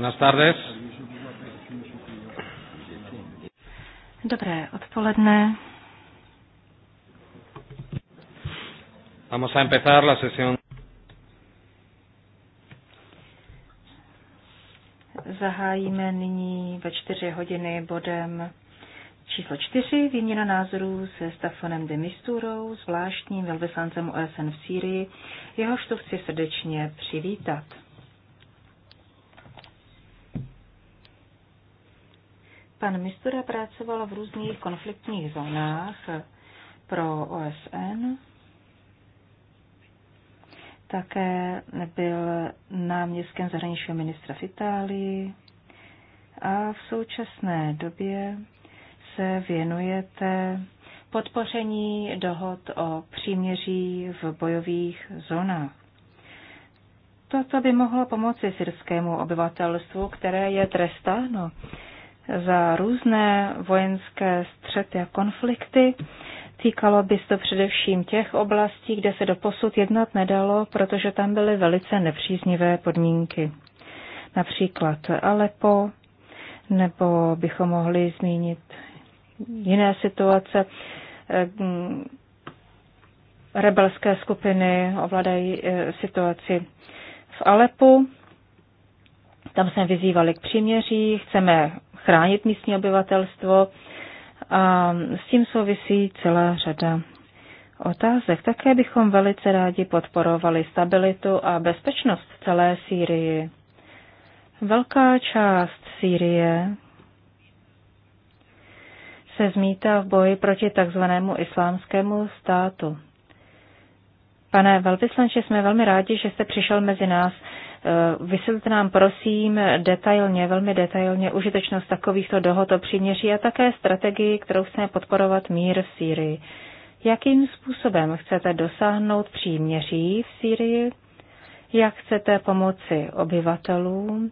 Buenas tardes. Dobré odpoledne. Vamos a empezar la sesión. Zahájíme nyní ve čtyři hodiny bodem číslo čtyři, výměna názorů se Stefanem de Misturou, zvláštním velvyslancem OSN v Sýrii, jehož to chci srdečně přivítat. Pan Mistura pracoval v různých konfliktních zónách pro OSN. Také byl náměstkem zahraničního ministra v Itálii a v současné době se věnujete podpoření dohod o příměří v bojových zónách. Toto by mohlo pomoci syrskému obyvatelstvu, které je trestáno za různé vojenské střety a konflikty. Týkalo by se to především těch oblastí, kde se doposud jednat nedalo, protože tam byly velice nepříznivé podmínky. Například Alepo, nebo bychom mohli zmínit jiné situace. Rebelské skupiny ovládají eh, situaci v Alepu. Tam jsme vyzývali k příměří, chceme chránit místní obyvatelstvo a s tím souvisí celá řada otázek. Také bychom velice rádi podporovali stabilitu a bezpečnost v celé Sýrii. Velká část Sýrie se zmítá v boji proti takzvanému islámskému státu. Pane velvyslanče, jsme velmi rádi, že jste přišel mezi nás. Eh, vysvětlete nám prosím detailně, velmi detailně užitečnost takovýchto dohod o příměří a také strategii, kterou chceme podporovat mír v Sýrii. Jakým způsobem chcete dosáhnout příměří v Sýrii? Jak chcete pomoci obyvatelům?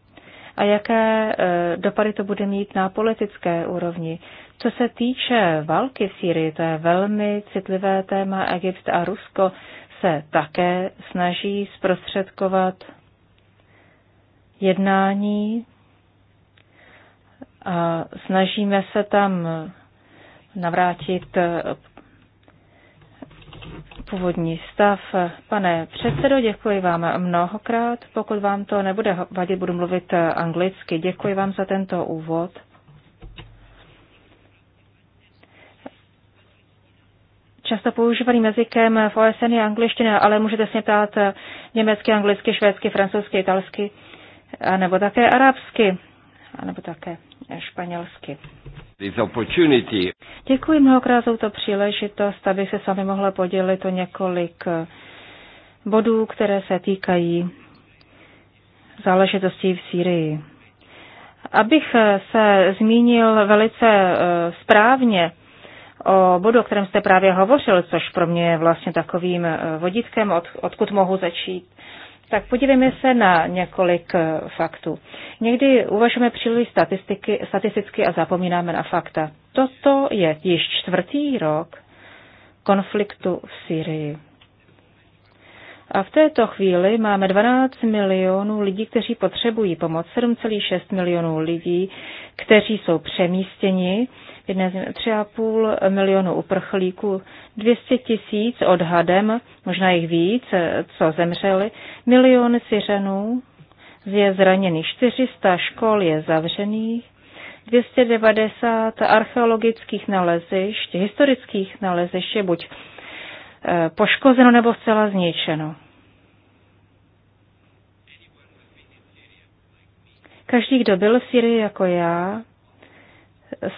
A jaké eh, dopady to bude mít na politické úrovni? Co se týče války v Sýrii, to je velmi citlivé téma. Egypt a Rusko se také snaží zprostředkovat jednání a snažíme se tam navrátit eh, původní stav. Pane předsedo, děkuji vám mnohokrát. Pokud vám to nebude vadit, budu mluvit eh, anglicky. Děkuji vám za tento úvod. Často používaným jazykem v OSN je angličtina, ale můžete se ptát eh, německy, anglicky, švédsky, francouzsky, italsky nebo také arabsky, nebo také španělsky. Děkuji mnohokrát za to příležitost, aby se sami mohla podělit o několik eh, bodů, které se týkají záležitostí v Sýrii. Abych eh, se zmínil velice eh, správně o bodu, o kterém jste právě hovořil, což pro mě je vlastně takovým vodítkem, od, odkud mohu začít. Tak podívejme se na několik eh, faktů. Někdy uvažujeme příliš statistiky, statisticky a zapomínáme na fakta. Toto je již čtvrtý rok konfliktu v Syrii. A v této chvíli máme 12 milionů lidí, kteří potřebují pomoc, 7,6 milionů lidí, kteří jsou přemístěni jedné země 3,5 milionu uprchlíků, 200 tisíc odhadem, možná jich víc, co zemřeli, milion Syřanů je zraněných, 400 škol je zavřených, 290 archeologických nalezišť, historických nalezišť je buď eh, poškozeno nebo zcela zničeno. Každý, kdo byl v Syrii jako já,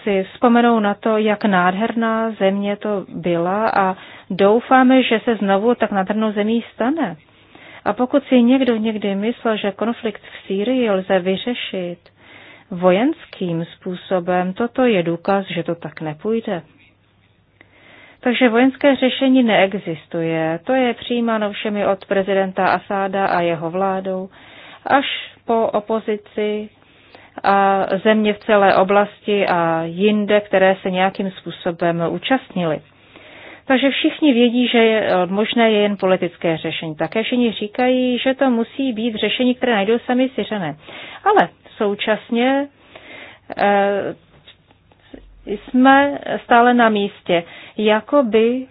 si vzpomenou na to, jak nádherná země to byla a doufáme, že se znovu tak nádhernou zemí stane. A pokud si někdo někdy myslel, že konflikt v Sýrii lze vyřešit vojenským způsobem, toto je důkaz, že to tak nepůjde. Takže vojenské řešení neexistuje. To je přijímáno všemi od prezidenta Asáda a jeho vládou až po opozici a země v celé oblasti a jinde, které se nějakým způsobem účastnili. Takže všichni vědí, že je možné je jen politické řešení. Také všichni říkají, že to musí být řešení, které najdou sami Syřané. Ale současně e, jsme stále na místě. Jakoby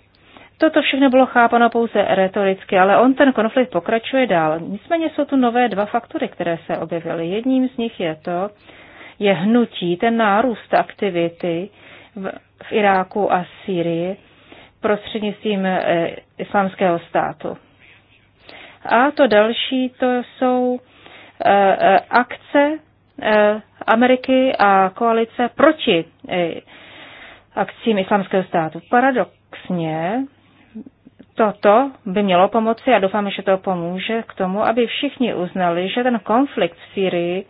Toto všechno bylo chápano pouze retoricky, ale on ten konflikt pokračuje dál. Nicméně jsou tu nové dva faktory, které se objevily. Jedním z nich je to, je hnutí, ten nárůst aktivity v, v Iráku a Sýrii prostřednictvím e, islámského státu. A to další, to jsou e, akce e, Ameriky a koalice proti e, akcím islámského státu. Paradoxně Toto by mělo pomoci a doufám, že to pomůže k tomu, aby všichni uznali, že ten konflikt v Syrii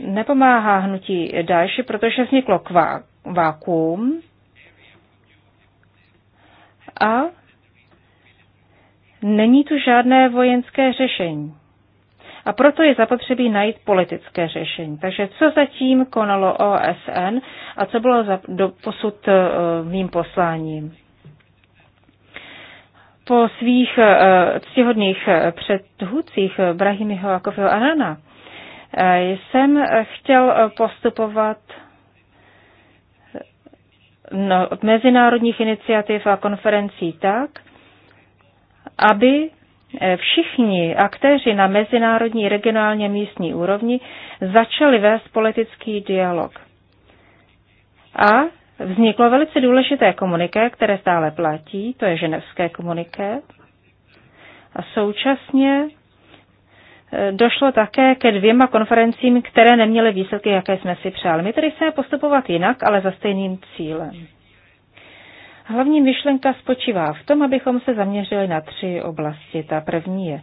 nepomáhá hnutí další, protože vzniklo kvá, vákuum a není tu žádné vojenské řešení a proto je zapotřebí najít politické řešení. Takže co zatím konalo OSN a co bylo za, do posud eh, mým posláním? Po svých eh, ctihodných eh, předhůdcích Brahimiho a Kofiho Anana jsem chtěl postupovat no, od mezinárodních iniciativ a konferencí tak, aby Eh, všichni aktéři na mezinárodní, regionálně, místní úrovni začali vést politický dialog. A vzniklo velice důležité komuniké, které stále platí, to je ženevské komuniké. A současně eh, došlo také ke dvěma konferencím, které neměly výsledky, jaké jsme si přáli. My tedy chceme postupovat jinak, ale za stejným cílem. Hlavní myšlenka spočívá v tom, abychom se zaměřili na tři oblasti. Ta první je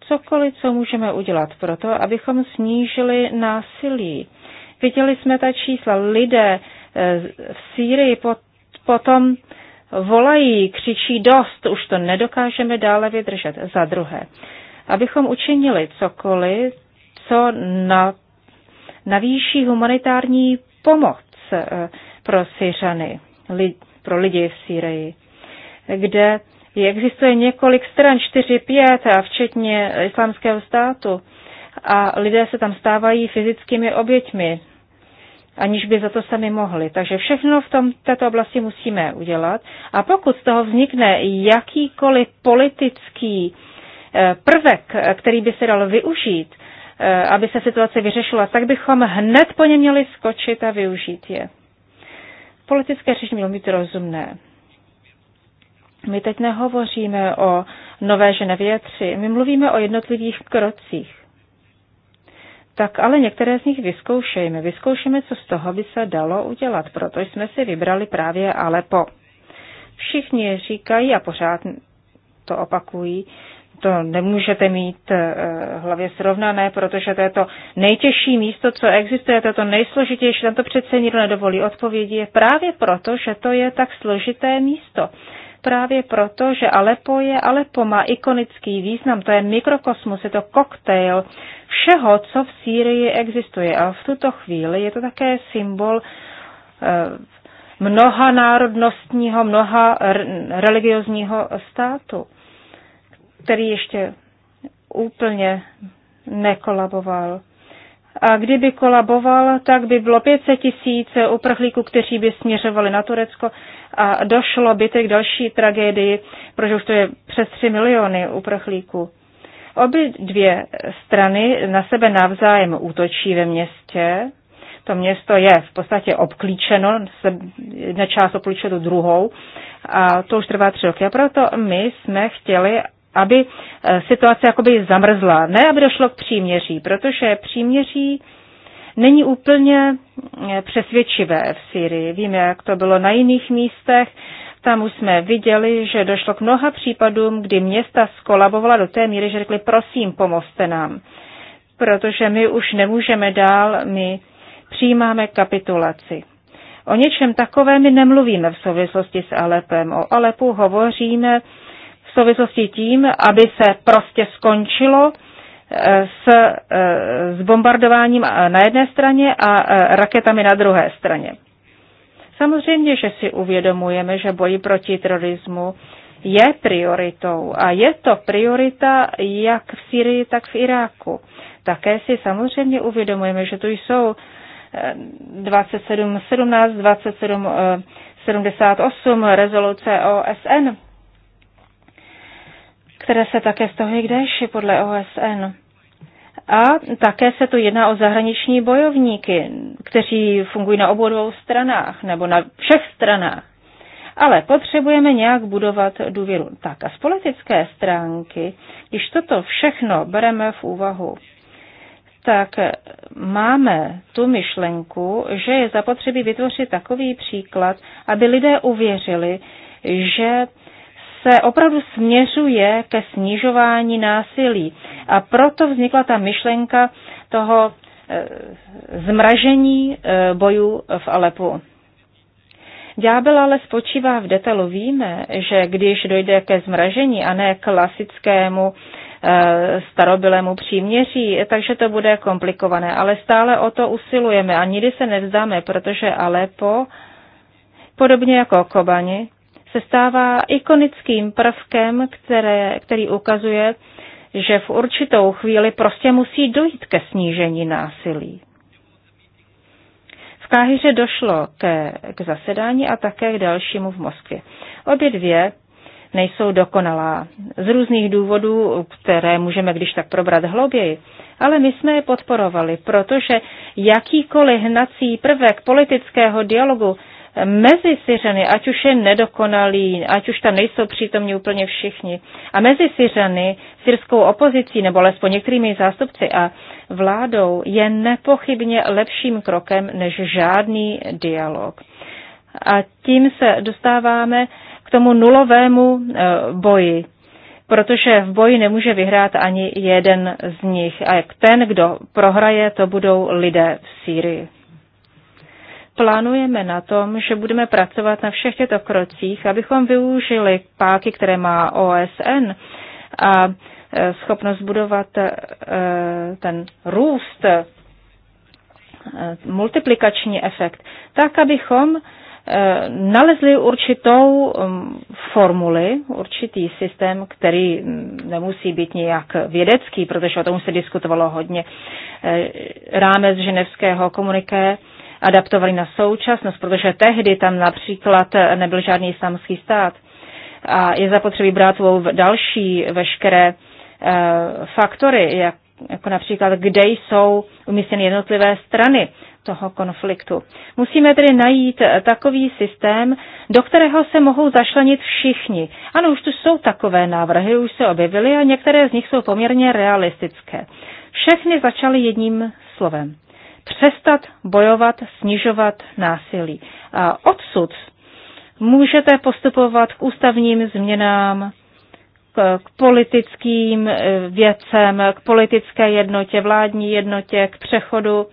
cokoliv, co můžeme udělat pro to, abychom snížili násilí. Viděli jsme ta čísla. Lidé eh, v Sýrii potom volají, křičí dost, už to nedokážeme dále vydržet. Za druhé, abychom učinili cokoliv, co na, navýší humanitární pomoc eh, pro Syřany, lid, pro lidi v Sýrii, kde existuje několik stran, čtyři pět a včetně islámského státu, a lidé se tam stávají fyzickými oběťmi, aniž by za to sami mohli. Takže všechno v tom, této oblasti musíme udělat. A pokud z toho vznikne jakýkoliv politický eh, prvek, který by se dal využít, eh, aby se situace vyřešila, tak bychom hned po ně měli skočit a využít je. Politické řešení mělo být rozumné. My teď nehovoříme o nové žene větři, my mluvíme o jednotlivých krocích. Tak ale některé z nich vyzkoušejme. Vyzkoušeme, co z toho by se dalo udělat, proto jsme si vybrali právě Alepo. Všichni říkají a pořád to opakují, to nemůžete mít v eh, hlavě srovnané, protože to je to nejtěžší místo, co existuje, to je to nejsložitější, Tam to přece nikdo nedovolí odpovědi, je právě proto, že to je tak složité místo. Právě proto, že Alepo je Alepo, má ikonický význam, to je mikrokosmos, je to koktejl všeho, co v Sýrii existuje. A v tuto chvíli je to také symbol eh, mnoha národnostního, mnoha religiozního státu který ještě úplně nekolaboval. A kdyby kolaboval, tak by bylo 500 tisíc uprchlíků, kteří by směřovali na Turecko a došlo by k další tragédii, protože už to je přes 3 miliony uprchlíků. Obě dvě strany na sebe navzájem útočí ve městě. To město je v podstatě obklíčeno, jedna část obklíčuje tu druhou a to už trvá tři roky. A proto my jsme chtěli, aby e, situace jakoby zamrzla, ne aby došlo k příměří, protože příměří není úplně e, přesvědčivé v Syrii. Víme, jak to bylo na jiných místech. Tam už jsme viděli, že došlo k mnoha případům, kdy města skolabovala do té míry, že řekli, prosím, pomozte nám, protože my už nemůžeme dál, my přijímáme kapitulaci. O něčem takovém my nemluvíme v souvislosti s Alepem. O Alepu hovoříme v souvislosti tím, aby se prostě skončilo eh, s, eh, s bombardováním eh, na jedné straně a raketami na druhé straně. Samozřejmě, že si uvědomujeme, že boj proti terorismu je prioritou a je to priorita jak v Syrii, tak v Iráku. Také si samozřejmě uvědomujeme, že tu jsou 27, 17, 27, 78 rezoluce OSN které se také stahují k podle OSN. A také se tu jedná o zahraniční bojovníky, kteří fungují na obou dvou stranách nebo na všech stranách. Ale potřebujeme nějak budovat důvěru. Tak a z politické stránky, když toto všechno bereme v úvahu, tak máme tu myšlenku, že je zapotřebí vytvořit takový příklad, aby lidé uvěřili, že se opravdu směřuje ke snižování násilí. A proto vznikla ta myšlenka toho e, zmražení e, bojů v Alepu. Ďábel ale spočívá v detailu. Víme, že když dojde ke zmražení a ne klasickému e, starobilému příměří, takže to bude komplikované. Ale stále o to usilujeme a nikdy se nevzdáme, protože Alepo, podobně jako Kobani, se stává ikonickým prvkem, které, který ukazuje, že v určitou chvíli prostě musí dojít ke snížení násilí. V Káhyře došlo ke, k zasedání a také k dalšímu v Moskvě. Obě dvě nejsou dokonalá. Z různých důvodů, které můžeme když tak probrat hlouběji, ale my jsme je podporovali, protože jakýkoliv hnací prvek politického dialogu mezi Syřany, ať už je nedokonalý, ať už tam nejsou přítomní úplně všichni, a mezi Syřany, syrskou opozicí nebo alespoň některými zástupci a vládou je nepochybně lepším krokem než žádný dialog. A tím se dostáváme k tomu nulovému e, boji, protože v boji nemůže vyhrát ani jeden z nich. A jak ten, kdo prohraje, to budou lidé v Sýrii plánujeme na tom, že budeme pracovat na všech těchto krocích, abychom využili páky, které má OSN a e, schopnost budovat e, ten růst, e, multiplikační efekt, tak abychom nalezli určitou formuli, určitý systém, který nemusí být nějak vědecký, protože o tom se diskutovalo hodně, rámec ženevského komuniké, adaptovali na současnost, protože tehdy tam například nebyl žádný islámský stát. A je zapotřebí brát další veškeré eh, faktory, jak, jako například, kde jsou umístěny jednotlivé strany toho konfliktu. Musíme tedy najít takový systém, do kterého se mohou zašlenit všichni. Ano, už tu jsou takové návrhy, už se objevily a některé z nich jsou poměrně realistické. Všechny začaly jedním slovem přestat bojovat, snižovat násilí. A odsud můžete postupovat k ústavním změnám, k politickým eh, věcem, k politické jednotě, vládní jednotě, k přechodu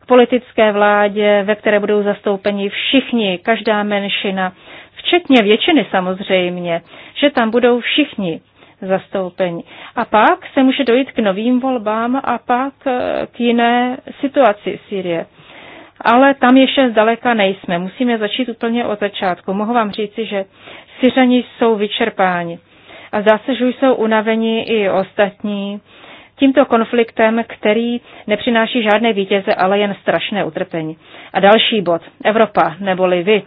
k politické vládě, ve které budou zastoupeni všichni, každá menšina, včetně většiny samozřejmě, že tam budou všichni zastoupení. A pak se může dojít k novým volbám a pak eh, k jiné situaci Sýrie. Ale tam ještě zdaleka nejsme. Musíme začít úplně od začátku. Mohu vám říci, že Syřani jsou vyčerpáni. A zase, že jsou unaveni i ostatní tímto konfliktem, který nepřináší žádné vítěze, ale jen strašné utrpení. A další bod. Evropa, neboli vy.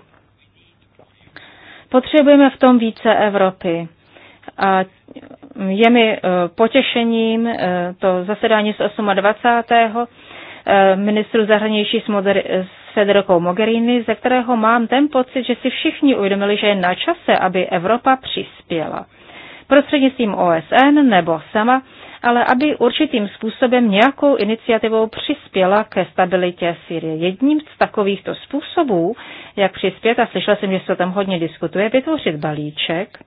Potřebujeme v tom více Evropy. A je mi e, potěšením e, to zasedání z 28. E, ministru zahraničí s, moder- s Federikou Mogherini, ze kterého mám ten pocit, že si všichni uvědomili, že je na čase, aby Evropa přispěla. Prostřednictvím OSN nebo sama, ale aby určitým způsobem nějakou iniciativou přispěla ke stabilitě Syrie. Jedním z takovýchto způsobů, jak přispět, a slyšela jsem, že se o tom hodně diskutuje, vytvořit balíček,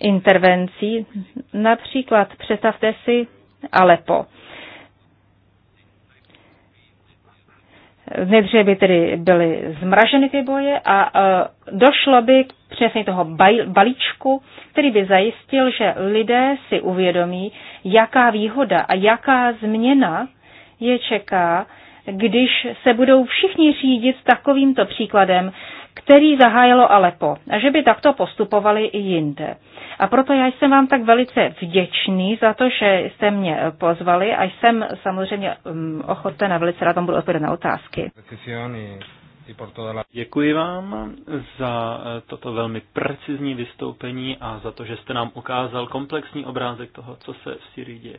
intervencí. Například představte si Alepo. Nejdříve by tedy byly zmraženy ty boje a e, došlo by k přesně toho balíčku, který by zajistil, že lidé si uvědomí, jaká výhoda a jaká změna je čeká když se budou všichni řídit takovýmto příkladem, který zahájilo Alepo, a že by takto postupovali i jinde. A proto já jsem vám tak velice vděčný za to, že jste mě pozvali a jsem samozřejmě mm, ochoten a velice rád vám budu odpovědět na otázky. Děkuji vám za eh, toto velmi precizní vystoupení a za to, že jste nám ukázal komplexní obrázek toho, co se v Syrii děje.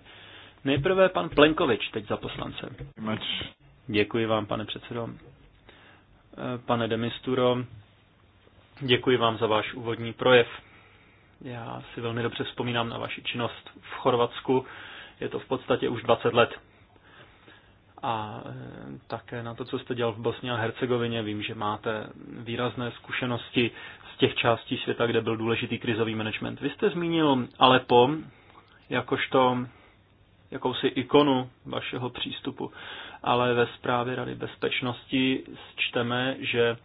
Nejprve pan Plenkovič, teď za poslance. Děkuji vám, pane předsedo. Eh, pane Demisturo, děkuji vám za váš úvodní projev. Já si velmi dobře vzpomínám na vaši činnost v Chorvatsku. Je to v podstatě už 20 let. A eh, také na to, co jste dělal v Bosně a Hercegovině, vím, že máte výrazné zkušenosti z těch částí světa, kde byl důležitý krizový management. Vy jste zmínil Alepo jakožto jakousi ikonu vašeho přístupu ale ve zprávě Rady bezpečnosti čteme, že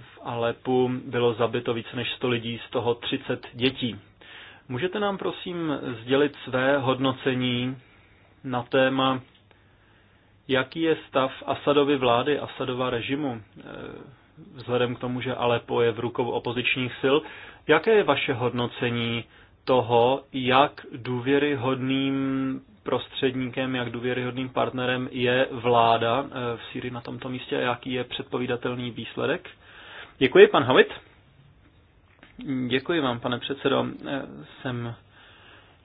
v Alepu bylo zabito více než 100 lidí, z toho 30 dětí. Můžete nám prosím sdělit své hodnocení na téma, jaký je stav Asadovy vlády, Asadova režimu, eh, vzhledem k tomu, že Alepo je v rukou opozičních sil. Jaké je vaše hodnocení toho, jak důvěryhodným prostředníkem, jak důvěryhodným partnerem je vláda eh, v Syrii na tomto místě a jaký je předpovídatelný výsledek. Děkuji, pan Havit. Děkuji vám, pane předsedo. Eh, jsem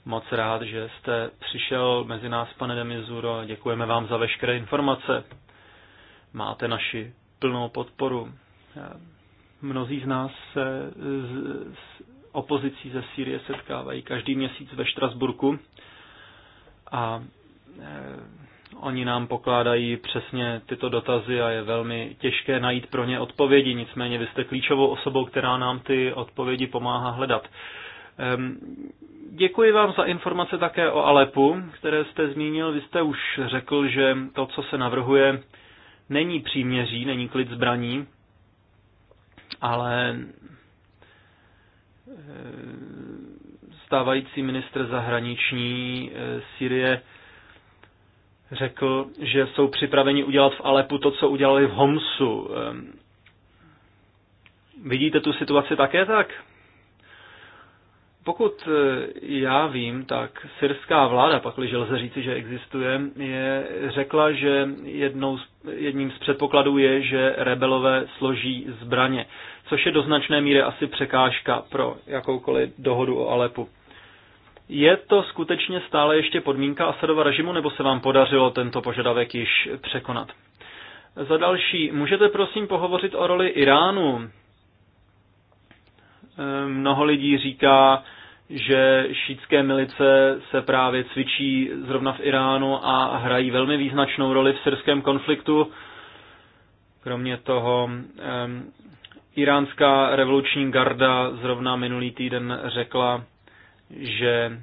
moc rád, že jste přišel mezi nás, pane Demizuro. Děkujeme vám za veškeré informace. Máte naši plnou podporu. Eh, mnozí z nás se z, z opozicí ze Sýrie setkávají každý měsíc ve Štrasburku a e, oni nám pokládají přesně tyto dotazy a je velmi těžké najít pro ně odpovědi, nicméně vy jste klíčovou osobou, která nám ty odpovědi pomáhá hledat. Děkuji vám za informace také o Alepu, které jste zmínil. Vy jste už řekl, že to, co se navrhuje, není příměří, není klid zbraní, ale stávající ministr zahraniční eh, Syrie řekl, že jsou připraveni udělat v Alepu to, co udělali v Homsu. Ehm, vidíte tu situaci také tak? Pokud eh, já vím, tak syrská vláda, pakliže lze říci, že existuje, je, řekla, že jednou jedním z předpokladů je, že rebelové složí zbraně což je do značné míry asi překážka pro jakoukoliv dohodu o Alepu. Je to skutečně stále ještě podmínka Asadova režimu, nebo se vám podařilo tento požadavek již překonat? Za další, můžete prosím pohovořit o roli Iránu? Ehm, mnoho lidí říká, že šítské milice se právě cvičí zrovna v Iránu a hrají velmi význačnou roli v syrském konfliktu. Kromě toho ehm, Iránská revoluční garda zrovna minulý týden řekla, že e,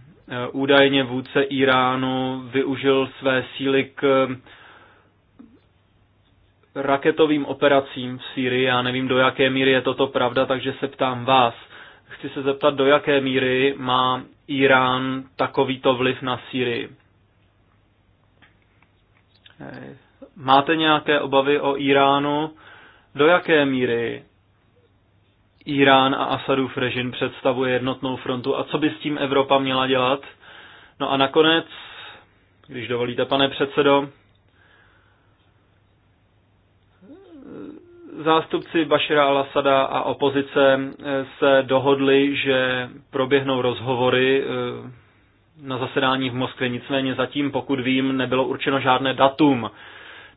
údajně vůdce Iránu využil své síly k e, raketovým operacím v Sýrii. Já nevím, do jaké míry je toto pravda, takže se ptám vás. Chci se zeptat, do jaké míry má Irán takovýto vliv na Sýrii. E, máte nějaké obavy o Iránu? Do jaké míry Irán a Asadův režim představuje jednotnou frontu a co by s tím Evropa měla dělat. No a nakonec, když dovolíte, pane předsedo, zástupci Bašera al-Asada a opozice se dohodli, že proběhnou rozhovory eh, na zasedání v Moskvě. Nicméně zatím, pokud vím, nebylo určeno žádné datum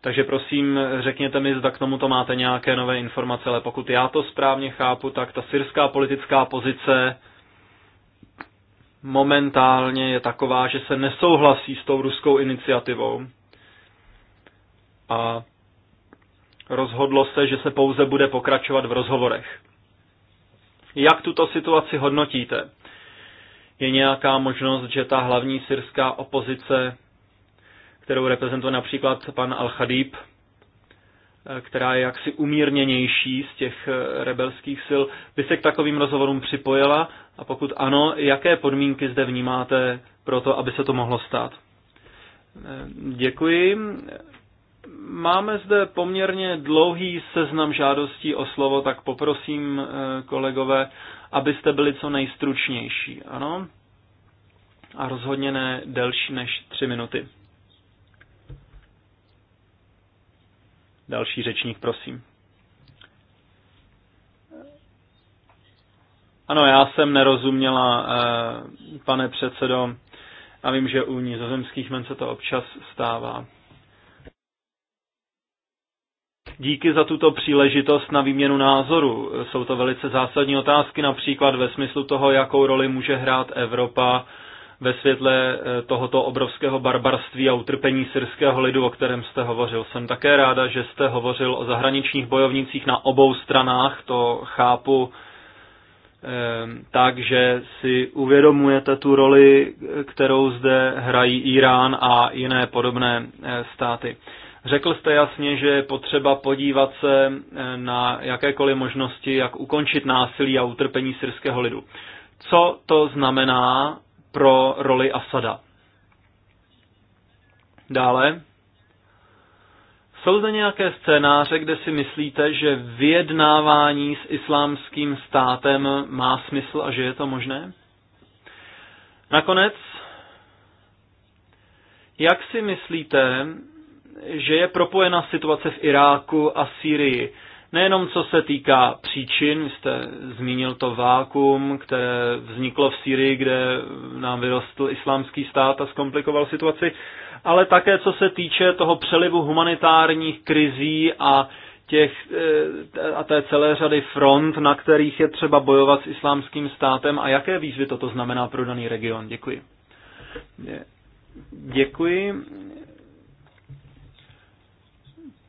takže prosím, řekněte mi, zda k tomuto máte nějaké nové informace, ale pokud já to správně chápu, tak ta syrská politická pozice momentálně je taková, že se nesouhlasí s tou ruskou iniciativou a rozhodlo se, že se pouze bude pokračovat v rozhovorech. Jak tuto situaci hodnotíte? Je nějaká možnost, že ta hlavní syrská opozice kterou reprezentuje například pan Al-Khadib, eh, která je jaksi umírněnější z těch eh, rebelských sil, by se k takovým rozhovorům připojila? A pokud ano, jaké podmínky zde vnímáte pro to, aby se to mohlo stát? Eh, děkuji. Máme zde poměrně dlouhý seznam žádostí o slovo, tak poprosím, kolegové, abyste byli co nejstručnější. Ano? A rozhodně ne delší než tři minuty. Další řečník, prosím. Ano, já jsem nerozuměla, eh, pane předsedo, a vím, že u nizozemských men se to občas stává. Díky za tuto příležitost na výměnu názoru. Jsou to velice zásadní otázky, například ve smyslu toho, jakou roli může hrát Evropa ve světle eh, tohoto obrovského barbarství a utrpení syrského lidu, o kterém jste hovořil. Jsem také ráda, že jste hovořil o zahraničních bojovnících na obou stranách, to chápu eh, tak, že si uvědomujete tu roli, kterou zde hrají Irán a jiné podobné eh, státy. Řekl jste jasně, že je potřeba podívat se na jakékoliv možnosti, jak ukončit násilí a utrpení syrského lidu. Co to znamená pro roli Asada. Dále. Jsou zde nějaké scénáře, kde si myslíte, že vyjednávání s islámským státem má smysl a že je to možné? Nakonec, jak si myslíte, že je propojena situace v Iráku a Sýrii? Nejenom co se týká příčin, jste zmínil to vákum, které vzniklo v Sýrii, kde nám vyrostl islámský stát a zkomplikoval situaci, ale také co se týče toho přelivu humanitárních krizí a těch, eh, a té celé řady front, na kterých je třeba bojovat s islámským státem a jaké výzvy toto znamená pro daný region. Děkuji. Děkuji.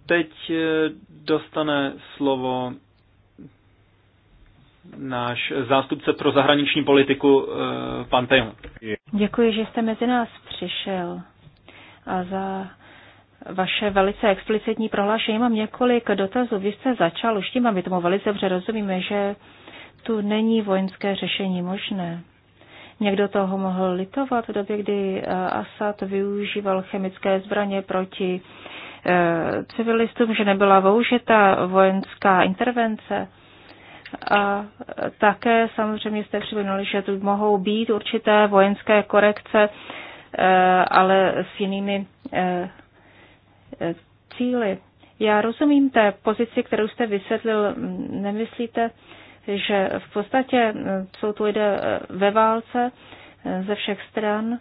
Teď eh, dostane slovo náš zástupce pro zahraniční politiku, eh, pan Tejm. Děkuji, že jste mezi nás přišel a za vaše velice explicitní prohlášení. Mám několik dotazů. Vy jste začal už tím a my tomu velice dobře rozumíme, že tu není vojenské řešení možné. Někdo toho mohl litovat v době, kdy eh, Assad využíval chemické zbraně proti uh, Eh, civilistům, že nebyla voužita vojenská intervence. A také samozřejmě jste připomínali, že tu mohou být určité vojenské korekce, eh, ale s jinými eh, cíly. Já rozumím té pozici, kterou jste vysvětlil. Nemyslíte, že v podstatě jsou tu lidé ve válce ze všech stran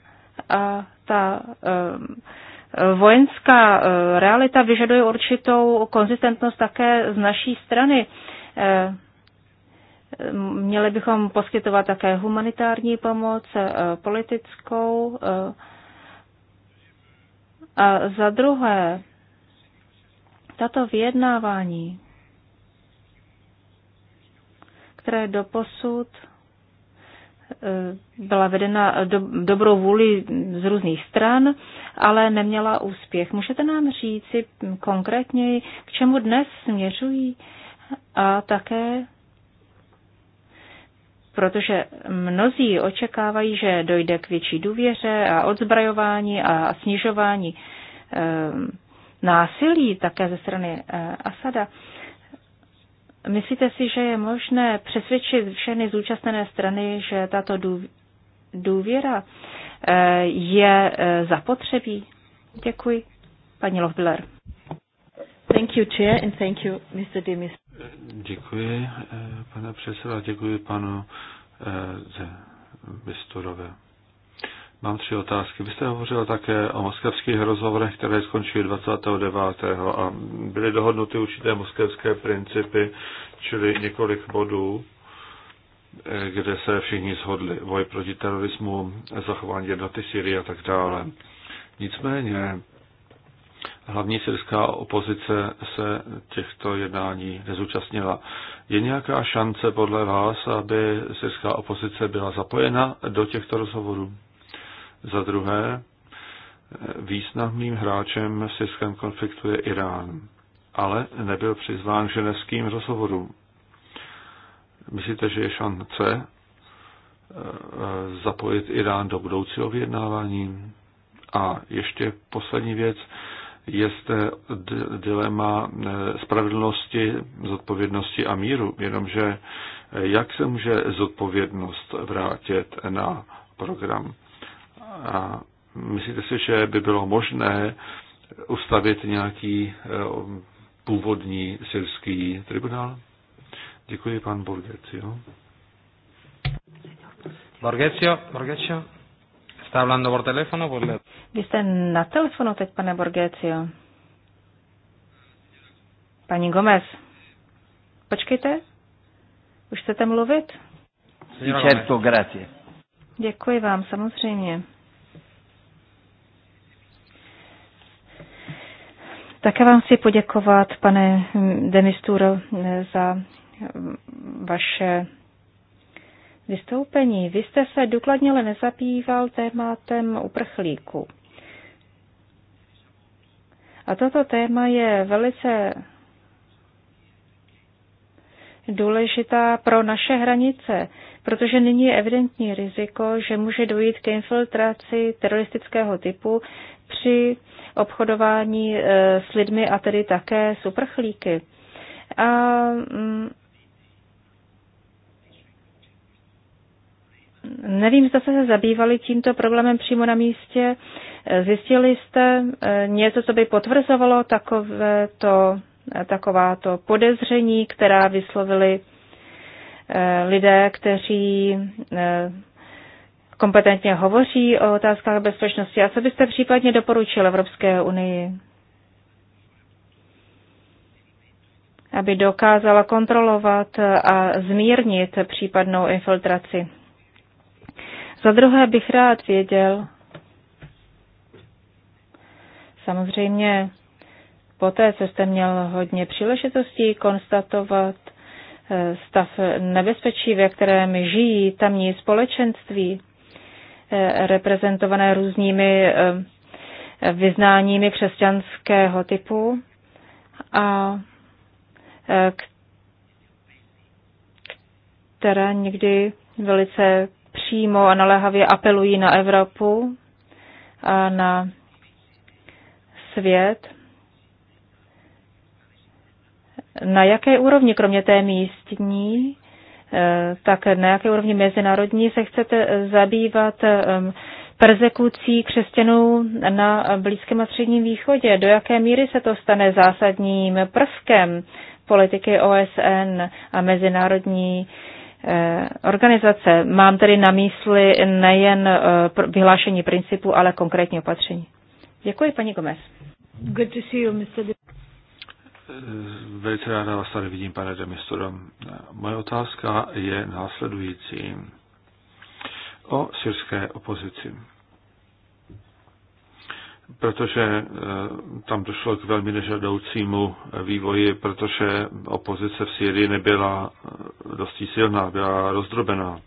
a ta Vojenská eh, realita vyžaduje určitou konzistentnost také z naší strany. Eh, měli bychom poskytovat také humanitární pomoc, eh, politickou. A za druhé, tato vyjednávání, které doposud posud Eh, byla vedena do, dobrou vůli z různých stran, ale neměla úspěch. Můžete nám říci konkrétněji, k čemu dnes směřují a také protože mnozí očekávají, že dojde k větší důvěře a odzbrajování a snižování eh, násilí také ze strany eh, Asada. Myslíte si, že je možné přesvědčit všechny zúčastněné strany, že tato důvěra eh, je eh, zapotřebí? Děkuji. Paní Lovbiller. Thank you, Chair, and thank you, Mr. Demis. Děkuji, eh, pane předseda, děkuji panu Bisturovi. Mám tři otázky. Vy jste hovořil také o moskevských rozhovorech, které skončily 29. a byly dohodnuty určité moskevské principy, čili několik bodů, eh, kde se všichni shodli. Voj proti terorismu, zachování jednoty Syrie a tak dále. Nicméně hlavní syrská opozice se těchto jednání nezúčastnila. Je nějaká šance podle vás, aby syrská opozice byla zapojena do těchto rozhovorů? Za druhé, významným hráčem v syrském konfliktu je Irán, ale nebyl přizván k ženevským rozhovorům. Myslíte, že je šance eh, eh, zapojit Irán do budoucího vyjednávání? A ještě poslední věc, je zde dilema eh, spravedlnosti, zodpovědnosti a míru, jenomže jak se může zodpovědnost vrátit na program? A myslíte si, že by bylo možné ustavit nějaký eh, původní syrský tribunál? Děkuji, pan Borgecio. Borgecio, Borgecio, está hablando por teléfono, por... Vy jste na telefonu teď, pane Borgecio. Paní Gomez, počkejte, už chcete mluvit? Certo, grazie. Děkuji vám, samozřejmě. Také vám chci poděkovat, pane Demisturo, za vaše vystoupení. Vy jste se důkladně ale nezabýval tématem uprchlíků. A toto téma je velice důležitá pro naše hranice, protože nyní je evidentní riziko, že může dojít k infiltraci teroristického typu při obchodování eh, s lidmi a tedy také s uprchlíky. A mm, Nevím, zda jste se zabývali tímto problémem přímo na místě. Eh, zjistili jste eh, něco, co by potvrzovalo Takové taková takováto podezření, která vyslovili lidé, kteří kompetentně hovoří o otázkách bezpečnosti. A co byste případně doporučil Evropské unii? aby dokázala kontrolovat a zmírnit případnou infiltraci. Za druhé bych rád věděl, samozřejmě poté, co jste měl hodně příležitostí konstatovat eh, stav nebezpečí, ve kterém žijí tamní společenství, Eh, reprezentované různými eh, vyznáními křesťanského typu a eh, které někdy velice přímo a naléhavě apelují na Evropu a na svět. Na jaké úrovni, kromě té místní, Eh, tak na jaké úrovni mezinárodní se chcete eh, zabývat eh, persekucí křesťanů na Blízkém a Středním východě? Do jaké míry se to stane zásadním prvkem politiky OSN a mezinárodní organizace? Mám tedy na mysli nejen vyhlášení principu, ale konkrétní opatření. Děkuji, paní Gomez. Good to see you, Mr. Eh, velice ráda vás tady vidím, pane Demistoro. Moje otázka je následující. O syrské opozici. Protože eh, tam došlo k velmi nežadoucímu vývoji, protože opozice v Syrii nebyla eh, dosti silná, byla rozdrobená.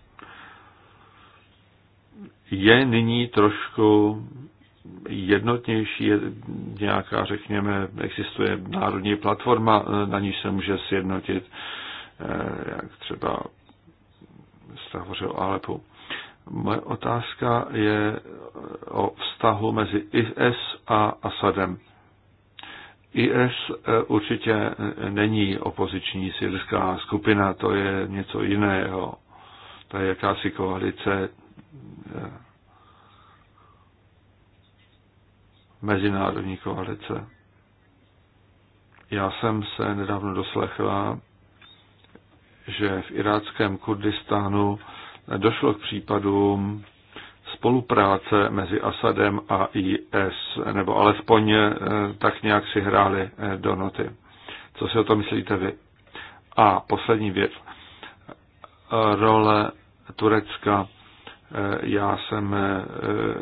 Je nyní trošku jednotnější je nějaká, řekněme, existuje národní platforma, na níž se může sjednotit, eh, jak třeba jste hovořil Alepu. Moje otázka je o vztahu mezi IS a Asadem. IS eh, určitě není opoziční syrská skupina, to je něco jiného. To je jakási koalice eh, mezinárodní koalice. Já jsem se nedávno doslechla, že v iráckém Kurdistánu došlo k případům spolupráce mezi Asadem a IS, nebo alespoň eh, tak nějak si hráli eh, do noty. Co si o to myslíte vy? A poslední věc. Role Turecka Eh, já jsem eh,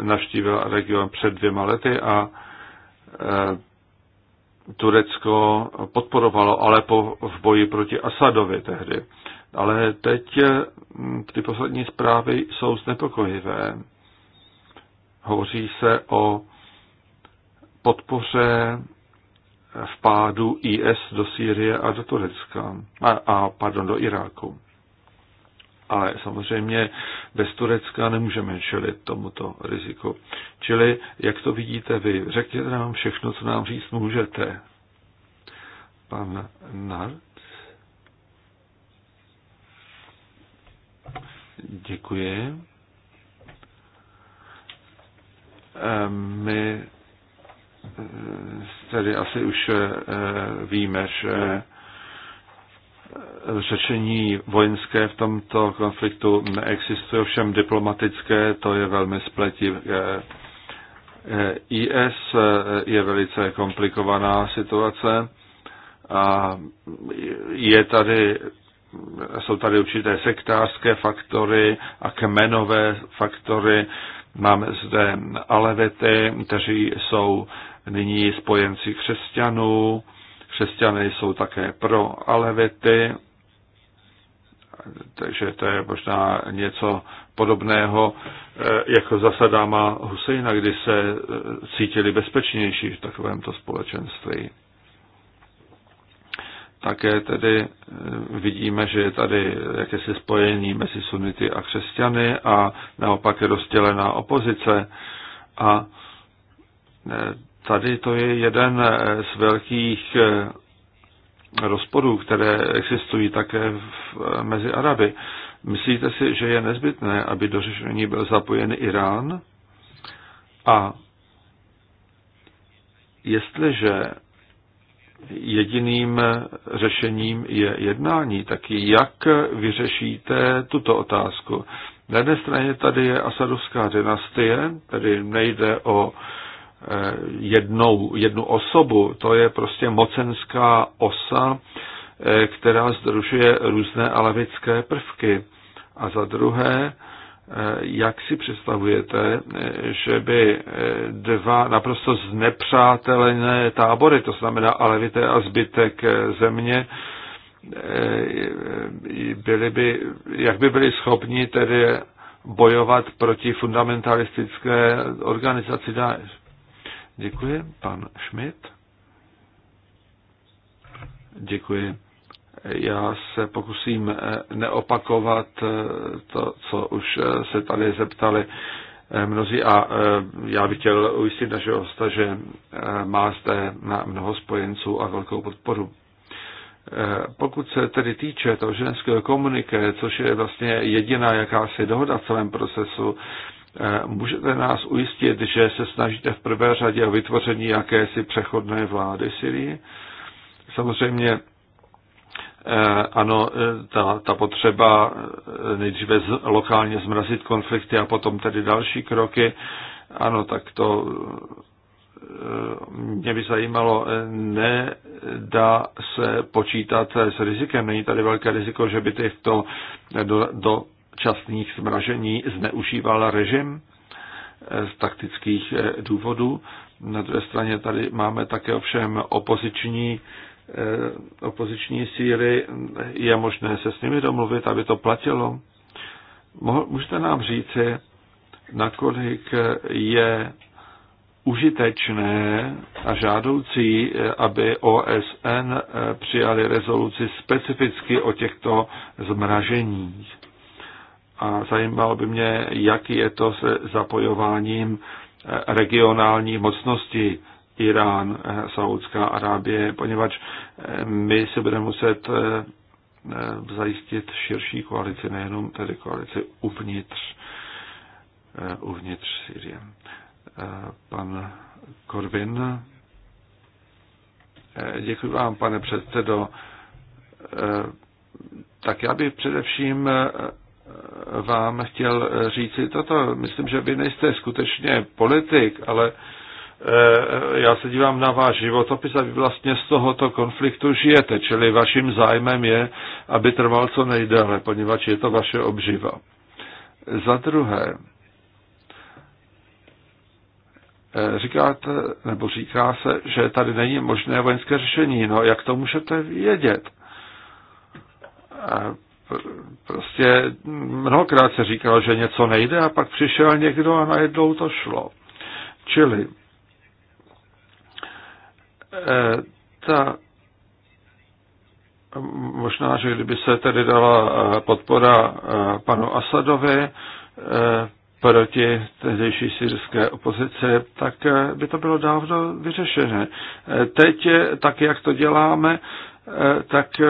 navštívil region před dvěma lety a eh, Turecko podporovalo Alepo v boji proti Asadovi tehdy. Ale teď ty poslední zprávy jsou znepokojivé. Hovoří se o podpoře vpádu IS do Sýrie a do Turecka. A, a pardon, do Iráku ale samozřejmě bez Turecka nemůžeme čelit tomuto riziku. Čili, jak to vidíte vy, řekněte nám všechno, co nám říct můžete. Pan Nart? Děkuji. Ehm, my eh, tedy asi už eh, víme, že řešení vojenské v tomto konfliktu neexistuje, ovšem diplomatické to je velmi spletivé. IS je velice komplikovaná situace a je tady, jsou tady určité sektářské faktory a kmenové faktory. Máme zde alevity, kteří jsou nyní spojenci křesťanů, křesťané jsou také pro alevity, takže to je možná něco podobného, eh, jako za Sadáma Husejna, kdy se eh, cítili bezpečnější v takovémto společenství. Také tedy eh, vidíme, že je tady jakési spojení mezi sunity a křesťany a naopak je rozdělená opozice a Tady to je jeden eh, z velkých eh, rozporů, které existují také v, eh, mezi Araby. Myslíte si, že je nezbytné, aby do řešení byl zapojen Irán? A jestliže jediným řešením je jednání, tak jak vyřešíte tuto otázku? Na jedné straně tady je asadovská dynastie, tedy nejde o Eh, jednou, jednu osobu, to je prostě mocenská osa, eh, která združuje různé alavické prvky. A za druhé, eh, jak si představujete, že by dva naprosto znepřátelené tábory, to znamená Alevité a zbytek země, byli by, jak by byli schopni tedy bojovat proti fundamentalistické organizaci Daesh? Děkuji. Pan Schmidt. Děkuji. Já se pokusím eh, neopakovat eh, to, co už eh, se tady zeptali mnozí a já bych chtěl ujistit našeho hosta, že má zde na mnoho spojenců a velkou podporu. Pokud se tedy týče toho ženského komuniké, což je vlastně jediná jakási dohoda v celém procesu, Eh, můžete nás ujistit, že se snažíte v prvé řadě o vytvoření jakési přechodné vlády Syrii? Samozřejmě eh, ano, eh, ta, ta potřeba nejdříve z, lokálně zmrazit konflikty a potom tedy další kroky, ano, tak to mě by zajímalo, nedá se počítat s rizikem. Není tady velké riziko, že by těchto do, do předčasných zmražení zneužíval režim eh, z taktických eh, důvodů. Na druhé straně tady máme také ovšem opoziční, eh, opoziční síly. Je možné se s nimi domluvit, aby to platilo? Můžete nám říci, nakolik je užitečné a žádoucí, aby OSN přijali rezoluci specificky o těchto zmraženích a zajímalo by mě, jaký je to se zapojováním eh, regionální mocnosti Irán, eh, Saudská Arábie, poněvadž eh, my si budeme muset zajistit širší koalici, nejenom tedy koalici uvnitř, uvnitř Syrie. Pan Korvin. Děkuji vám, pane předsedo. Tak já bych především vám chtěl říci toto. Myslím, že vy nejste skutečně politik, ale eh, já se dívám na váš životopis a vy vlastně z tohoto konfliktu žijete, čili vaším zájmem je, aby trval co nejdéle, poněvadž je to vaše obživa. Za druhé, eh, říkáte, nebo říká se, že tady není možné vojenské řešení. No, jak to můžete vědět? Eh, prostě mnohokrát se říkalo, že něco nejde a pak přišel někdo a najednou to šlo. Čili eh, ta možná, že kdyby se tedy dala eh, podpora eh, panu Asadovi proti tehdejší syrské opozici, tak by to bylo dávno vyřešené. Teď, tak jak to děláme, Eh, tak eh,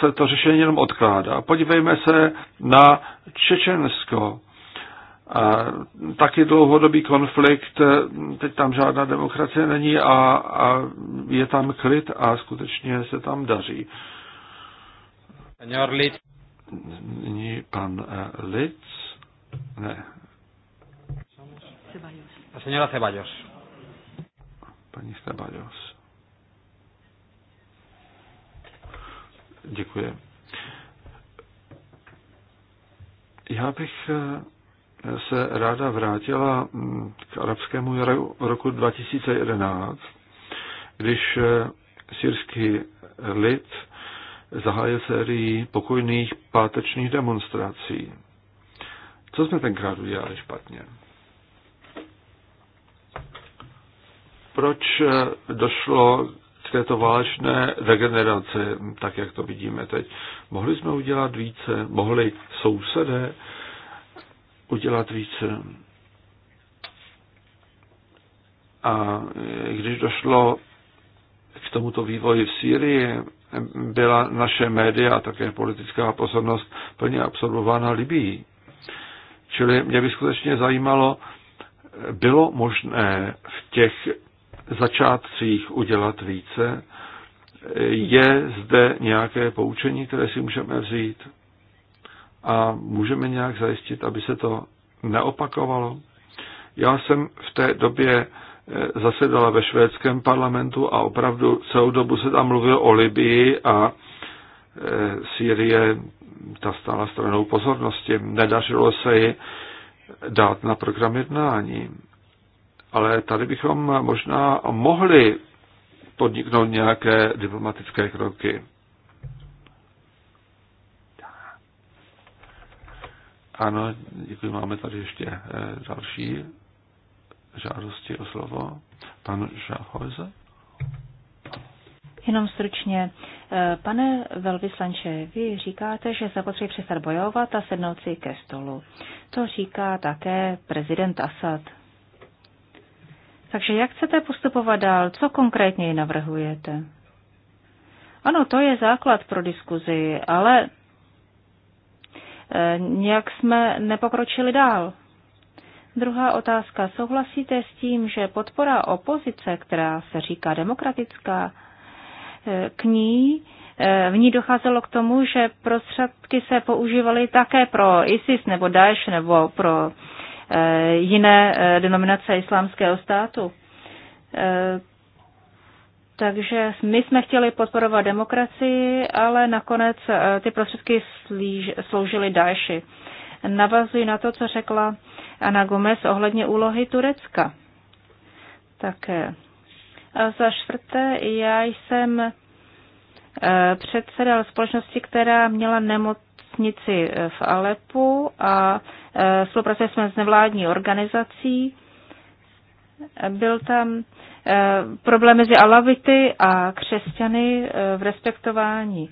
se to řešení jenom odkládá. Podívejme se na Čečensko. A taky dlouhodobý konflikt, eh, teď tam žádná demokracie není a, a je tam klid a skutečně se tam daří. Nyní pan Litz. Ne. Señora Ceballos. Paní Ceballos. Děkuji. Já bych eh, se ráda vrátila mm, k arabskému roku 2011, když eh, syrský lid zahájil sérii pokojných pátečních demonstrací. Co jsme tenkrát udělali špatně? Proč eh, došlo této válečné degenerace, tak jak to vidíme teď. Mohli jsme udělat více, mohli sousedé udělat více. A když došlo k tomuto vývoji v Sýrii, byla naše média a také politická pozornost plně absorbována Libií. Čili mě by skutečně zajímalo, bylo možné v těch začátcích udělat více. Je zde nějaké poučení, které si můžeme vzít a můžeme nějak zajistit, aby se to neopakovalo. Já jsem v té době eh, zasedala ve švédském parlamentu a opravdu celou dobu se tam mluvil o Libii a eh, Sýrie ta stála stranou pozornosti. Nedařilo se ji dát na program jednání ale tady bychom možná mohli podniknout nějaké diplomatické kroky. Ano, děkuji, máme tady ještě eh, další žádosti o slovo. Pan Schauhäuser. Jenom stručně. Eh, pane velvyslanče, vy říkáte, že zapotřebí přestat bojovat a sednout si ke stolu. To říká také prezident Assad takže jak chcete postupovat dál? Co konkrétně navrhujete? Ano, to je základ pro diskuzi, ale eh, nějak jsme nepokročili dál. Druhá otázka. Souhlasíte s tím, že podpora opozice, která se říká demokratická, eh, k ní, eh, v ní docházelo k tomu, že prostředky se používaly také pro ISIS nebo Daesh nebo pro Eh, jiné eh, denominace islámského státu. Eh, takže my jsme chtěli podporovat demokracii, ale nakonec ty prostředky sloužily dáši. Navazuji na to, co řekla Ana Gomez ohledně úlohy Turecka. Tak A za čtvrté, já jsem předsedal společnosti, která měla nemoc nemocnici v Alepu a e, spolupracovali jsme s nevládní organizací. Byl tam e, problém mezi alavity a křesťany e, v respektování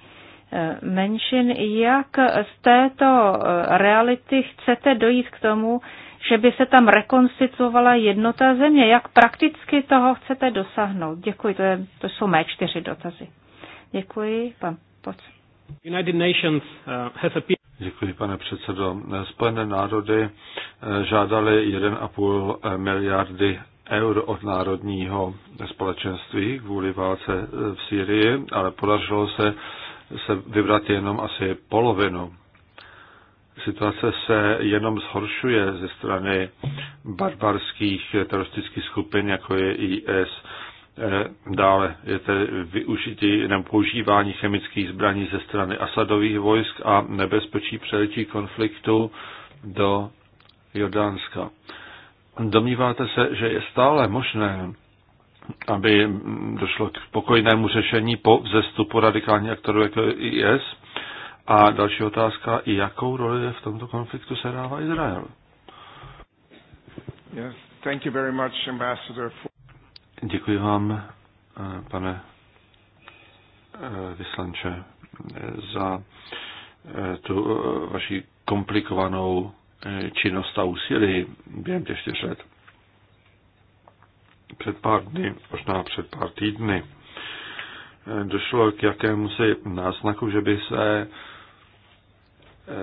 menšin. Jak z této reality chcete dojít k tomu, že by se tam rekonstituovala jednota země? Jak prakticky toho chcete dosáhnout? Děkuji, to, je, to jsou mé čtyři dotazy. Děkuji, pan Poc. Uh, Děkuji, pane předsedo. Spojené národy eh, žádali 1,5 eh, miliardy eur od národního společenství kvůli válce eh, v Sýrii, ale podařilo se, se vybrat jenom asi polovinu. Situace se jenom zhoršuje ze strany barbarských teroristických skupin, jako je IS. Eh, dále je to využití nebo používání chemických zbraní ze strany Asadových vojsk a nebezpečí přeletí konfliktu do Jordánska. Domníváte se, že je stále možné, aby došlo k pokojnému řešení po vzestupu radikálních aktorů jako IS? A další otázka, jakou roli v tomto konfliktu se dává Izrael? Yes, thank you very much, Ambassador. Děkuji vám, eh, pane eh, vyslanče, za eh, tu vaši komplikovanou činnost a úsilí během těch čtyř let. Před pár dny, možná před pár týdny, došlo k jakému si náznaku, že by se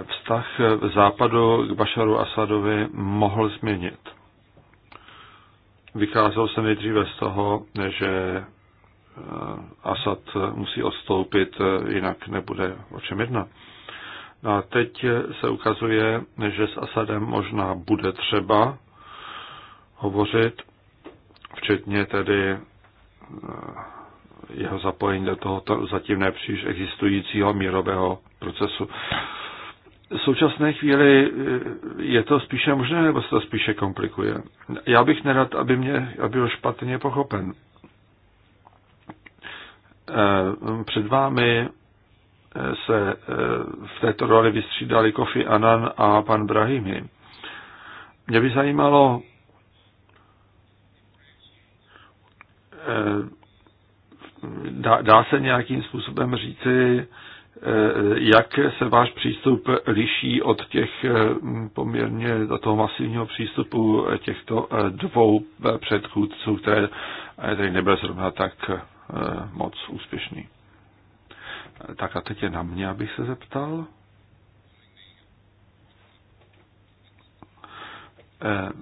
vztah v západu k Bašaru Asadovi mohl změnit vycházel se nejdříve z toho, že eh, Asad musí odstoupit, eh, jinak nebude o čem jedna. A teď eh, se ukazuje, že s Asadem možná bude třeba hovořit, včetně tedy jeho zapojení do tohoto zatím nepříliš existujícího mírového procesu v současné chvíli eh, je to spíše možné, nebo se to spíše komplikuje? Já bych nerad, aby mě aby byl špatně pochopen. Eh, před vámi eh, se v této roli vystřídali Kofi Annan a pan Brahimi. Mě by zajímalo, dá se nějakým způsobem říci, Eh, jak se váš přístup liší od těch eh, poměrně toho masivního přístupu eh, těchto dvou předchůdců, které tady nebyl zrovna tak moc úspěšný. Tak a teď je na mě, abych se zeptal.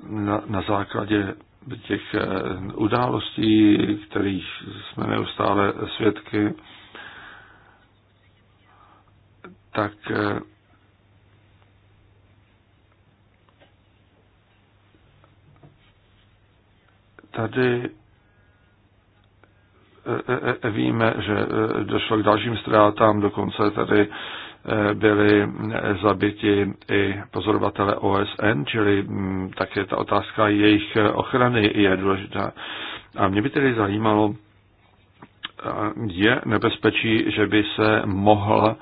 Na, na základě těch událostí, kterých jsme neustále svědky, tak eh, tady eh, eh, víme, že došlo k dalším ztrátám, dokonce tady byli zabiti i pozorovatele OSN, čili hm, také ta otázka jejich ochrany je důležitá. A mě by tedy zajímalo, je nebezpečí, že by se mohla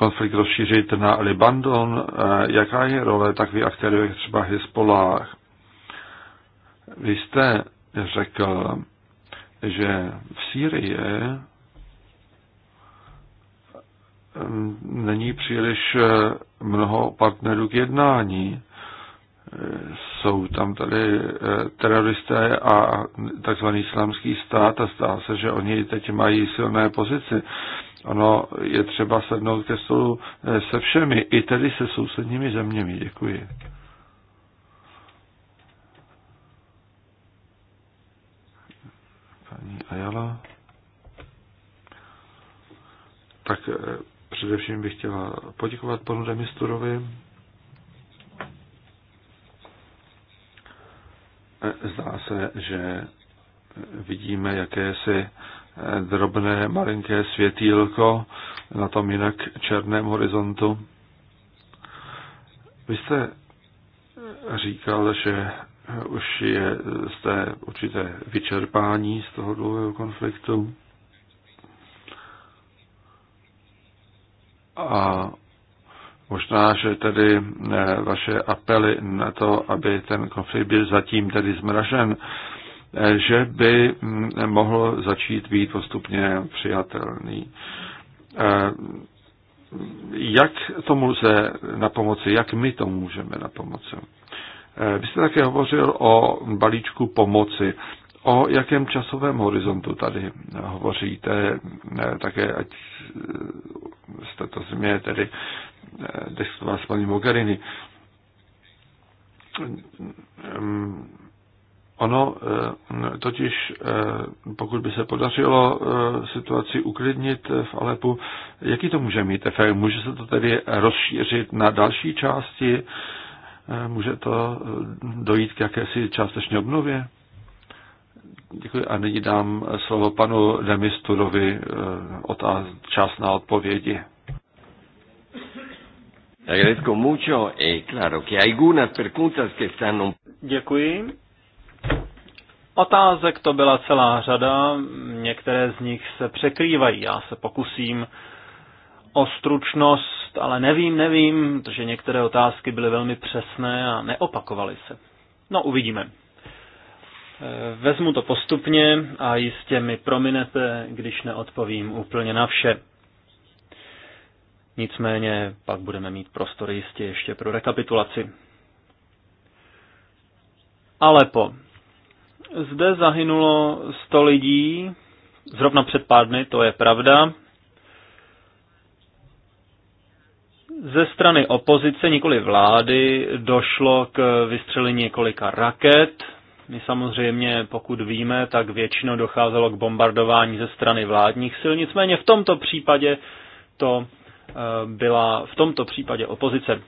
konflikt rozšířit na Libandon, eh, jaká je role takových aktérů, jak třeba Hezbollah. Vy jste řekl, že v Sýrii mm, není příliš eh, mnoho partnerů k jednání. Jsou tam tady eh, teroristé a takzvaný islámský stát a zdá se, že oni teď mají silné pozici. Ono je třeba sednout ke stolu eh, se všemi, i tedy se sousedními zeměmi. Děkuji. Paní Ajala. Tak eh, především bych chtěla poděkovat panu Demisturovi. Eh, zdá se, že vidíme jakési drobné malinké světýlko na tom jinak černém horizontu. Vy jste říkal, že už je, té určité vyčerpání z toho dlouhého konfliktu. A možná, že tedy eh, vaše apely na to, aby ten konflikt byl zatím tedy zmražen, že by mm, mohl začít být postupně přijatelný. Eh, jak tomu lze na pomoci, jak my to můžeme na pomoci? Eh, vy jste také hovořil o balíčku pomoci. O jakém časovém horizontu tady hovoříte, eh, také ať jste to změ, tedy diskutoval s paní Mogherini. Mm, Ono eh, totiž, eh, pokud by se podařilo eh, situaci uklidnit v Alepu, jaký to může mít efekt? Může se to tedy rozšířit na další části? Může to dojít k jakési částečné obnově? Děkuji a nyní dám slovo panu Demisturovi ta čas na odpovědi. E Děkuji. Otázek to byla celá řada, některé z nich se překrývají. Já se pokusím o stručnost, ale nevím, nevím, protože některé otázky byly velmi přesné a neopakovaly se. No, uvidíme. Eh, vezmu to postupně a jistě mi prominete, když neodpovím úplně na vše. Nicméně pak budeme mít prostor jistě ještě pro rekapitulaci. Alepo. Zde zahynulo 100 lidí, zrovna před pár dny, to je pravda. Ze strany opozice, nikoli vlády, došlo k vystřelení několika raket. My samozřejmě, pokud víme, tak většinou docházelo k bombardování ze strany vládních sil. Nicméně v tomto případě to eh, byla v tomto případě opozice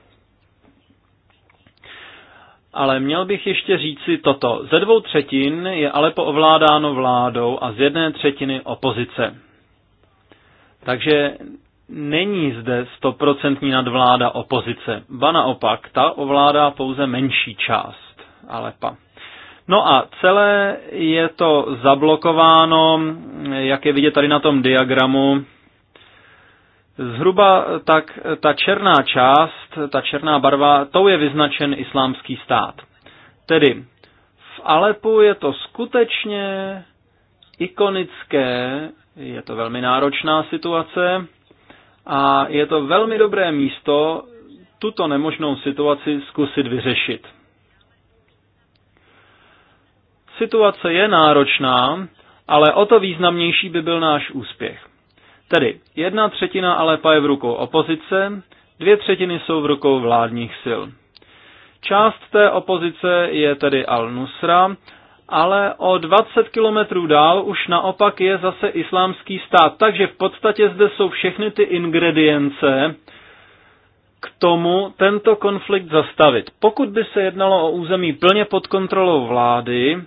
ale měl bych ještě říci toto. Ze dvou třetin je Alepo ovládáno vládou a z jedné třetiny opozice. Takže není zde stoprocentní nadvláda opozice. Ba naopak, ta ovládá pouze menší část Alepa. No a celé je to zablokováno, jak je vidět tady na tom diagramu, Zhruba tak ta černá část, ta černá barva, tou je vyznačen islámský stát. Tedy v Alepu je to skutečně ikonické, je to velmi náročná situace a je to velmi dobré místo tuto nemožnou situaci zkusit vyřešit. Situace je náročná, ale o to významnější by byl náš úspěch. Tedy jedna třetina Alepa je v rukou opozice, dvě třetiny jsou v rukou vládních sil. Část té opozice je tedy Al-Nusra, ale o 20 kilometrů dál už naopak je zase islámský stát. Takže v podstatě zde jsou všechny ty ingredience k tomu tento konflikt zastavit. Pokud by se jednalo o území plně pod kontrolou vlády,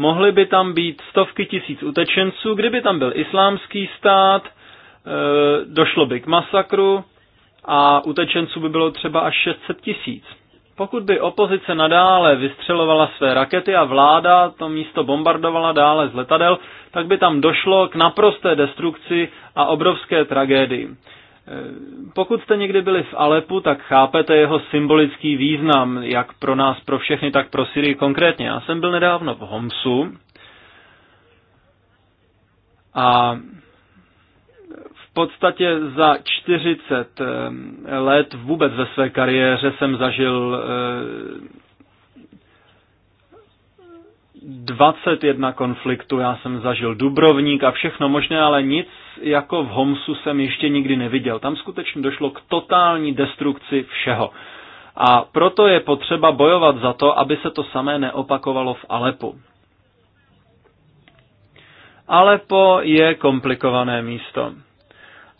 Mohly by tam být stovky tisíc utečenců, kdyby tam byl islámský stát, e, došlo by k masakru a utečenců by bylo třeba až 600 tisíc. Pokud by opozice nadále vystřelovala své rakety a vláda to místo bombardovala dále z letadel, tak by tam došlo k naprosté destrukci a obrovské tragédii. Eh, pokud jste někdy byli v Alepu, tak chápete jeho symbolický význam, jak pro nás, pro všechny, tak pro Syrii konkrétně. Já jsem byl nedávno v Homsu a v podstatě za 40 eh, let vůbec ve své kariéře jsem zažil eh, 21 konfliktů, já jsem zažil Dubrovník a všechno možné, ale nic jako v Homsu jsem ještě nikdy neviděl. Tam skutečně došlo k totální destrukci všeho. A proto je potřeba bojovat za to, aby se to samé neopakovalo v Alepu. Alepo je komplikované místo.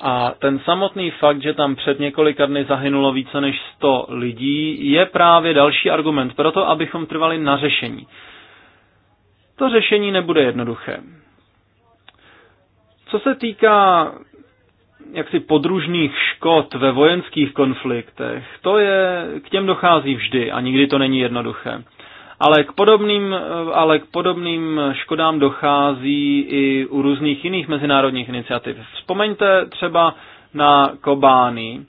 A ten samotný fakt, že tam před několika dny zahynulo více než 100 lidí, je právě další argument pro to, abychom trvali na řešení. To řešení nebude jednoduché. Co se týká jaksi podružných škod ve vojenských konfliktech, to je, k těm dochází vždy a nikdy to není jednoduché. Ale k podobným, ale k podobným škodám dochází i u různých jiných mezinárodních iniciativ. Vzpomeňte třeba na Kobány,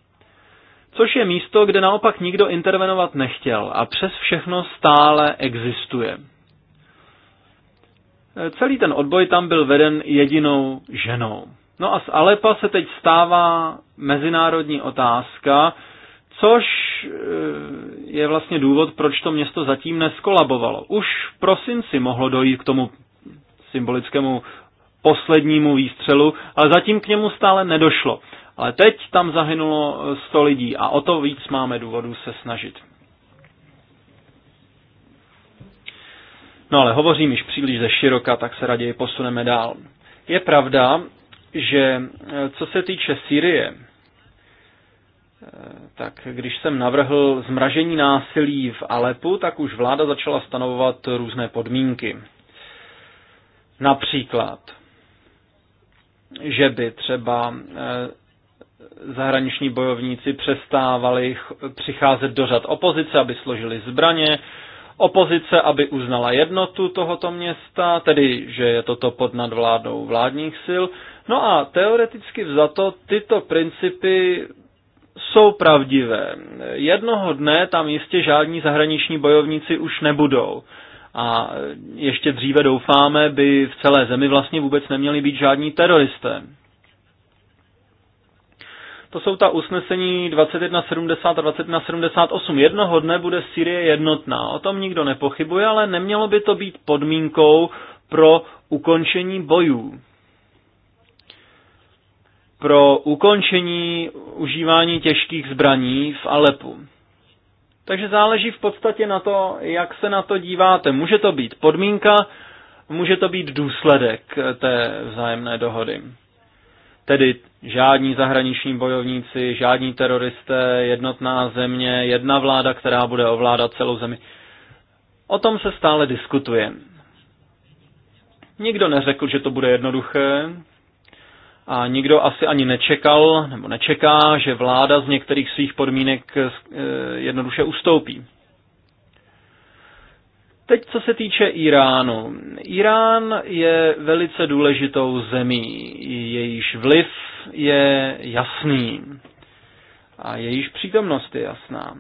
což je místo, kde naopak nikdo intervenovat nechtěl a přes všechno stále existuje. Celý ten odboj tam byl veden jedinou ženou. No a z Alepa se teď stává mezinárodní otázka, což eh, je vlastně důvod, proč to město zatím neskolabovalo. Už v prosinci mohlo dojít k tomu symbolickému poslednímu výstřelu, ale zatím k němu stále nedošlo. Ale teď tam zahynulo 100 lidí a o to víc máme důvodů se snažit. No ale hovořím již příliš ze široka, tak se raději posuneme dál. Je pravda, že eh, co se týče Syrie, eh, tak když jsem navrhl zmražení násilí v Alepu, tak už vláda začala stanovovat různé podmínky. Například, že by třeba eh, zahraniční bojovníci přestávali přicházet do řad opozice, aby složili zbraně, opozice, aby uznala jednotu tohoto města, tedy že je toto pod nadvládou vládních sil. No a teoreticky vzato tyto principy jsou pravdivé. Jednoho dne tam jistě žádní zahraniční bojovníci už nebudou. A ještě dříve doufáme, by v celé zemi vlastně vůbec neměli být žádní teroristé. To jsou ta usnesení 2170 a 2178. Jednoho dne bude Syrie jednotná. O tom nikdo nepochybuje, ale nemělo by to být podmínkou pro ukončení bojů. Pro ukončení užívání těžkých zbraní v Alepu. Takže záleží v podstatě na to, jak se na to díváte. Může to být podmínka, může to být důsledek té vzájemné dohody. Tedy žádní zahraniční bojovníci, žádní teroristé, jednotná země, jedna vláda, která bude ovládat celou zemi. O tom se stále diskutuje. Nikdo neřekl, že to bude jednoduché a nikdo asi ani nečekal nebo nečeká, že vláda z některých svých podmínek eh, jednoduše ustoupí. Teď co se týče Iránu. Irán je velice důležitou zemí, jejíž vliv je jasný a jejíž přítomnost je jasná.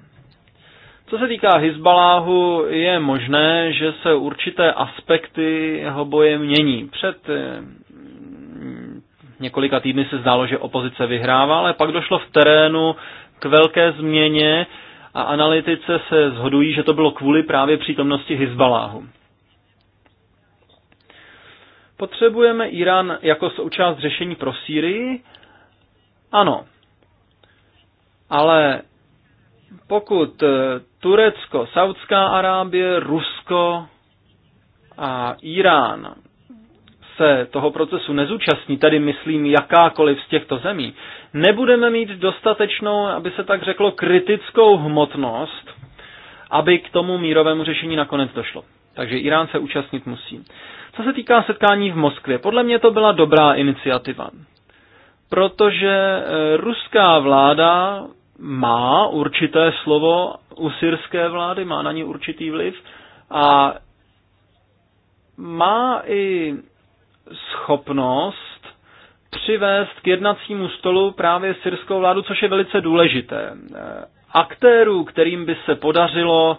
Co se týká Hizbaláhu, je možné, že se určité aspekty jeho boje mění. Před eh, několika týdny se zdálo, že opozice vyhrává, ale pak došlo v terénu k velké změně, a analytice se zhodují, že to bylo kvůli právě přítomnosti Hezbaláhu. Potřebujeme Irán jako součást řešení pro Sýrii? Ano. Ale pokud eh, Turecko, Saudská Arábie, Rusko a Irán se toho procesu nezúčastní, tedy myslím jakákoliv z těchto zemí, nebudeme mít dostatečnou, aby se tak řeklo, kritickou hmotnost, aby k tomu mírovému řešení nakonec došlo. Takže Irán se účastnit musí. Co se týká setkání v Moskvě, podle mě to byla dobrá iniciativa, protože eh, ruská vláda má určité slovo u syrské vlády, má na ní určitý vliv a má i schopnost přivést k jednacímu stolu právě syrskou vládu, což je velice důležité. Eh, aktérů, kterým by se podařilo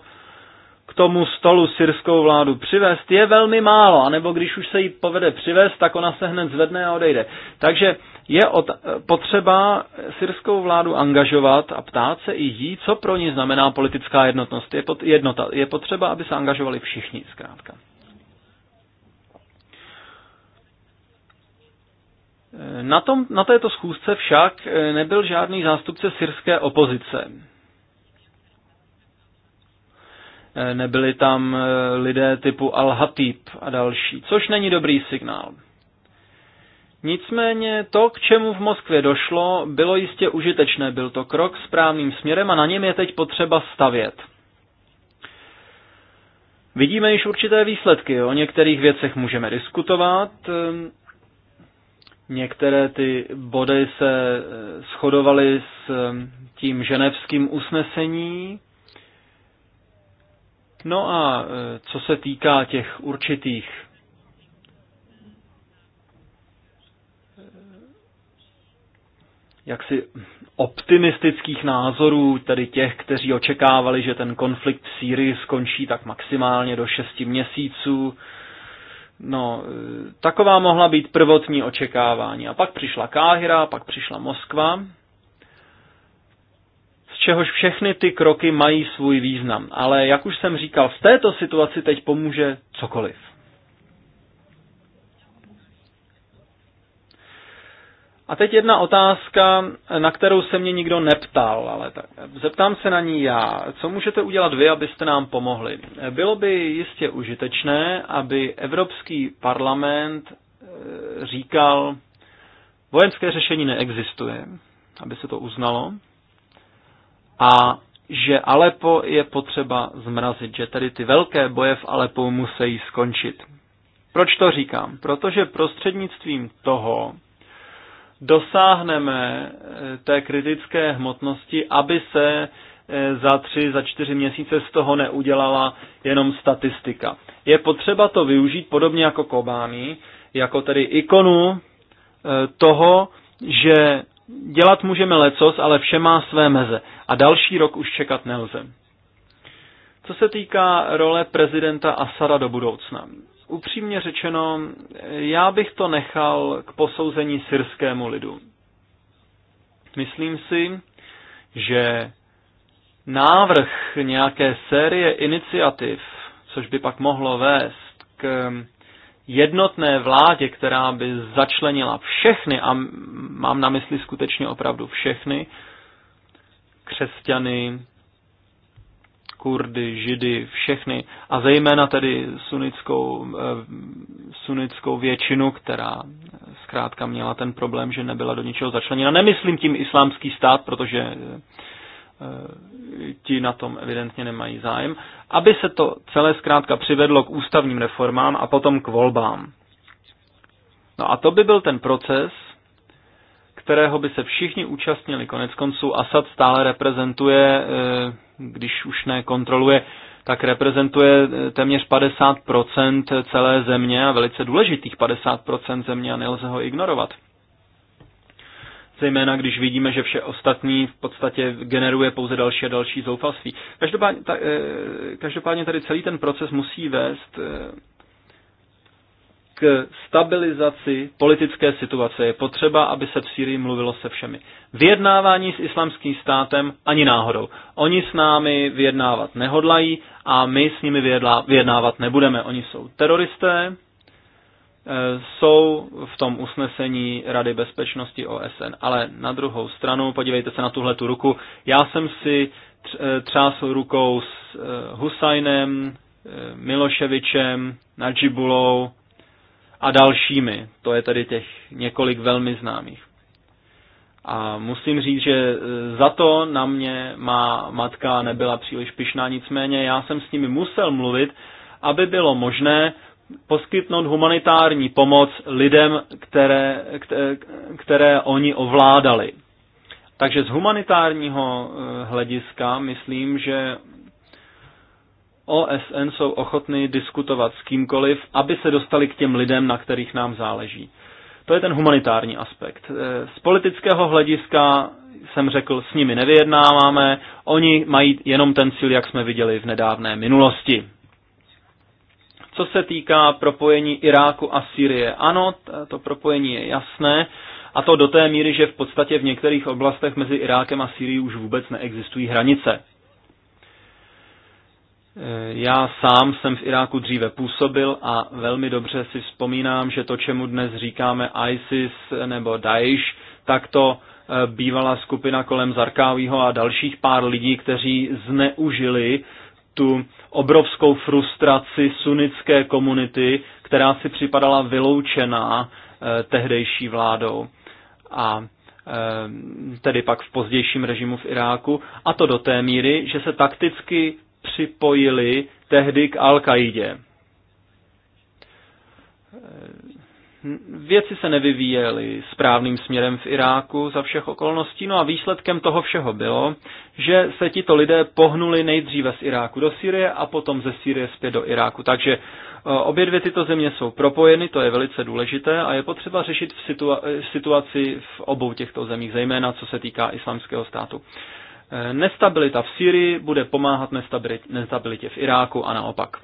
k tomu stolu syrskou vládu přivést, je velmi málo, anebo když už se jí povede přivést, tak ona se hned zvedne a odejde. Takže je od, eh, potřeba syrskou vládu angažovat a ptát se i jí, co pro ní znamená politická jednotnost. Je, pot, jednota, je potřeba, aby se angažovali všichni zkrátka. Na, tom, na této schůzce však eh, nebyl žádný zástupce syrské opozice. Eh, nebyli tam eh, lidé typu Al-Hatib a další, což není dobrý signál. Nicméně to, k čemu v Moskvě došlo, bylo jistě užitečné. Byl to krok správným směrem a na něm je teď potřeba stavět. Vidíme již určité výsledky, o některých věcech můžeme diskutovat, ehm, Některé ty body se eh, shodovaly s eh, tím ženevským usnesení. No a eh, co se týká těch určitých jaksi optimistických názorů, tedy těch, kteří očekávali, že ten konflikt v Sýrii skončí tak maximálně do šesti měsíců, No, e, taková mohla být prvotní očekávání. A pak přišla Káhira, pak přišla Moskva, z čehož všechny ty kroky mají svůj význam. Ale jak už jsem říkal, v této situaci teď pomůže cokoliv. A teď jedna otázka, na kterou se mě nikdo neptal, ale tak, zeptám se na ní já. Co můžete udělat vy, abyste nám pomohli? Bylo by jistě užitečné, aby Evropský parlament eh, říkal, vojenské řešení neexistuje, aby se to uznalo, a že Alepo je potřeba zmrazit, že tedy ty velké boje v Alepo musí skončit. Proč to říkám? Protože prostřednictvím toho, dosáhneme eh, té kritické hmotnosti, aby se eh, za tři, za čtyři měsíce z toho neudělala jenom statistika. Je potřeba to využít podobně jako Kobány, jako tedy ikonu eh, toho, že dělat můžeme lecos, ale vše má své meze a další rok už čekat nelze. Co se týká role prezidenta Asada do budoucna upřímně řečeno, já bych to nechal k posouzení syrskému lidu. Myslím si, že návrh nějaké série iniciativ, což by pak mohlo vést k jednotné vládě, která by začlenila všechny, a mám na mysli skutečně opravdu všechny, křesťany, Kurdy, Židy, všechny a zejména tedy sunickou, eh, sunickou většinu, která eh, zkrátka měla ten problém, že nebyla do ničeho začleněna. Nemyslím tím islámský stát, protože eh, ti na tom evidentně nemají zájem, aby se to celé zkrátka přivedlo k ústavním reformám a potom k volbám. No a to by byl ten proces, kterého by se všichni účastnili. Konec konců Asad stále reprezentuje, eh, když už ne kontroluje, tak reprezentuje eh, téměř 50% celé země a velice důležitých 50% země a nelze ho ignorovat. Zejména když vidíme, že vše ostatní v podstatě generuje pouze další a další zoufalství. Každopádně, ta, eh, každopádně tady celý ten proces musí vést stabilizaci politické situace. Je potřeba, aby se v Sýrii mluvilo se všemi. Vyjednávání s islamským státem ani náhodou. Oni s námi vyjednávat nehodlají a my s nimi vyjednávat nebudeme. Oni jsou teroristé, e, jsou v tom usnesení Rady bezpečnosti OSN. Ale na druhou stranu, podívejte se na tuhle tu ruku, já jsem si e, třásl rukou s e, Husajnem, Miloševičem, Najibulou, a dalšími. To je tedy těch několik velmi známých. A musím říct, že eh, za to na mě má matka nebyla příliš pišná, nicméně já jsem s nimi musel mluvit, aby bylo možné poskytnout humanitární pomoc lidem, které, které, které oni ovládali. Takže z humanitárního eh, hlediska myslím, že OSN jsou ochotny diskutovat s kýmkoliv, aby se dostali k těm lidem, na kterých nám záleží. To je ten humanitární aspekt. Eh, z politického hlediska jsem řekl, s nimi nevyjednáváme, oni mají jenom ten cíl, jak jsme viděli v nedávné minulosti. Co se týká propojení Iráku a Sýrie, ano, to propojení je jasné, a to do té míry, že v podstatě v některých oblastech mezi Irákem a Sýrií už vůbec neexistují hranice. Eh, já sám jsem v Iráku dříve působil a velmi dobře si vzpomínám, že to, čemu dnes říkáme ISIS nebo Daesh, tak to eh, bývala skupina kolem Zarkávího a dalších pár lidí, kteří zneužili tu obrovskou frustraci sunnické komunity, která si připadala vyloučená eh, tehdejší vládou. A tedy pak v pozdějším režimu v Iráku, a to do té míry, že se takticky připojili tehdy k al qaidě Věci se nevyvíjely správným směrem v Iráku za všech okolností, no a výsledkem toho všeho bylo, že se tito lidé pohnuli nejdříve z Iráku do Syrie a potom ze Syrie zpět do Iráku. Takže eh, obě dvě tyto země jsou propojeny, to je velice důležité a je potřeba řešit v situa- eh, situaci v obou těchto zemích, zejména co se týká islamského státu. Eh, nestabilita v Syrii bude pomáhat nestabilitě v Iráku a naopak.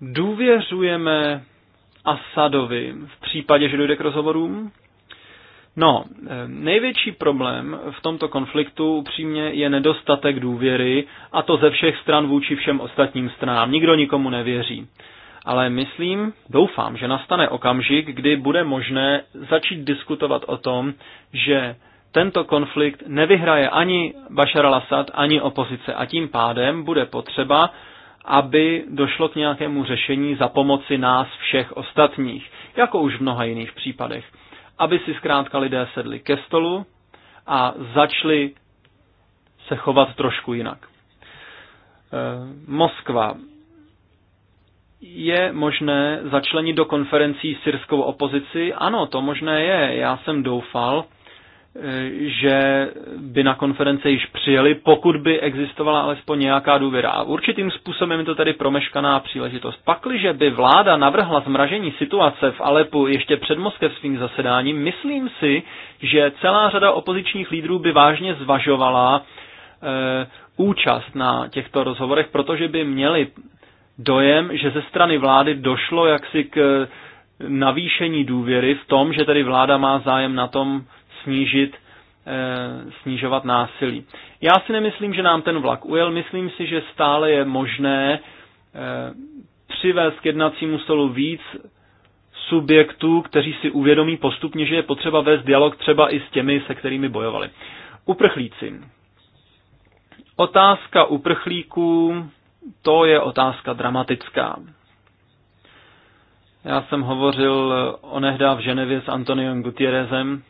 Důvěřujeme Asadovi v případě, že dojde k rozhovorům? No, eh, největší problém v tomto konfliktu upřímně je nedostatek důvěry, a to ze všech stran vůči všem ostatním stranám. Nikdo nikomu nevěří ale myslím, doufám, že nastane okamžik, kdy bude možné začít diskutovat o tom, že tento konflikt nevyhraje ani Bashar al-Assad, ani opozice a tím pádem bude potřeba, aby došlo k nějakému řešení za pomoci nás všech ostatních, jako už v mnoha jiných případech. Aby si zkrátka lidé sedli ke stolu a začali se chovat trošku jinak. Eh, Moskva je možné začlenit do konferencí syrskou opozici? Ano, to možné je. Já jsem doufal, eh, že by na konference již přijeli, pokud by existovala alespoň nějaká důvěra. A určitým způsobem je to tedy promeškaná příležitost. Pakliže by vláda navrhla zmražení situace v Alepu ještě před moskevským zasedáním, myslím si, že celá řada opozičních lídrů by vážně zvažovala e, účast na těchto rozhovorech, protože by měli dojem, že ze strany vlády došlo jaksi k eh, navýšení důvěry v tom, že tedy vláda má zájem na tom snížit eh, snižovat násilí. Já si nemyslím, že nám ten vlak ujel, myslím si, že stále je možné eh, přivést k jednacímu stolu víc subjektů, kteří si uvědomí postupně, že je potřeba vést dialog třeba i s těmi, se kterými bojovali. Uprchlíci. Otázka uprchlíků to je otázka dramatická. Já jsem hovořil onehdá v Ženevě s Antoniem Gutierrezem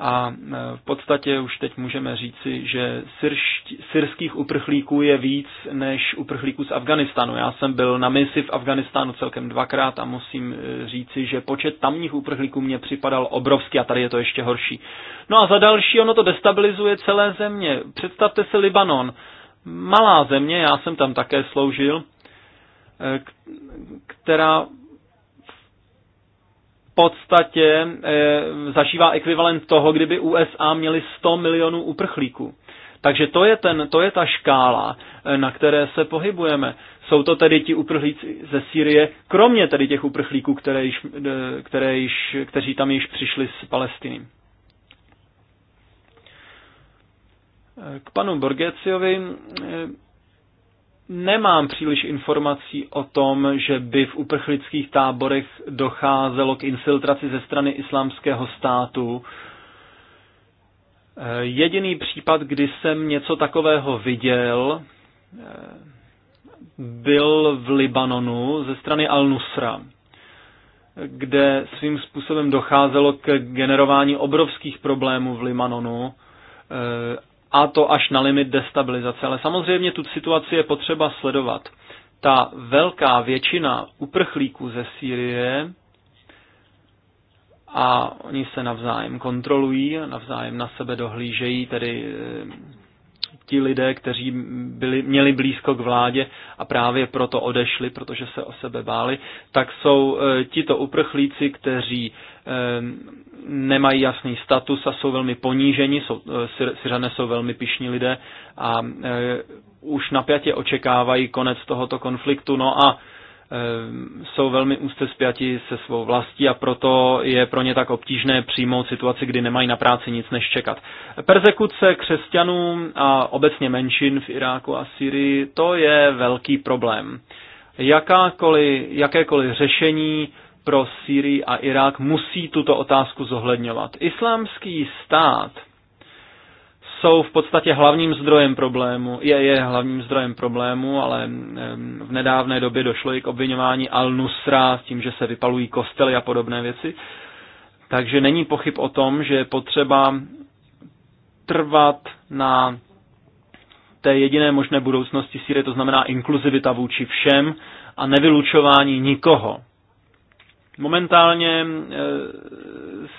a e, v podstatě už teď můžeme říci, že syrských uprchlíků je víc než uprchlíků z Afganistanu. Já jsem byl na misi v Afganistánu celkem dvakrát a musím e, říci, že počet tamních uprchlíků mě připadal obrovský a tady je to ještě horší. No a za další ono to destabilizuje celé země. Představte si Libanon malá země, já jsem tam také sloužil, eh, která v podstatě eh, zažívá ekvivalent toho, kdyby USA měli 100 milionů uprchlíků. Takže to je, ten, to je ta škála, eh, na které se pohybujeme. Jsou to tedy ti uprchlíci ze Sýrie, kromě tedy těch uprchlíků, které již, které již, kteří tam již přišli z Palestiny. K panu Borgeciovi eh, nemám příliš informací o tom, že by v uprchlických táborech docházelo k infiltraci ze strany islámského státu. Eh, jediný případ, kdy jsem něco takového viděl, eh, byl v Libanonu ze strany Al-Nusra, kde svým způsobem docházelo k generování obrovských problémů v Libanonu a to až na limit destabilizace. Ale samozřejmě tu situaci je potřeba sledovat. Ta velká většina uprchlíků ze Sýrie a oni se navzájem kontrolují, navzájem na sebe dohlížejí, tedy eh, ti lidé, kteří byli, měli blízko k vládě a právě proto odešli, protože se o sebe báli, tak jsou e, tito uprchlíci, kteří e, nemají jasný status a jsou velmi poníženi, jsou, e, Syřané jsou velmi pišní lidé a e, už napjatě očekávají konec tohoto konfliktu, no a e, jsou velmi úzce spjati se svou vlastí a proto je pro ně tak obtížné přijmout situaci, kdy nemají na práci nic než čekat. Persekuce křesťanů a obecně menšin v Iráku a Syrii, to je velký problém. Jakákoliv, jakékoliv řešení pro Sýrii a Irák musí tuto otázku zohledňovat. Islámský stát jsou v podstatě hlavním zdrojem problému, je, je hlavním zdrojem problému, ale v nedávné době došlo i k obvinování Al-Nusra s tím, že se vypalují kostely a podobné věci. Takže není pochyb o tom, že je potřeba trvat na té jediné možné budoucnosti Sýrie, to znamená inkluzivita vůči všem a nevylučování nikoho. Momentálně eh,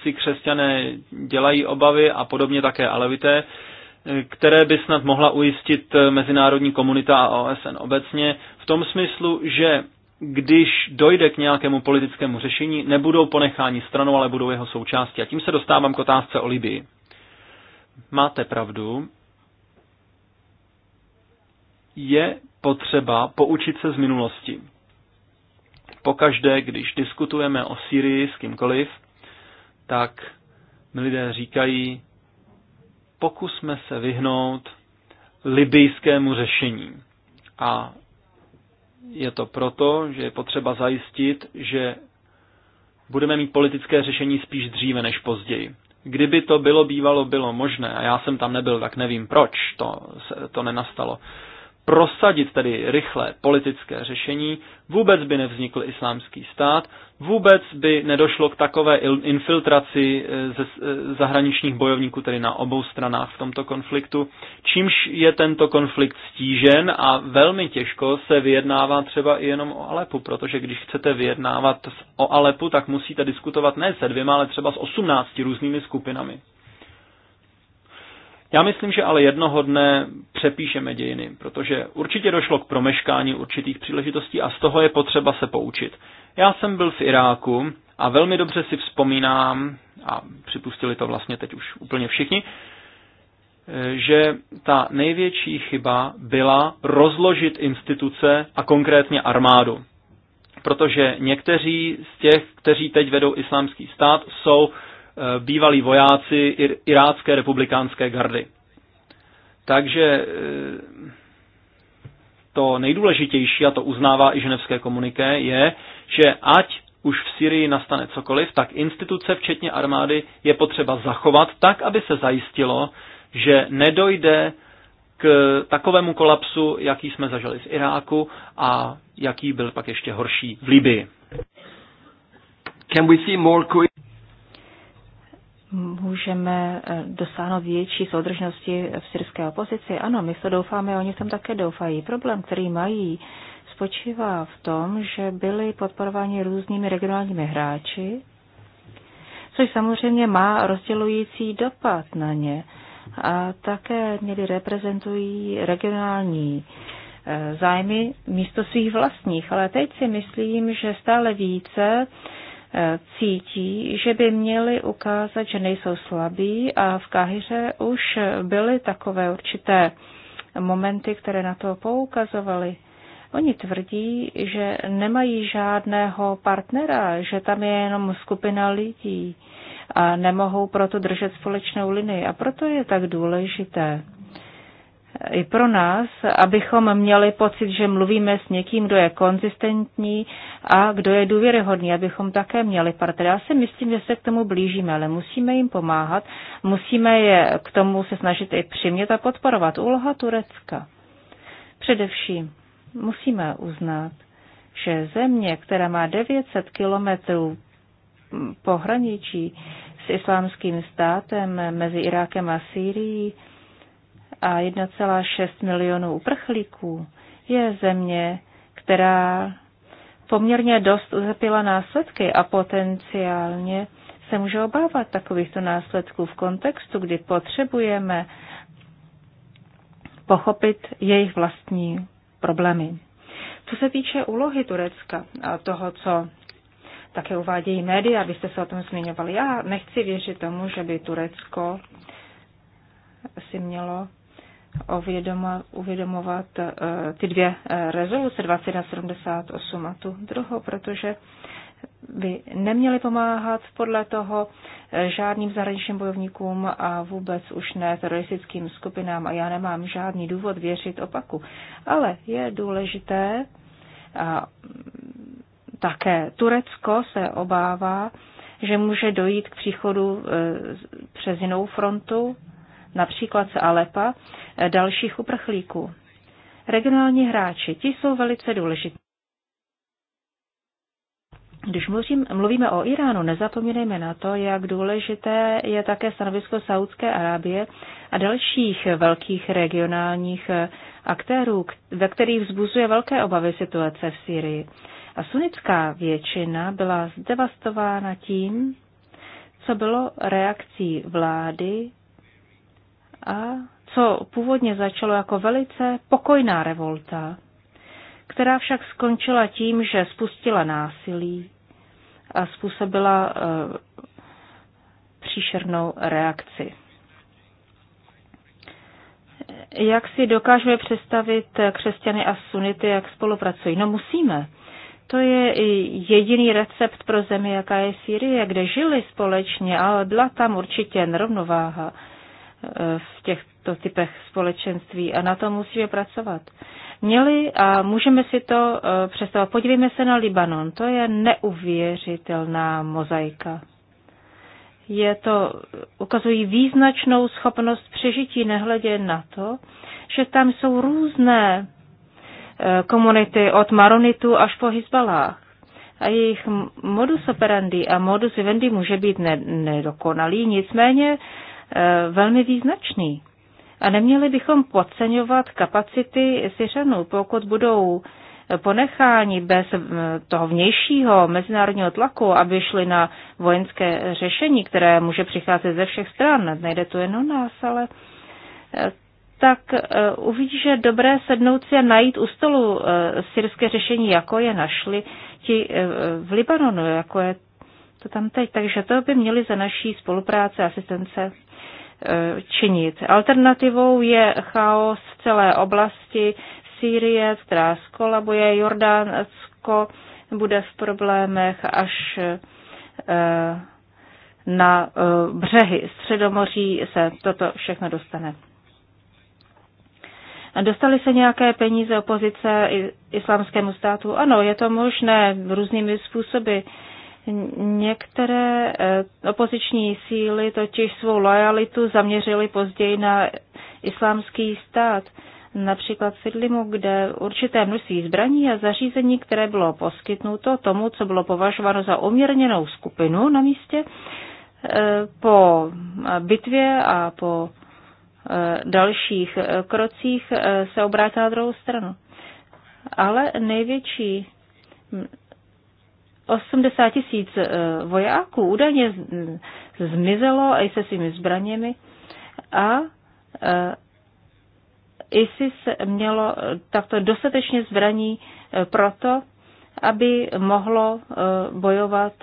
si křesťané dělají obavy a podobně také alevité, eh, které by snad mohla ujistit eh, mezinárodní komunita a OSN obecně, v tom smyslu, že když dojde k nějakému politickému řešení, nebudou ponecháni stranou, ale budou jeho součástí. A tím se dostávám k otázce o Libii. Máte pravdu. Je potřeba poučit se z minulosti pokaždé, když diskutujeme o Syrii s kýmkoliv, tak mi lidé říkají, pokusme se vyhnout libijskému řešení. A je to proto, že je potřeba zajistit, že budeme mít politické řešení spíš dříve než později. Kdyby to bylo bývalo, bylo možné, a já jsem tam nebyl, tak nevím proč to, to nenastalo, prosadit tedy rychlé politické řešení, vůbec by nevznikl islámský stát, vůbec by nedošlo k takové infiltraci eh, ze eh, zahraničních bojovníků, tedy na obou stranách v tomto konfliktu, čímž je tento konflikt stížen a velmi těžko se vyjednává třeba i jenom o Alepu, protože když chcete vyjednávat o Alepu, tak musíte diskutovat ne se dvěma, ale třeba s osmnácti různými skupinami. Já myslím, že ale jednoho dne přepíšeme dějiny, protože určitě došlo k promeškání určitých příležitostí a z toho je potřeba se poučit. Já jsem byl v Iráku a velmi dobře si vzpomínám, a připustili to vlastně teď už úplně všichni, že ta největší chyba byla rozložit instituce a konkrétně armádu. Protože někteří z těch, kteří teď vedou islámský stát, jsou Eh, bývalí vojáci irácké republikánské gardy. Takže eh, to nejdůležitější, a to uznává i ženevské komuniké, je, že ať už v Syrii nastane cokoliv, tak instituce, včetně armády, je potřeba zachovat tak, aby se zajistilo, že nedojde k takovému kolapsu, jaký jsme zažili v Iráku a jaký byl pak ještě horší v Libii. Can we see more můžeme eh, dosáhnout větší soudržnosti v syrské opozici. Ano, my to doufáme, oni v tom také doufají. Problém, který mají, spočívá v tom, že byli podporováni různými regionálními hráči, což samozřejmě má rozdělující dopad na ně. A také měli reprezentují regionální eh, zájmy místo svých vlastních. Ale teď si myslím, že stále více Eh, cítí, že by měli ukázat, že nejsou slabí a v Káhyře už byly takové určité momenty, které na to poukazovaly. Oni tvrdí, že nemají žádného partnera, že tam je jenom skupina lidí a nemohou proto držet společnou linii. A proto je tak důležité i pro nás, abychom měli pocit, že mluvíme s někým, kdo je konzistentní a kdo je důvěryhodný, abychom také měli partnery. Já si myslím, že se k tomu blížíme, ale musíme jim pomáhat, musíme je k tomu se snažit i přimět a podporovat. Úloha Turecka. Především musíme uznat, že země, která má 900 kilometrů pohraničí s islámským státem mezi Irákem a Sýrií, a 1,6 milionů uprchlíků je země, která poměrně dost uzepila následky a potenciálně se může obávat takovýchto následků v kontextu, kdy potřebujeme pochopit jejich vlastní problémy. Co se týče úlohy Turecka a toho, co také uvádějí média, abyste se o tom zmiňovali, já nechci věřit tomu, že by Turecko si mělo uvědomovat eh, ty dvě eh, rezoluce 2178 a tu druhou, protože by neměli pomáhat podle toho eh, žádným zahraničním bojovníkům a vůbec už ne teroristickým skupinám a já nemám žádný důvod věřit opaku. Ale je důležité, a mm, také Turecko se obává, že může dojít k příchodu přes jinou frontu například z Alepa, eh, dalších uprchlíků. Regionální hráči, ti jsou velice důležití. Když mluvím, mluvíme o Iránu, nezapomínejme na to, jak důležité je také stanovisko Saudské Arábie a dalších velkých regionálních eh, aktérů, ve kterých vzbuzuje velké obavy situace v Syrii. A sunická většina byla zdevastována tím, co bylo reakcí vlády a co původně začalo jako velice pokojná revolta, která však skončila tím, že spustila násilí a způsobila e, příšernou reakci. Jak si dokážeme představit eh, křesťany a sunity, jak spolupracují? No musíme. To je jediný recept pro zemi, jaká je Sýrie, kde žili společně, ale byla tam určitě nerovnováha v těchto typech společenství a na tom musíme pracovat. Měli a můžeme si to eh, představit. Podívejme se na Libanon, to je neuvěřitelná mozaika. Je to, ukazují význačnou schopnost přežití, nehledě na to, že tam jsou různé eh, komunity od Maronitů až po Hizbalách. A jejich modus operandi a modus vivendi může být nedokonalý, nicméně Eh, velmi význačný. A neměli bychom podceňovat kapacity Syřanů, pokud budou eh, ponecháni bez eh, toho vnějšího mezinárodního tlaku, aby šli na vojenské řešení, které může přicházet ze všech stran, nejde to jenom nás, ale tak uvidí, že dobré sednout si a najít u stolu syrské řešení, jako je našli ti v Libanonu, jako je to tam teď. Takže to by měli za naší spolupráce asistence Eh, činit. Alternativou je chaos v celé oblasti Sýrie, která skolabuje, Jordánsko bude v problémech až eh, na eh, břehy Středomoří se toto všechno dostane. Dostali se nějaké peníze opozice islámskému státu? Ano, je to možné různými způsoby. Některé eh, opoziční síly totiž svou lojalitu zaměřily později na islámský stát, například v Sidlimu, kde určité množství zbraní a zařízení, které bylo poskytnuto tomu, co bylo považováno za uměrněnou skupinu na místě, eh, po bitvě a po eh, dalších krocích se obrátila druhou stranu. Ale největší 80 tisíc eh, vojáků údajně zmizelo i se svými zbraněmi a eh, ISIS mělo takto dostatečně zbraní eh, proto, aby mohlo bojovat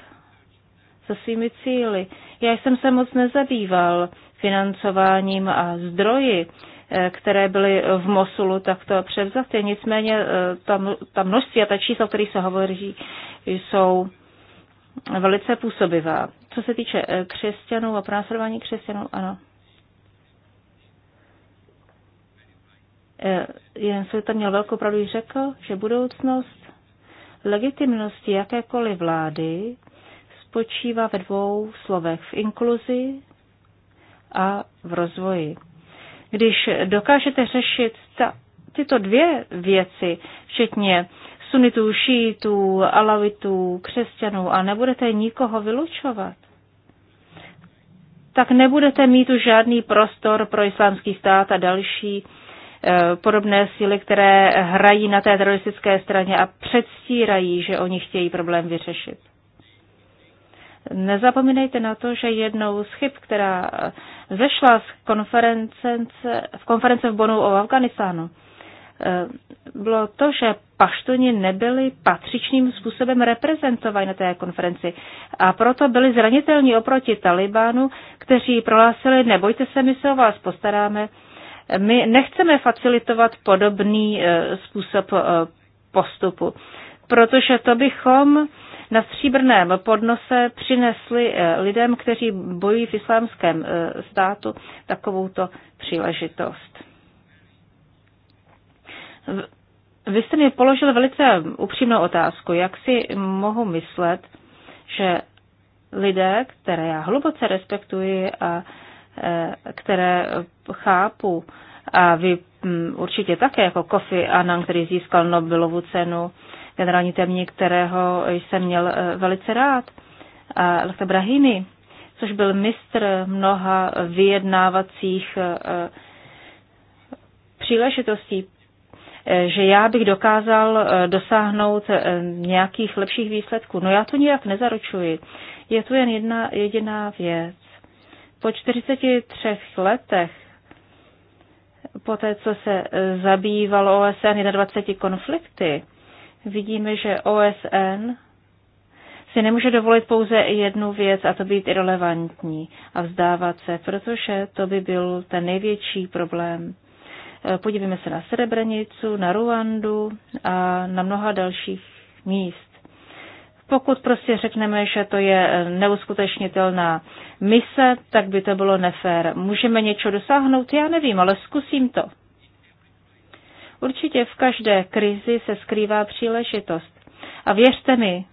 se svými cíly. Já jsem se moc nezabýval financováním a zdroji které byly v Mosulu takto převzaty. Nicméně eh, ta, ta množství a ta čísla, o kterých se hovoří, jsou velice působivá. Co se týče eh, křesťanů a pronásledování křesťanů, ano. Eh, Jen se tam měl velkou pravdu, řekl, že budoucnost legitimnosti jakékoliv vlády spočívá ve dvou slovech v inkluzi a v rozvoji. Když dokážete řešit ta, tyto dvě věci, včetně sunitů, šítů, alavitů, křesťanů a nebudete nikoho vylučovat, tak nebudete mít už žádný prostor pro islámský stát a další eh, podobné síly, které hrají na té teroristické straně a předstírají, že oni chtějí problém vyřešit. Nezapomínejte na to, že jednou z chyb, která zešla z konference, v konference v Bonu o Afganistánu, e, bylo to, že paštuni nebyli patřičným způsobem reprezentováni na té konferenci a proto byli zranitelní oproti Talibánu, kteří prohlásili, nebojte se, my se o vás postaráme. My nechceme facilitovat podobný e, způsob e, postupu, protože to bychom na stříbrném podnose přinesli eh, lidem, kteří bojují v islámském eh, státu, takovouto příležitost. Vy jste mi položil velice upřímnou otázku, jak si mohu myslet, že lidé, které já hluboce respektuji a eh, které chápu, a vy mm, určitě také jako Kofi Annan, který získal Nobelovu cenu, generální temník, kterého jsem měl eh, velice rád, Lechta Brahimi, což byl mistr mnoha vyjednávacích eh, eh, příležitostí, že já bych dokázal dosáhnout nějakých lepších výsledků. No já to nijak nezaručuji. Je tu jen jedna jediná věc. Po 43 letech, po té, co se zabývalo OSN 21 konflikty, vidíme, že OSN si nemůže dovolit pouze jednu věc a to být irrelevantní a vzdávat se, protože to by byl ten největší problém. E, podívejme se na Srebrenicu, na Ruandu a na mnoha dalších míst. Pokud prostě řekneme, že to je e, neuskutečnitelná mise, tak by to bylo nefér. Můžeme něčeho dosáhnout? Já nevím, ale zkusím to. Určitě v každé krizi se skrývá příležitost. A věřte mi,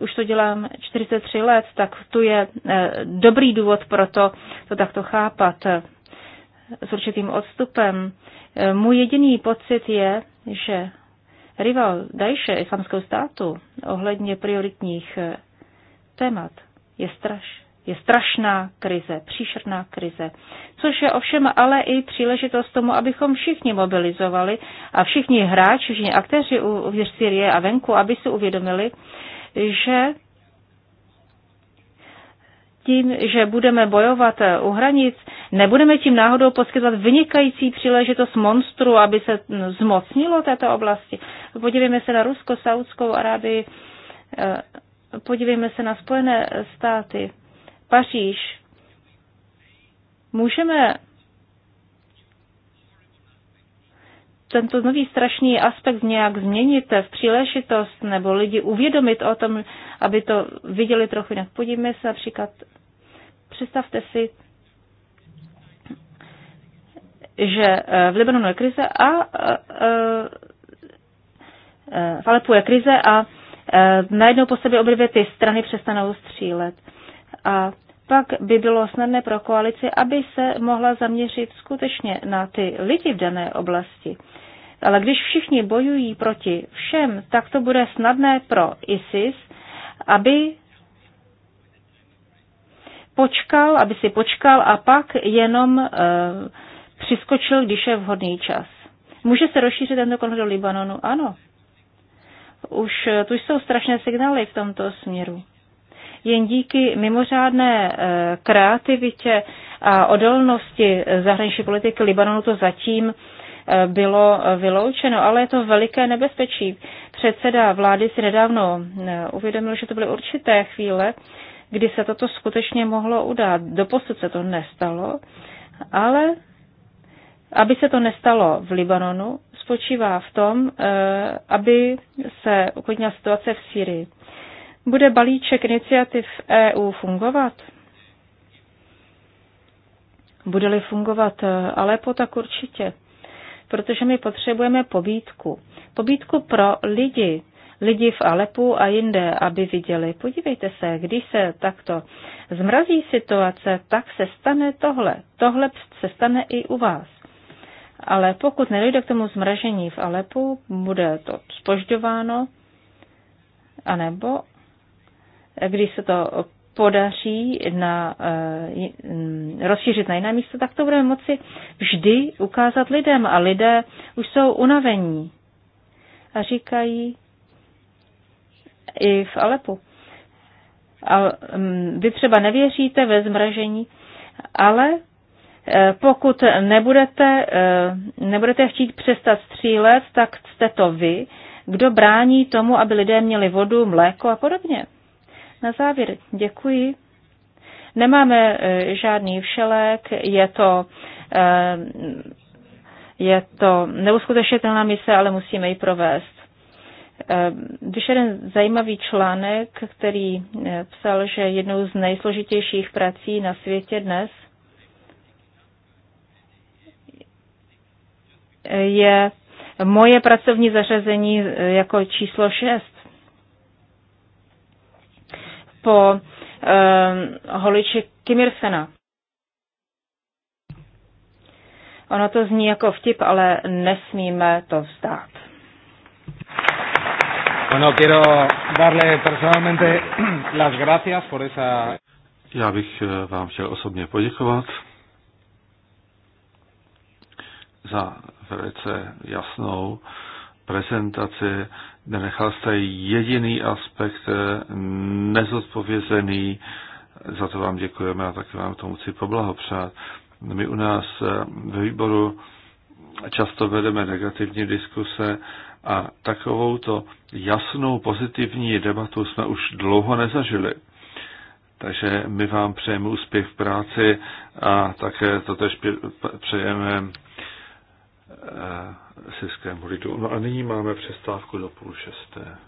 už to dělám 43 let, tak tu je eh, dobrý důvod pro to, to takto chápat eh, s určitým odstupem. Eh, můj jediný pocit je, že rival Dajše islamského státu ohledně prioritních témat je straš je strašná krize, příšerná krize, což je ovšem ale i příležitost tomu, abychom všichni mobilizovali a všichni hráči, všichni aktéři uvnitř Syrie a venku, aby si uvědomili, že tím, že budeme bojovat u hranic, nebudeme tím náhodou poskytovat vynikající příležitost monstru, aby se zmocnilo této oblasti. Podívejme se na Rusko, Saudskou Arábii, eh, podívejme se na Spojené státy. Paříž. Můžeme tento nový strašný aspekt nějak změnit v příležitost nebo lidi uvědomit o tom, aby to viděli trochu jinak. Podívejme se například, představte si, že eh, v Libanonu je krize a, eh, eh, v Alepu je krize a najednou po sobě obě ty strany přestanou střílet. A pak by bylo snadné pro koalici, aby se mohla zaměřit skutečně na ty lidi v dané oblasti. Ale když všichni bojují proti všem, tak to bude snadné pro ISIS, aby počkal, aby si počkal a pak jenom e, přiskočil, když je vhodný čas. Může se rozšířit tento konflikt do Libanonu? Ano. Už eh, tu jsou strašné signály v tomto směru jen díky mimořádné eh, kreativitě a odolnosti zahraniční politiky Libanonu to zatím eh, bylo eh, vyloučeno, ale je to veliké nebezpečí. Předseda vlády si nedávno uvědomil, že to byly určité chvíle, kdy se toto skutečně mohlo udát. Doposud se to nestalo, ale aby se to nestalo v Libanonu, spočívá v tom, aby se uklidnila situace v Syrii. Bude balíček iniciativ EU fungovat? Bude-li fungovat e, Alepo, tak určitě. Protože my potřebujeme pobídku. Pobídku pro lidi, lidi v Alepu a jinde, aby viděli. Podívejte se, když se takto zmrazí situace, tak se stane tohle. Tohle se stane i u vás. Ale pokud nedojde k tomu zmražení v Alepu, bude to spožďováno, anebo když se to podaří na, eh, rozšířit na jiné místo, tak to budeme moci vždy ukázat lidem. A lidé už jsou unavení a říkají i v Alepu. A mm, vy třeba nevěříte ve zmražení, ale eh, pokud nebudete, eh, nebudete chtít přestat střílet, tak jste to vy, kdo brání tomu, aby lidé měli vodu, mléko a podobně. Na závěr děkuji. Nemáme e, žádný všelek, je to, e, je to neuskutečnitelná mise, ale musíme ji provést. Když e, jeden zajímavý článek, který psal, že jednou z nejsložitějších prací na světě dnes je moje pracovní zařazení jako číslo 6 po uh, holiči Kim Irsena. Ono to zní jako vtip, ale nesmíme to vzdát. Bueno, quiero darle personalmente las gracias por esa... Já bych eh, vám chtěl osobně poděkovat za velice jasnou prezentaci Nenechal jste jediný aspekt eh, nezodpovězený, za to vám děkujeme a taky vám tomu chci poblahopřát. My u nás eh, ve výboru často vedeme negativní diskuse a takovouto jasnou pozitivní debatu jsme už dlouho nezažili. Takže my vám přejeme úspěch v práci a také to tež přejeme eh, syrském lidu. No a nyní máme přestávku do půl šesté.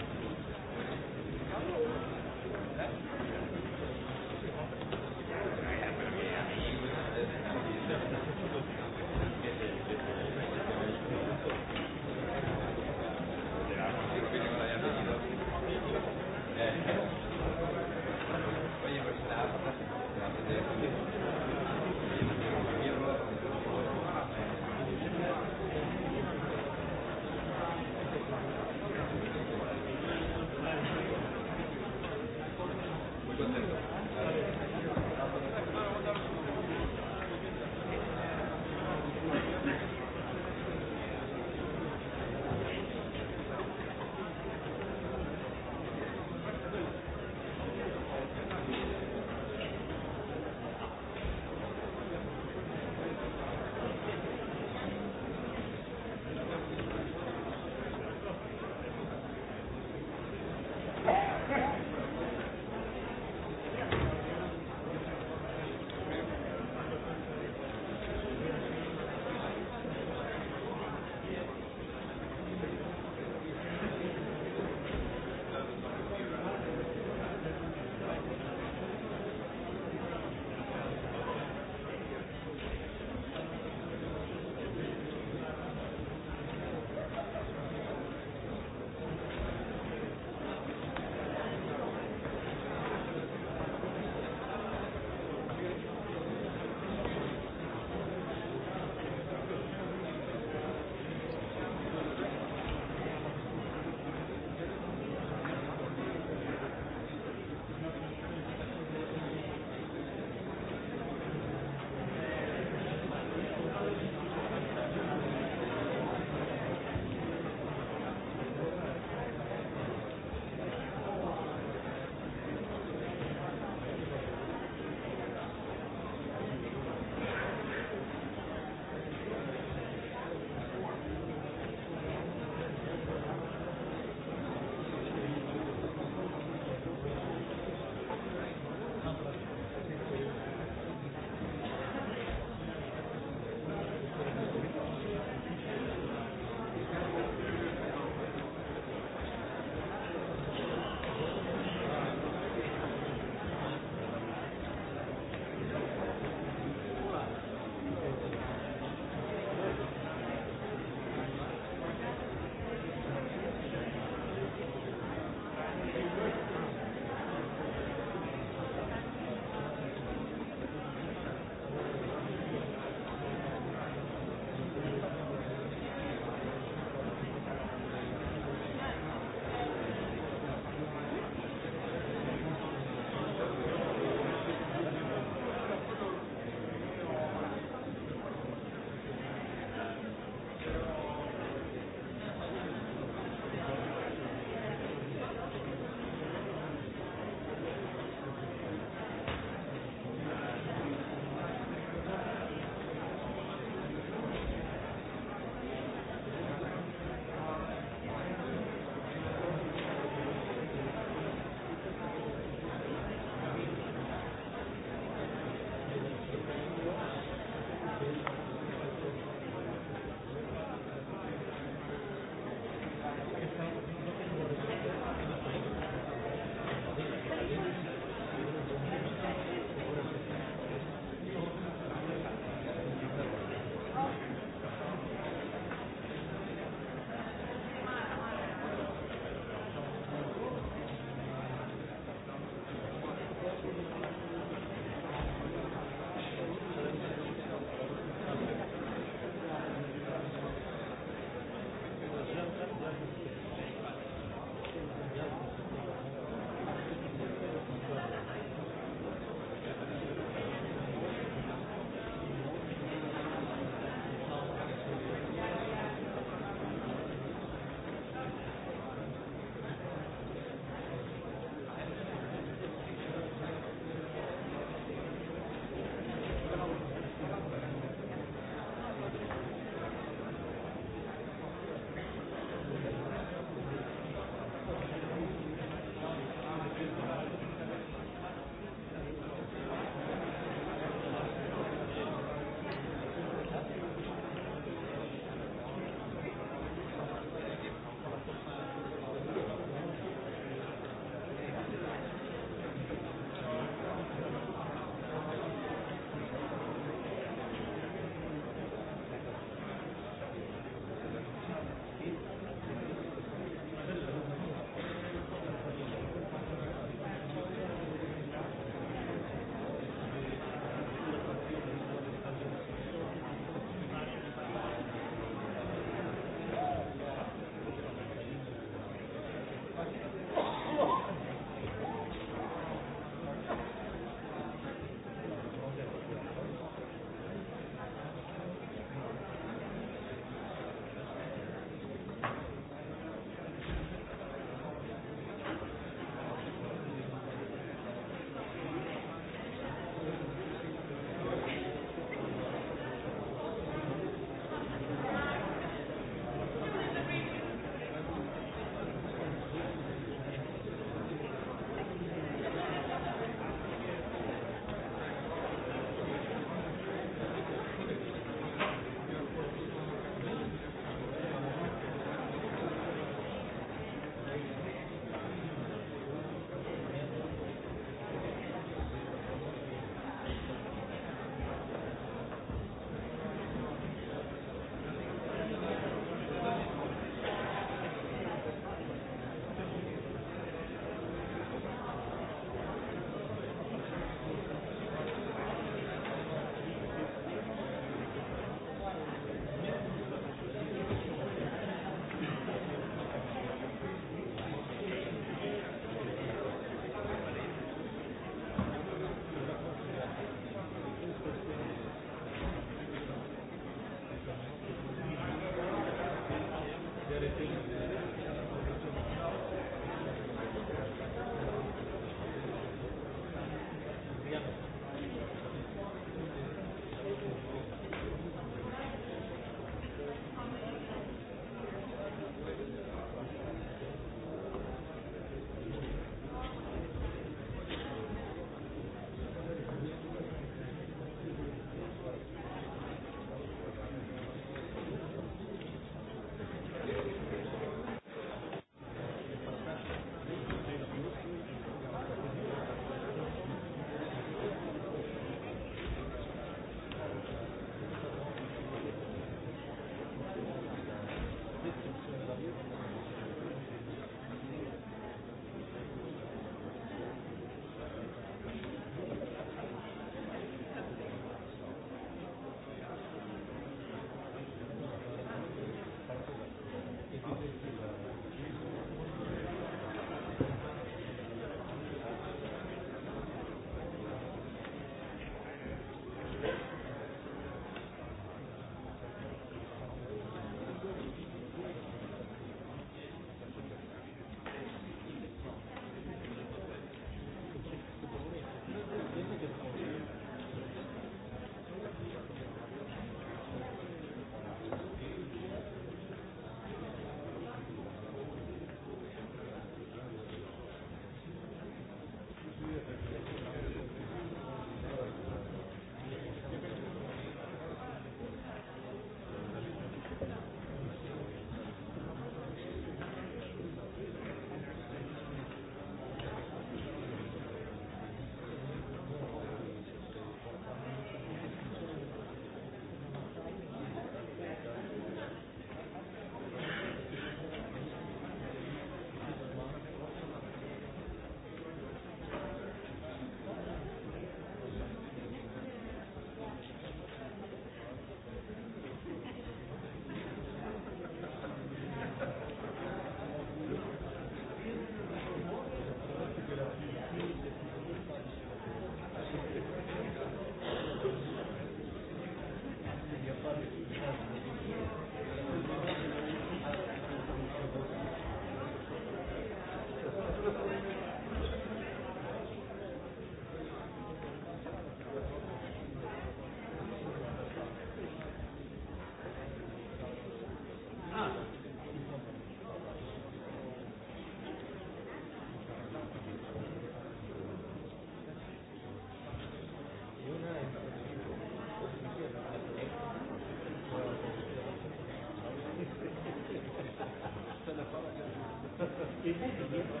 Thank you.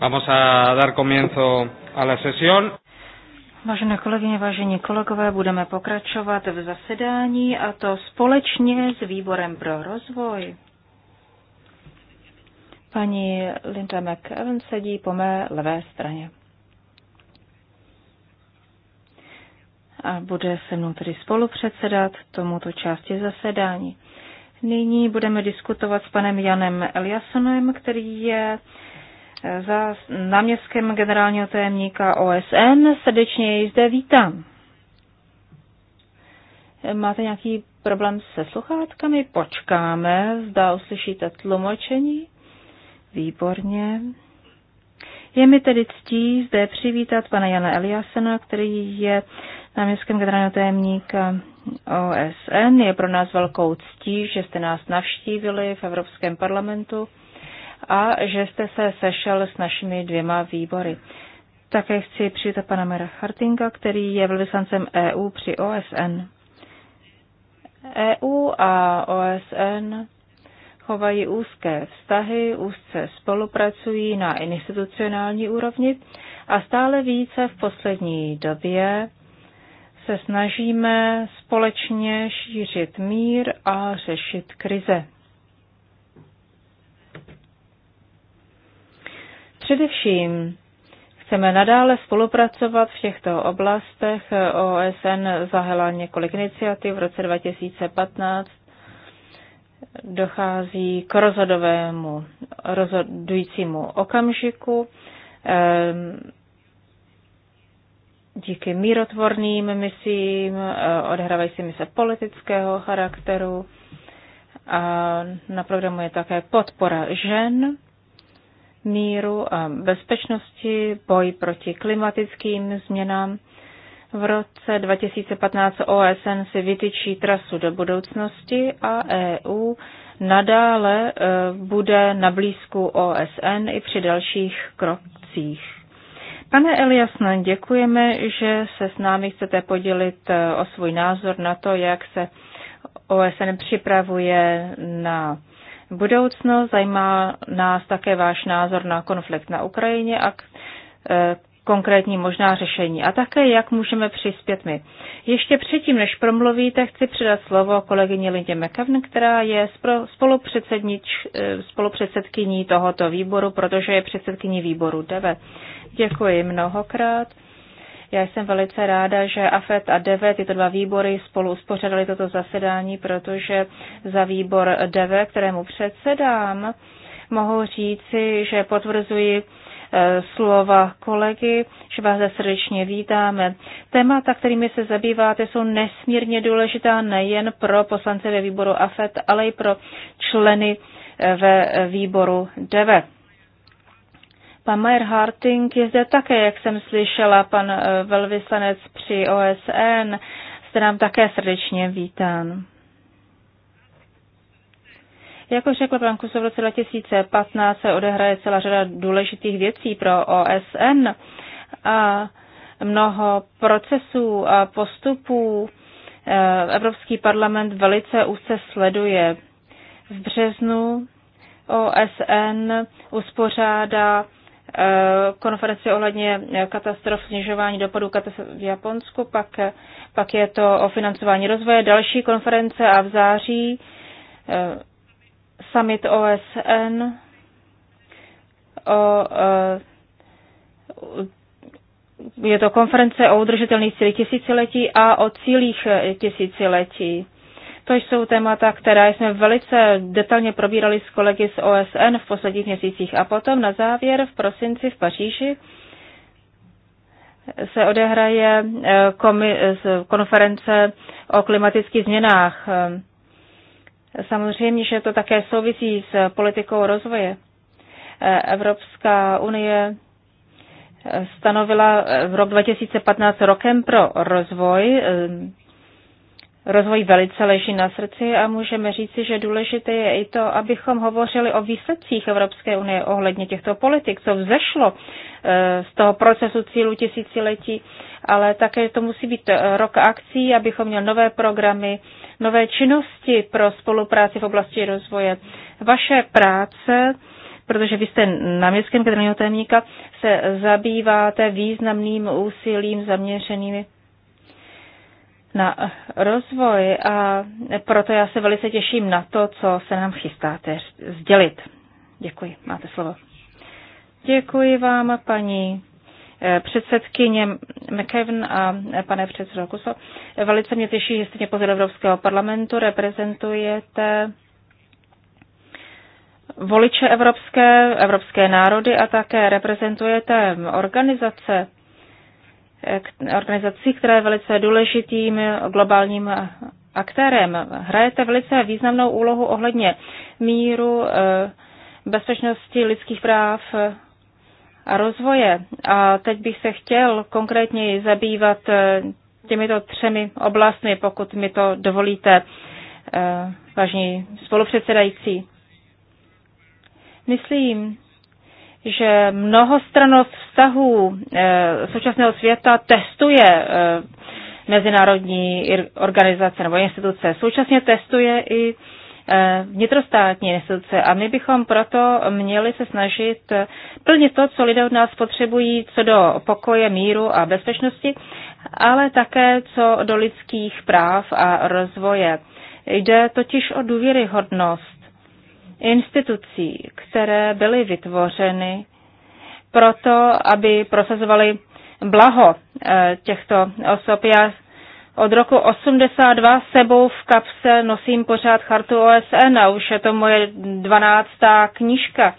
Vamos a dar comienzo a la sesión. Vážené kolegyně, vážení kolegové, budeme pokračovat v zasedání a to společně s Výborem pro rozvoj. Paní Linda McEwen sedí po mé levé straně. A bude se mnou tedy spolupředsedat tomuto části zasedání. Nyní budeme diskutovat s panem Janem Eliassonem, který je za náměstkem generálního tajemníka OSN. Srdečně jej zde vítám. Máte nějaký problém se sluchátkami? Počkáme, zda uslyšíte tlumočení. Výborně. Je mi tedy ctí zde přivítat pana Jana Eliasena, který je náměstkem generálního tajemníka OSN. Je pro nás velkou ctí, že jste nás navštívili v Evropském parlamentu a že jste se sešel s našimi dvěma výbory. Také chci přivítat pana Mera Hartinga, který je velvyslancem EU při OSN. EU a OSN chovají úzké vztahy, úzce spolupracují na institucionální úrovni a stále více v poslední době se snažíme společně šířit mír a řešit krize. Především chceme nadále spolupracovat v těchto oblastech. OSN zahela několik iniciativ v roce 2015. Dochází k rozhodovému, rozhodujícímu okamžiku ehm, díky mírotvorným misím, eh, odhrávají se politického charakteru a na programu je také podpora žen míru a bezpečnosti, boj proti klimatickým změnám. V roce 2015 OSN si vytyčí trasu do budoucnosti a EU nadále e, bude na blízku OSN i při dalších krocích. Pane Eliasne, děkujeme, že se s námi chcete podělit e, o svůj názor na to, jak se OSN připravuje na budoucnost. Zajímá nás také váš názor na konflikt na Ukrajině a k, e, konkrétní možná řešení a také jak můžeme přispět my. Ještě předtím, než promluvíte, chci předat slovo kolegyni Lindě McKevn, která je e, spolupředsedkyní tohoto výboru, protože je předsedkyní výboru DEVE. Děkuji mnohokrát. Já jsem velice ráda, že AFET a DEVE, tyto dva výbory, spolu uspořádali toto zasedání, protože za výbor DEVE, kterému předsedám, mohu říci, že potvrzuji eh, slova kolegy, že vás srdečně vítáme. Témata, kterými se zabýváte, jsou nesmírně důležitá nejen pro poslance ve výboru AFET, ale i pro členy eh, ve eh, výboru DEVE. Pan Mayer Harting je zde také, jak jsem slyšela, pan eh, velvyslanec při OSN. Jste nám také srdečně vítán. Jako řekl pan Kusov, v roce 2015 se odehraje celá řada důležitých věcí pro OSN a mnoho procesů a postupů eh, Evropský parlament velice úzce sleduje. V březnu OSN uspořádá Eh, konferenci ohledně eh, katastrof, snižování dopadů katastrof v Japonsku, pak, eh, pak je to o financování rozvoje, další konference a v září summit OSN o, je to konference o udržitelných cílech tisíciletí a o cílích tisíciletí. To jsou témata, která jsme velice detailně probírali s kolegy z OSN v posledních měsících. A potom na závěr v prosinci v Paříži se odehraje eh, konference o klimatických změnách. Eh, samozřejmě, že to také souvisí s politikou rozvoje. Eh, Evropská unie stanovila v rok 2015 rokem pro rozvoj rozvoj velice leží na srdci a můžeme říci, že důležité je i to, abychom hovořili o výsledcích Evropské unie ohledně těchto politik, co vzešlo eh, z toho procesu cílu tisíciletí, ale také to musí být eh, rok akcí, abychom měli nové programy, nové činnosti pro spolupráci v oblasti rozvoje. Vaše práce protože vy jste náměstkem generálního tajemníka, se zabýváte významným úsilím zaměřenými na rozvoj a proto já se velice těším na to, co se nám chystáte sdělit. Děkuji, máte slovo. Děkuji vám, paní eh, předsedkyně McKevin a eh, pane předsedo Kuso. Velice mě těší, že jste mě pozor Evropského parlamentu, reprezentujete voliče evropské, evropské národy a také reprezentujete organizace, organizací, která je velice důležitým globálním aktérem. Hrajete velice významnou úlohu ohledně míru, eh, bezpečnosti lidských práv eh, a rozvoje. A teď bych se chtěl konkrétně zabývat eh, těmito třemi oblastmi, pokud mi to dovolíte, vážní spolupředsedající. Myslím, že mnohostranost vztahů eh, současného světa testuje eh, mezinárodní organizace nebo instituce. Současně testuje i eh, vnitrostátní instituce a my bychom proto měli se snažit plnit to, co lidé od nás potřebují, co do pokoje, míru a bezpečnosti, ale také co do lidských práv a rozvoje. Jde totiž o důvěryhodnost institucí, které byly vytvořeny proto, aby prosazovali blaho eh, těchto osob. Já od roku 82 sebou v kapse nosím pořád chartu OSN a už je to moje 12. knížka.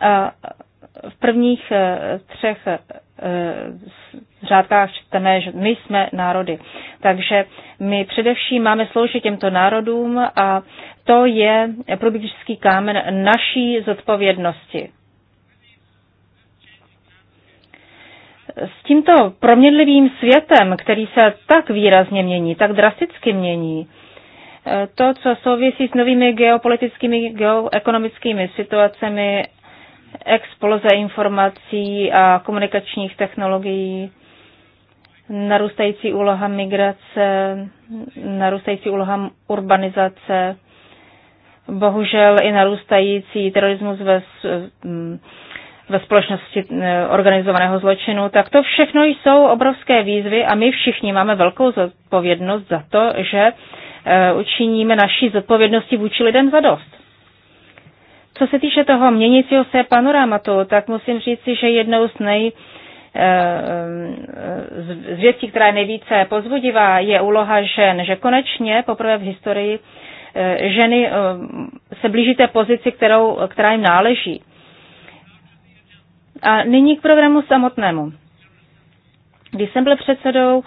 A eh, eh, v prvních třech řádkách čteme, že my jsme národy. Takže my především máme sloužit těmto národům a to je průběžský kámen naší zodpovědnosti. S tímto proměnlivým světem, který se tak výrazně mění, tak drasticky mění, to, co souvisí s novými geopolitickými, geoekonomickými situacemi, exploze informací a komunikačních technologií, narůstající úloha migrace, narůstající úloha urbanizace, bohužel i narůstající terorismus ve, ve společnosti eh, organizovaného zločinu, tak to všechno jsou obrovské výzvy a my všichni máme velkou zodpovědnost za to, že eh, učiníme naší zodpovědnosti vůči lidem dost. Co se týče toho měnícího se panorámatu, tak musím říci, že jednou z nej, Eh, eh, z věcí, která je nejvíce pozvodivá, je úloha žen, že konečně poprvé v historii eh, ženy se blíží té pozici, kterou, která jim náleží. A nyní k programu samotnému. Když jsem byl předsedou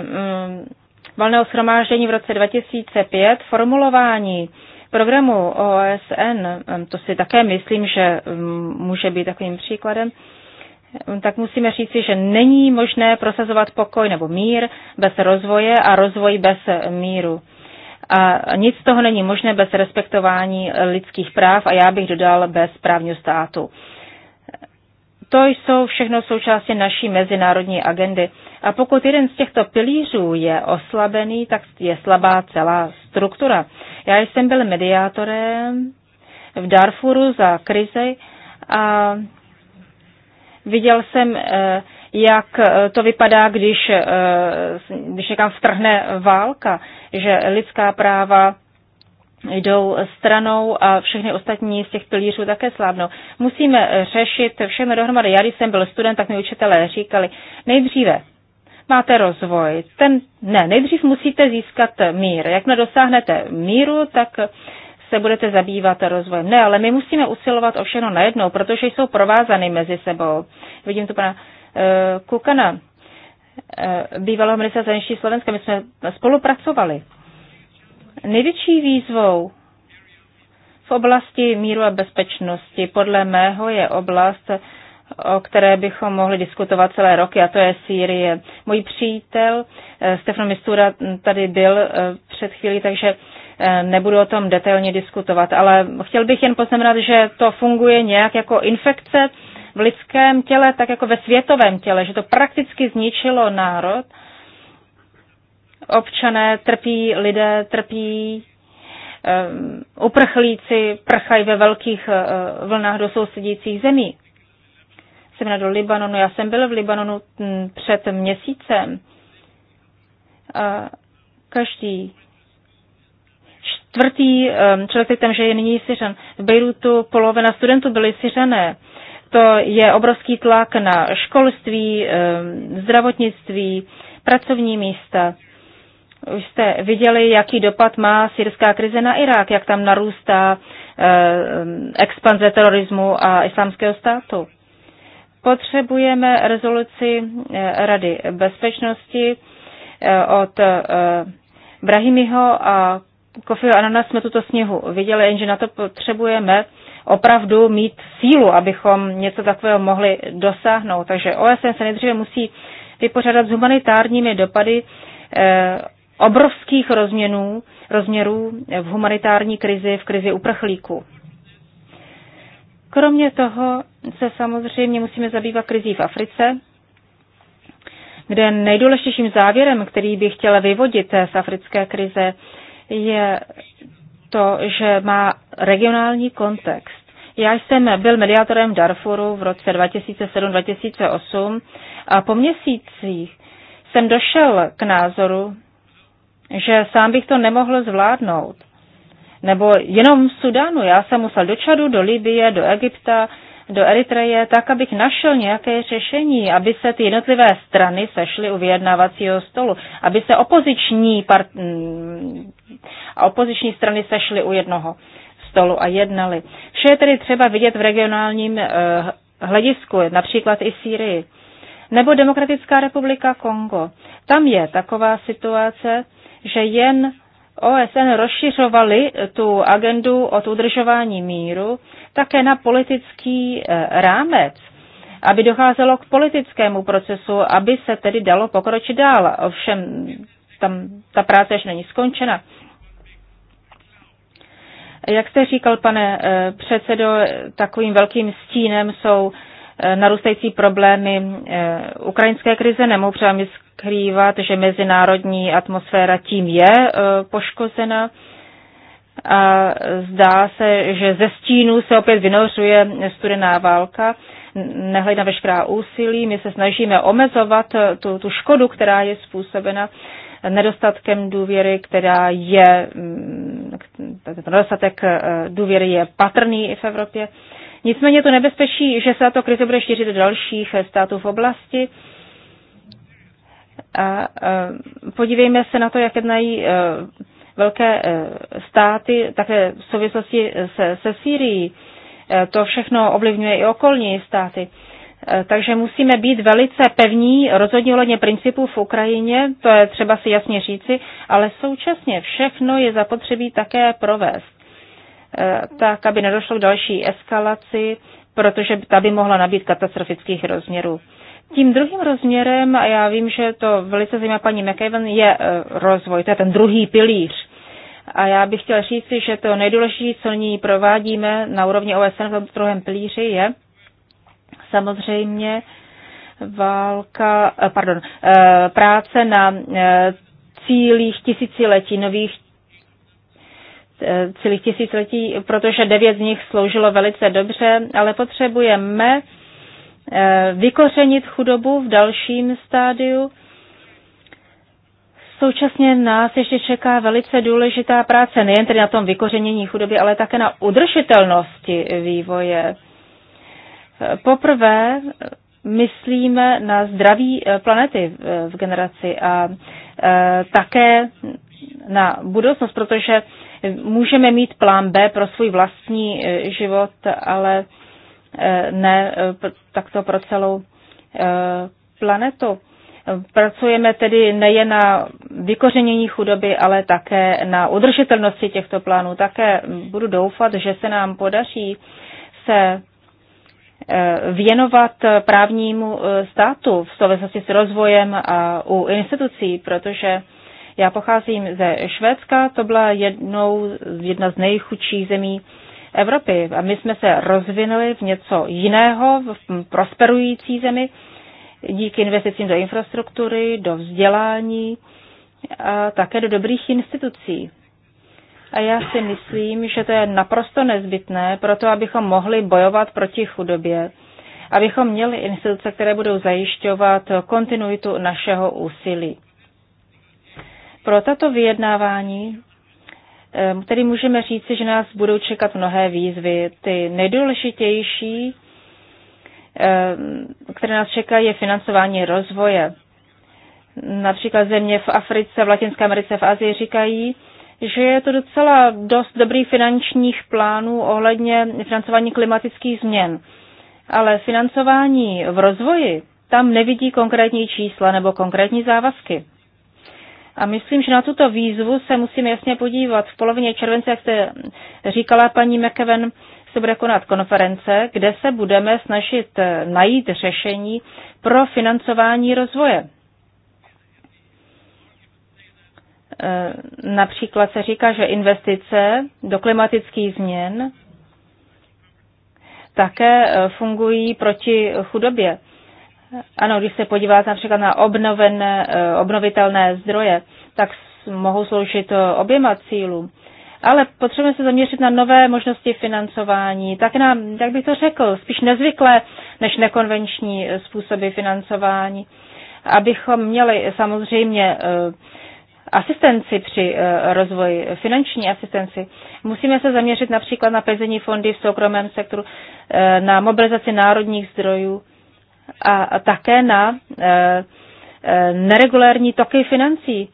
mm, valného schromáždění v roce 2005, formulování programu OSN, to si také myslím, že mm, může být takovým příkladem, tak musíme říci, že není možné prosazovat pokoj nebo mír bez rozvoje a rozvoj bez míru. A nic z toho není možné bez respektování lidských práv a já bych dodal bez právního státu. To jsou všechno součástí naší mezinárodní agendy. A pokud jeden z těchto pilířů je oslabený, tak je slabá celá struktura. Já jsem byl mediátorem v Darfuru za krizi a Viděl jsem, eh, jak eh, to vypadá, když, eh, když někam vtrhne válka, že lidská práva jdou stranou a všechny ostatní z těch pilířů také slábnou. Musíme řešit všechno dohromady. Já, když jsem byl student, tak mi učitelé říkali, nejdříve máte rozvoj. Ten, ne, nejdřív musíte získat mír. Jak dosáhnete míru, tak se budete zabývat rozvojem. Ne, ale my musíme usilovat o všechno najednou, protože jsou provázany mezi sebou. Vidím tu pana eh, Kukana, eh, bývalého ministra zahraničí Slovenska, my jsme spolupracovali. Největší výzvou v oblasti míru a bezpečnosti podle mého je oblast, o které bychom mohli diskutovat celé roky, a to je Sýrie. Můj přítel eh, Stefan Mistura tady byl před chvílí, takže Eh, nebudu o tom detailně diskutovat, ale chtěl bych jen poznamenat, že to funguje nějak jako infekce v lidském těle, tak jako ve světovém těle, že to prakticky zničilo národ. Občané trpí, lidé trpí, eh, uprchlíci prchají ve velkých eh, vlnách do sousedících zemí. Jsem do Libanonu, já jsem byl v Libanonu mm, před měsícem. každý čtvrtý ehm, člověk, tam, že je Syřan. V Bejrutu polovina studentů byly Syřané. To je obrovský tlak na školství, ehm, zdravotnictví, pracovní místa. Už jste viděli, jaký dopad má syrská krize na Irák, jak tam narůstá ehm, expanze terorismu a islámského státu. Potřebujeme rezoluci eh, Rady bezpečnosti eh, od eh, Brahimiho a Kofiho ananas jsme tuto sněhu viděli, jenže na to potřebujeme opravdu mít sílu, abychom něco takového mohli dosáhnout. Takže OSN se nejdříve musí vypořádat s humanitárními dopady eh, obrovských rozměnů, rozměrů v humanitární krizi, v krizi uprchlíků. Kromě toho se samozřejmě musíme zabývat krizí v Africe, kde nejdůležitějším závěrem, který bych chtěla vyvodit z africké krize, je to, že má regionální kontext. Já jsem byl mediátorem Darfuru v roce 2007-2008 a po měsících jsem došel k názoru, že sám bych to nemohl zvládnout. Nebo jenom v Sudánu. Já jsem musel do Čadu, do Libie, do Egypta, do Eritreje, tak, abych našel nějaké řešení, aby se ty jednotlivé strany sešly u vyjednávacího stolu, aby se opoziční part- a opoziční strany se šly u jednoho stolu a jednali. Vše je tedy třeba vidět v regionálním eh, hledisku, například i Sýrii. Nebo Demokratická republika Kongo. Tam je taková situace, že jen OSN rozšiřovali eh, tu agendu od udržování míru také na politický eh, rámec, aby docházelo k politickému procesu, aby se tedy dalo pokročit dál. Ovšem tam ta práce ještě není skončena. Jak jste říkal, pane eh, předsedo, takovým velkým stínem jsou eh, narůstající problémy eh, ukrajinské krize. Nemohu přejmě skrývat, že mezinárodní atmosféra tím je poškozena. A zdá se, že ze stínu se opět vynořuje studená válka. Nehledě na veškerá úsilí, my se snažíme omezovat tu, tu škodu, která je způsobena nedostatkem důvěry, která je mm, ten nedostatek eh, důvěry je patrný i v Evropě. Nicméně to nebezpečí, že se to krize bude šířit do dalších eh, států v oblasti. A eh, podívejme se na to, jak jednají velké státy, také v souvislosti se, se Sýrií. To všechno ovlivňuje i okolní státy. Eh, takže musíme být velice pevní, rozhodně ohledně principů v Ukrajině, to je třeba si jasně říci, ale současně všechno je zapotřebí také provést, eh, tak aby nedošlo k další eskalaci, protože ta by mohla nabít katastrofických rozměrů. Tím druhým rozměrem, a já vím, že to velice zajímá paní McEwen, je eh, rozvoj, to je ten druhý pilíř. A já bych chtěla říci, že to nejdůležitější, co nyní provádíme na úrovni OSN v tom druhém pilíři, je, samozřejmě válka, eh, pardon, eh, práce na eh, cílích tisíciletí, nových celých tisíciletí, protože devět z nich sloužilo velice dobře, ale potřebujeme vykořenit chudobu v dalším stádiu. Současně nás ještě čeká velice důležitá práce, nejen tedy na tom vykořenění chudoby, ale také na udržitelnosti vývoje. Poprvé myslíme na zdraví eh, planety eh, v generaci a eh, také na budoucnost, protože můžeme mít plán B pro svůj vlastní život, ale ne takto pro celou planetu. Pracujeme tedy nejen na vykořenění chudoby, ale také na udržitelnosti těchto plánů. Také budu doufat, že se nám podaří se Eh, věnovat právnímu eh, státu v souvislosti s rozvojem a u institucí, protože já pocházím ze Švédska, to byla jednou, jedna z nejchudších zemí Evropy a my jsme se rozvinuli v něco jiného, v prosperující zemi, díky investicím do infrastruktury, do vzdělání a také do dobrých institucí. A já si myslím, že to je naprosto nezbytné pro to, abychom mohli bojovat proti chudobě, abychom měli instituce, které budou zajišťovat kontinuitu našeho úsilí. Pro tato vyjednávání eh, tedy můžeme říci, že nás budou čekat mnohé výzvy. Ty nejdůležitější, eh, které nás čekají, je financování rozvoje. Například země v Africe, v Latinské Americe, v Asii říkají, že je to docela dost dobrých finančních plánů ohledně financování klimatických změn. Ale financování v rozvoji tam nevidí konkrétní čísla nebo konkrétní závazky. A myslím, že na tuto výzvu se musím jasně podívat. V polovině července, jak jste říkala paní McEwen, se bude konat konference, kde se budeme snažit najít řešení pro financování rozvoje. Eh, například se říká, že investice do klimatických změn také eh, fungují proti chudobě. Ano, když se podíváte například na obnovené, eh, obnovitelné zdroje, tak mohou sloužit oběma cílům. Ale potřebujeme se zaměřit na nové možnosti financování. Tak nám, jak bych to řekl, spíš nezvyklé než nekonvenční způsoby financování. Abychom měli samozřejmě asistenci při eh, rozvoji, finanční asistenci. Musíme se zaměřit například na penzijní fondy v soukromém sektoru, eh, na mobilizaci národních zdrojů a také na eh, neregulární toky financí.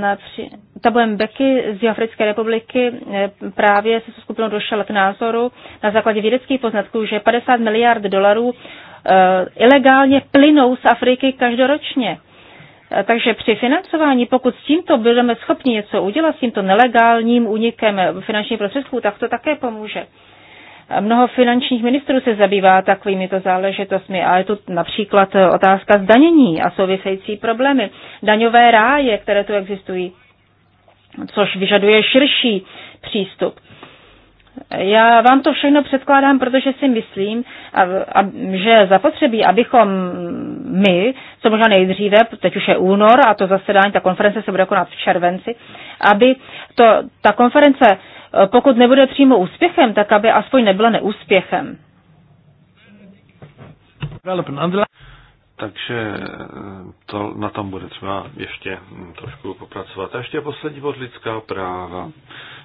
Napří... Tabuem Beky z Jihoafrické republiky právě se skupinou došel k názoru na základě vědeckých poznatků, že 50 miliard dolarů ilegálně plynou z Afriky každoročně Eh, takže při financování, pokud s tímto budeme schopni něco udělat, s tímto nelegálním únikem eh, finančních prostředků, tak to také pomůže. Eh, mnoho finančních ministrů se zabývá takovýmito záležitostmi a je tu například otázka zdanění a související problémy, daňové ráje, které tu existují, což vyžaduje širší přístup. Já vám to všechno předkládám, protože si myslím, a, a, že zapotřebí, abychom my, co možná nejdříve, teď už je únor a to zasedání, ta konference se bude konat v červenci, aby to, ta konference, eh, pokud nebude přímo úspěchem, tak aby aspoň nebyla neúspěchem. Takže eh, to, na tom bude třeba ještě hm, trošku popracovat. A ještě poslední bod lidská práva.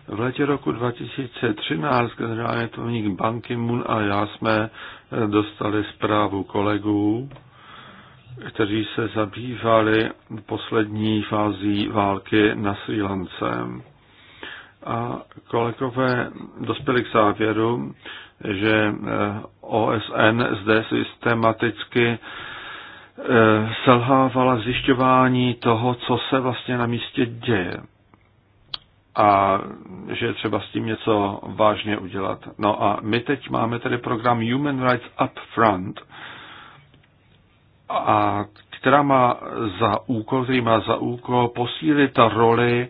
V letě roku 2013 generální tovník banky Moon a já jsme eh, dostali zprávu kolegů, kteří se zabývali poslední fází války na Sri Lance. A kolegové dospěli k závěru, že eh, OSN zde systematicky Eh, selhávala v zjišťování toho, co se vlastně na místě děje a že je třeba s tím něco vážně udělat. No a my teď máme tady program Human Rights Upfront, a která má za úkol, který má za úkol posílit roli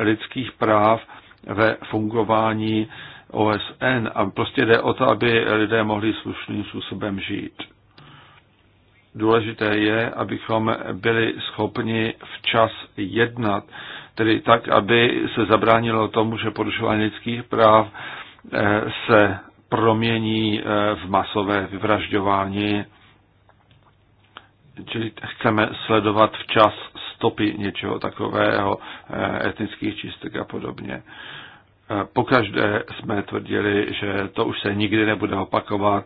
lidských práv ve fungování OSN a prostě jde o to, aby lidé mohli slušným způsobem žít. Důležité je, abychom byli schopni včas jednat, tedy tak, aby se zabránilo tomu, že porušování lidských práv eh, se promění eh, v masové vyvražďování. Čili chceme sledovat včas stopy něčeho takového, eh, etnických čistek a podobně. Pokaždé jsme tvrdili, že to už se nikdy nebude opakovat,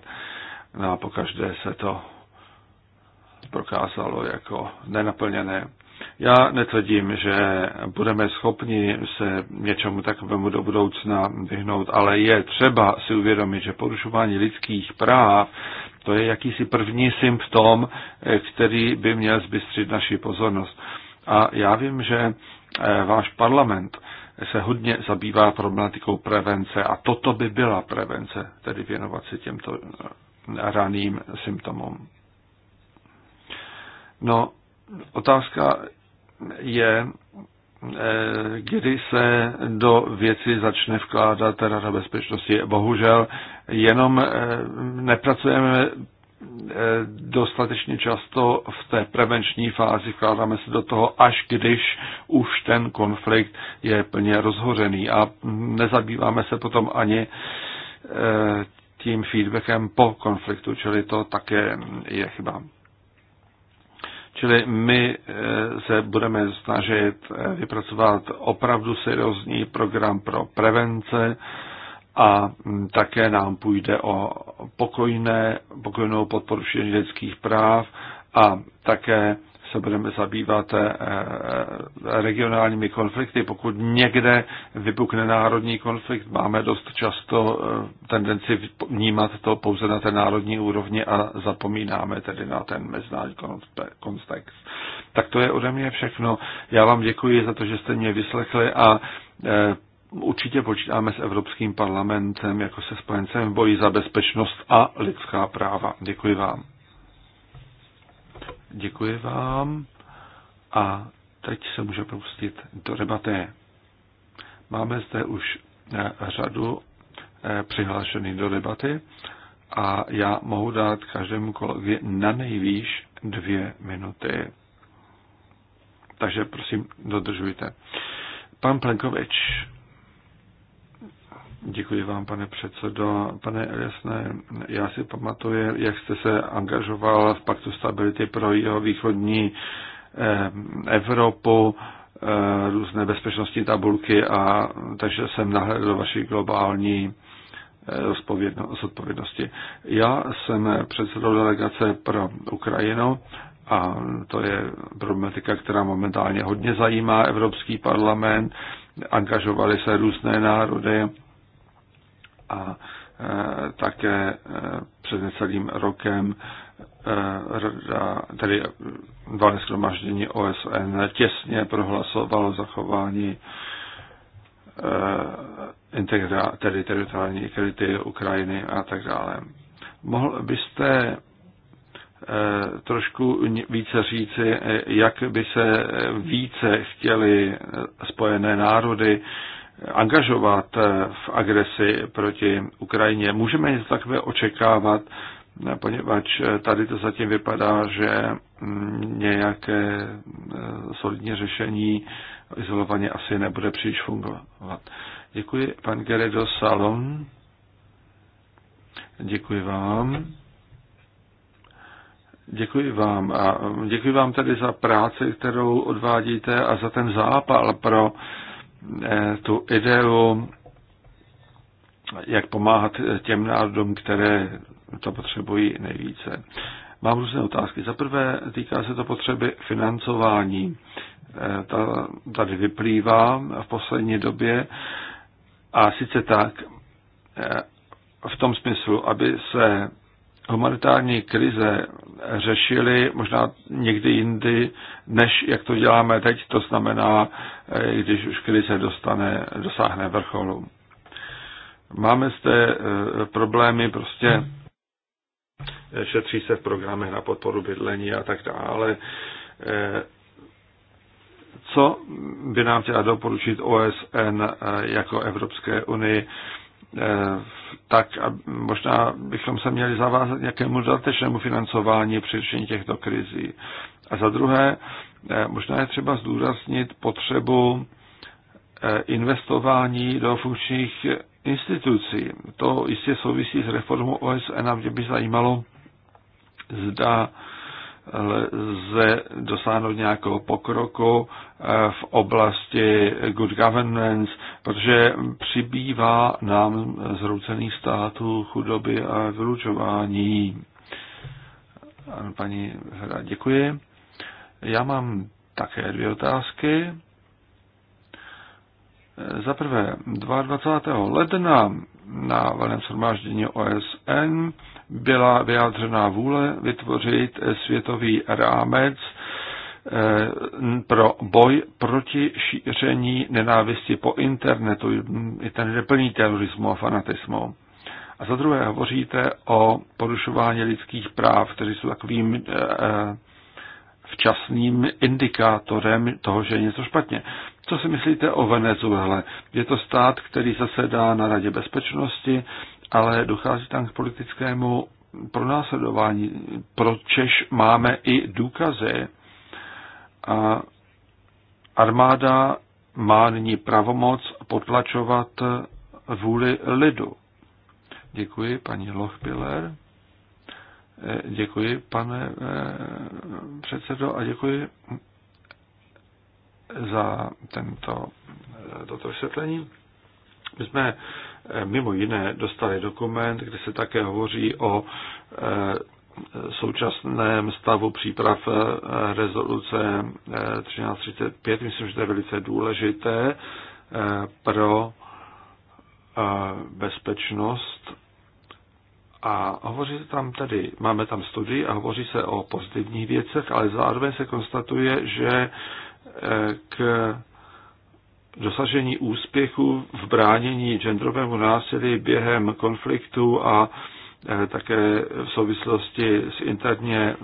no a pokaždé se to prokázalo jako nenaplněné. Já netvrdím, že budeme schopni se něčemu takovému do budoucna vyhnout, ale je třeba si uvědomit, že porušování lidských práv to je jakýsi první symptom, který by měl zbystřit naši pozornost. A já vím, že eh, váš parlament se hodně zabývá problematikou prevence a toto by byla prevence, tedy věnovat se těmto eh, raným symptomům. No, otázka je, eh, kdy se do věci začne vkládat Rada bezpečnosti. Bohužel jenom eh, nepracujeme eh, dostatečně často v té prevenční fázi vkládáme se do toho, až když už ten konflikt je plně rozhořený a nezabýváme se potom ani tím feedbackem po konfliktu, čili to také je chyba. Čili my eh, se budeme snažit eh, vypracovat opravdu seriózní program pro prevence a mm, také nám půjde o pokojné, pokojnou podporu všech lidských práv a také se budeme zabývat eh, eh, regionálními konflikty. Pokud někde vypukne národní konflikt, máme dost často eh, tendenci vnímat to pouze na té národní úrovni a zapomínáme tedy na ten mezinárodní kontext. Tak to je ode mě všechno. Já vám děkuji za to, že jste mě vyslechli a určitě počítáme s Evropským parlamentem jako se spojencem v boji za bezpečnost a lidská práva. Děkuji vám. Děkuji vám a teď se může pustit do debaty. Máme zde už eh, řadu eh, přihlášených do debaty a já mohu dát každému kolegovi na nejvýš dvě minuty. Takže prosím, dodržujte. Pan Plenkovič. Děkuji vám, pane předsedo. Pane Eliasné, já si pamatuju, jak jste se angažoval v Paktu stability pro jeho východní eh, Evropu, eh, různé bezpečnostní tabulky, a takže jsem nahlédl vaší globální eh, zodpovědnosti. Já jsem předsedou delegace pro Ukrajinu a to je problematika, která momentálně hodně zajímá Evropský parlament. Angažovaly se různé národy a e, také e, před necelým rokem e, tedy valné schromaždění OSN těsně prohlasovalo zachování integra, tedy teritoriální kryty Ukrajiny a tak dále. Mohl byste trošku více říci, jak by se více chtěli spojené národy angažovat v agresi proti Ukrajině. Můžeme něco takové očekávat, poněvadž tady to zatím vypadá, že nějaké eh, solidní řešení izolovaně asi nebude příliš fungovat. Děkuji, pan Geredo Salon. Děkuji vám. Děkuji vám a děkuji vám tedy za práci, kterou odvádíte a za ten zápal pro uh, Eh, tu ideu, jak pomáhat těm národům, které to potřebují nejvíce. Mám různé otázky. Za prvé týká se to potřeby financování. Eh, ta tady vyplývá v poslední době a sice tak eh, v tom smyslu, aby se humanitární krize řešili možná někdy jindy, než jak to děláme teď, to znamená, eh, když už krize dostane, dosáhne vrcholu. Máme zde eh, problémy prostě eh, šetří se v programech na podporu bydlení a tak dále. Co by nám chtěla doporučit OSN jako Evropské unii? Eh, tak a možná bychom se měli zavázat nějakému dodatečnému financování při řešení těchto krizí. A za druhé, eh, možná je třeba zdůraznit potřebu eh, investování do funkčních institucí. To jistě souvisí s reformou OSN a mě by zajímalo, zda lze dosáhnout nějakého pokroku eh, v oblasti good governance, protože přibývá nám zroucených států chudoby a vylučování. Paní Hra, děkuji. Já mám také dvě otázky. Eh, za prvé, 22. ledna na velném shromáždění OSN byla vyjádřená vůle vytvořit eh, světový rámec eh, pro boj proti šíření nenávisti po internetu, i ten neplní terorismu a fanatismu. A za druhé hovoříte o porušování lidských práv, kteří jsou takovým eh, včasným indikátorem toho, že je něco špatně. Co si myslíte o Venezuele? Je to stát, který zasedá na Radě bezpečnosti, ale dochází tam k politickému pronásledování. Pro Češ máme i důkazy a armáda má nyní pravomoc potlačovat vůli lidu. Děkuji, paní Lochpiller. Eh, děkuji, pane eh, předsedo, a děkuji za tento, eh, toto vysvětlení. My jsme Eh, mimo jiné dostali dokument, kde se také hovoří o eh, současném stavu příprav eh, rezoluce 1335. Myslím, že to je velice důležité pro bezpečnost. A hovoří se tam tedy, máme tam studii a hovoří se o pozitivních věcech, ale zároveň se konstatuje, že k dosažení úspěchu v bránění genderovému násilí během konfliktu a e, také v souvislosti s interně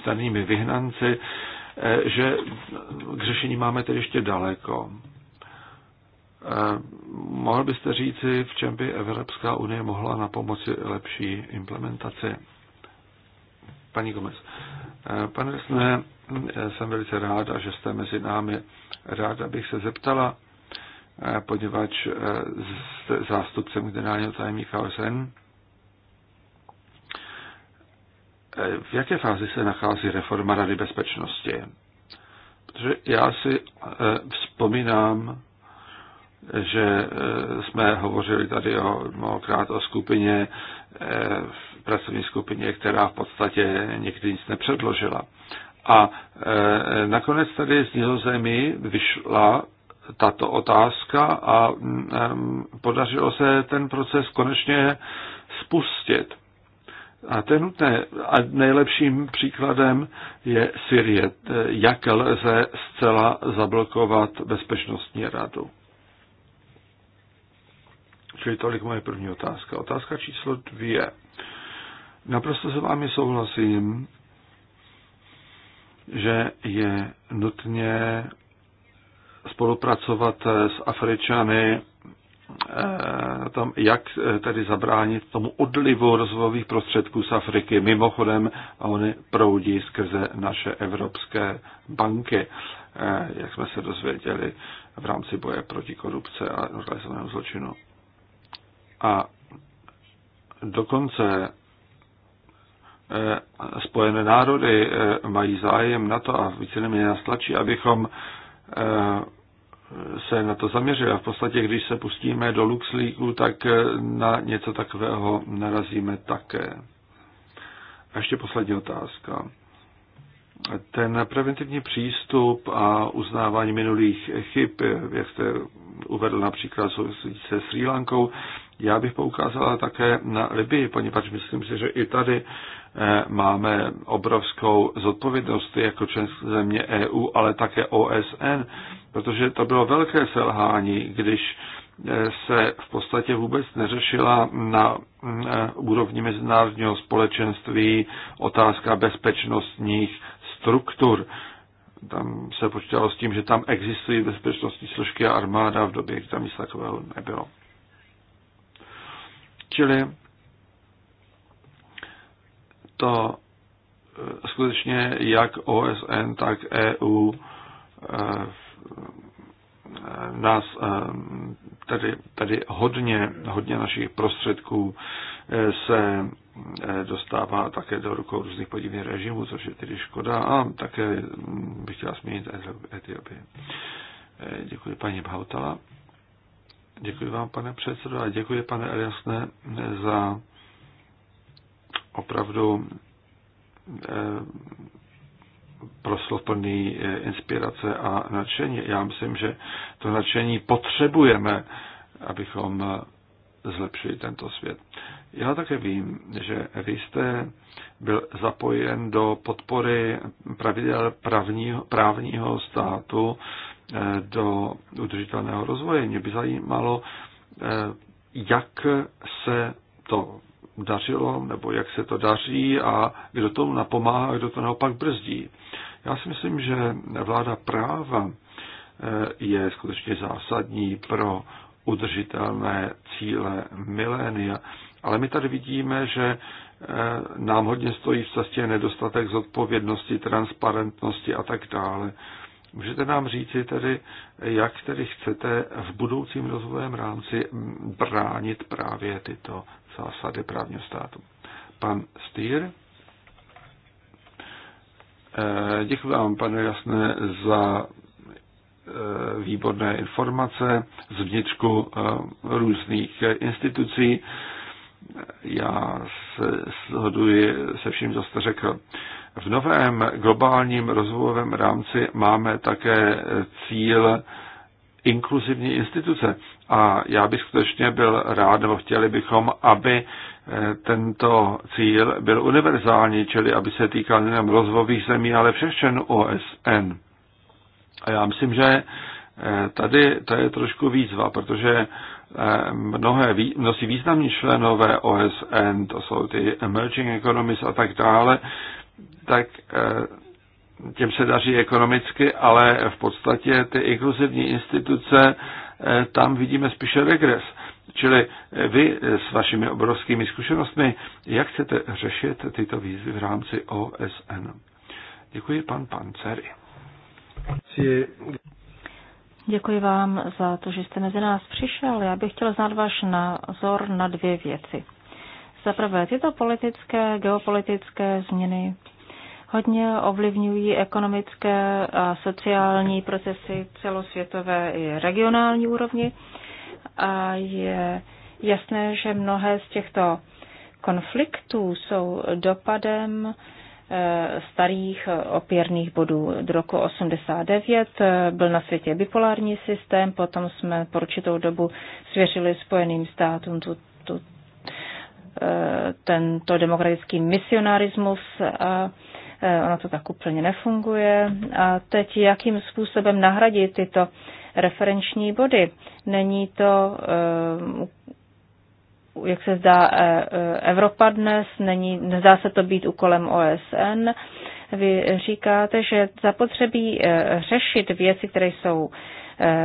stanými vyhnanci, e, že k řešení máme tedy ještě daleko. E, mohl byste říci, v čem by Evropská unie mohla na pomoci lepší implementaci? Paní Gomez. Pane Resné, Eh, jsem velice ráda, že jste mezi námi. Ráda bych se zeptala, eh, poněvadž eh, jste zástupcem generálního tajemníka OSN, v jaké fázi se nachází reforma Rady bezpečnosti? Protože já si vzpomínám, že jsme hovořili tady o, mnohokrát o skupině, pracovní skupině, která v podstatě nikdy nic nepředložila. A e, nakonec tady z Nizozemí vyšla tato otázka a mm, e, podařilo se ten proces konečně spustit. A to je nutné. A nejlepším příkladem je Syrie, jak lze zcela zablokovat bezpečnostní radu. Čili tolik moje první otázka. Otázka číslo dvě. Naprosto se vámi souhlasím, že je nutně spolupracovat s Afričany eh, tam, jak eh, tedy zabránit tomu odlivu rozvojových prostředků z Afriky. Mimochodem, oni proudí skrze naše evropské banky, eh, jak jsme se dozvěděli v rámci boje proti korupce a organizovanému zločinu. A dokonce Eh, Spojené národy eh, mají zájem na to a nemě nás tlačí, abychom eh, se na to zaměřili. A v podstatě, když se pustíme do LuxLeaku, tak na něco takového narazíme také. A ještě poslední otázka. Ten preventivní přístup a uznávání minulých chyb, jak jste uvedl například se Sri Lankou, já bych poukázala také na Libii, poněvadž myslím si, že i tady eh, máme obrovskou zodpovědnost jako členské země EU, ale také OSN, protože to bylo velké selhání, když eh, se v podstatě vůbec neřešila na eh, úrovni mezinárodního společenství otázka bezpečnostních struktur. Tam se počítalo s tím, že tam existují bezpečnostní složky a armáda v době, kdy tam nic takového nebylo. Čili to e, skutečně jak OSN, tak EU e, e, nás tady, tady hodně, hodně našich prostředků se dostává také do rukou různých podivných režimů, což je tedy škoda a také bych chtěla zmínit Etiopii. Děkuji paní Bautala. Děkuji vám, pane předsedo, a děkuji, pane Eliasne, za opravdu eh, prosloplný eh, inspirace a nadšení. Já myslím, že to nadšení potřebujeme, abychom eh, zlepšili tento svět. Já také vím, že vy jste byl zapojen do podpory pravidel právního, právního státu do udržitelného rozvoje. Mě by zajímalo, eh, jak se to dařilo, nebo jak se to daří a kdo tomu napomáhá kdo to naopak brzdí. Já si myslím, že vláda práva eh, je skutečně zásadní pro udržitelné cíle milénia. Ale my tady vidíme, že eh, nám hodně stojí v cestě nedostatek zodpovědnosti, transparentnosti a tak dále. Můžete nám říci tedy, jak tedy chcete v budoucím rozvojovém rámci bránit právě tyto zásady právního státu. Pan Stýr. Eh, děkuji vám, pane Jasné, za eh, výborné informace z vnitřku eh, různých institucí. Já se shoduji se vším, co jste řekl. V novém globálním rozvojovém rámci máme také cíl inkluzivní instituce. A já bych skutečně byl rád, nebo chtěli bychom, aby eh, tento cíl byl univerzální, čili aby se týkal nejen rozvojových zemí, ale všech členů OSN. A já myslím, že eh, tady to je trošku výzva, protože eh, mnohé, mnozí významní členové OSN, to jsou ty emerging economies a tak dále, tak eh, těm se daří ekonomicky, ale v podstatě ty inkluzivní instituce, eh, tam vidíme spíše regres. Čili eh, vy s vašimi obrovskými zkušenostmi, jak chcete řešit tyto výzvy v rámci OSN? Děkuji pan Panceri. Děkuji vám za to, že jste mezi nás přišel. Já bych chtěl znát váš názor na dvě věci. Za prvé, tyto politické, geopolitické změny hodně ovlivňují ekonomické a sociální procesy celosvětové i regionální úrovni. A je jasné, že mnohé z těchto konfliktů jsou dopadem eh, starých opěrných bodů. Do roku 89 eh, byl na světě bipolární systém, potom jsme po určitou dobu svěřili Spojeným státům tu, tu, eh, tento demokratický misionarismus a Eh, ono to tak úplně nefunguje. A teď jakým způsobem nahradit tyto referenční body? Není to, eh, jak se zdá eh, Evropa dnes, není, nezdá se to být úkolem OSN. Vy říkáte, že zapotřebí řešit věci, které jsou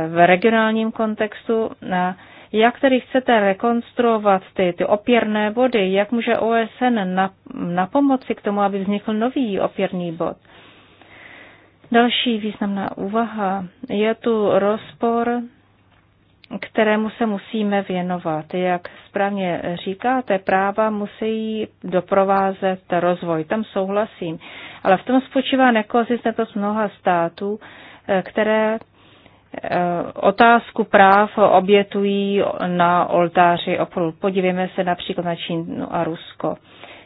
v regionálním kontextu. na jak tedy chcete rekonstruovat ty, ty opěrné body? Jak může OSN na, na pomoci k tomu, aby vznikl nový opěrný bod? Další významná úvaha je tu rozpor, kterému se musíme věnovat. Jak správně říkáte, práva musí doprovázet rozvoj. Tam souhlasím. Ale v tom spočívá nekonzistentnost mnoha států, eh, které Eh, otázku práv obětují na oltáři oporu. Podívejme se například na Čínu a Rusko.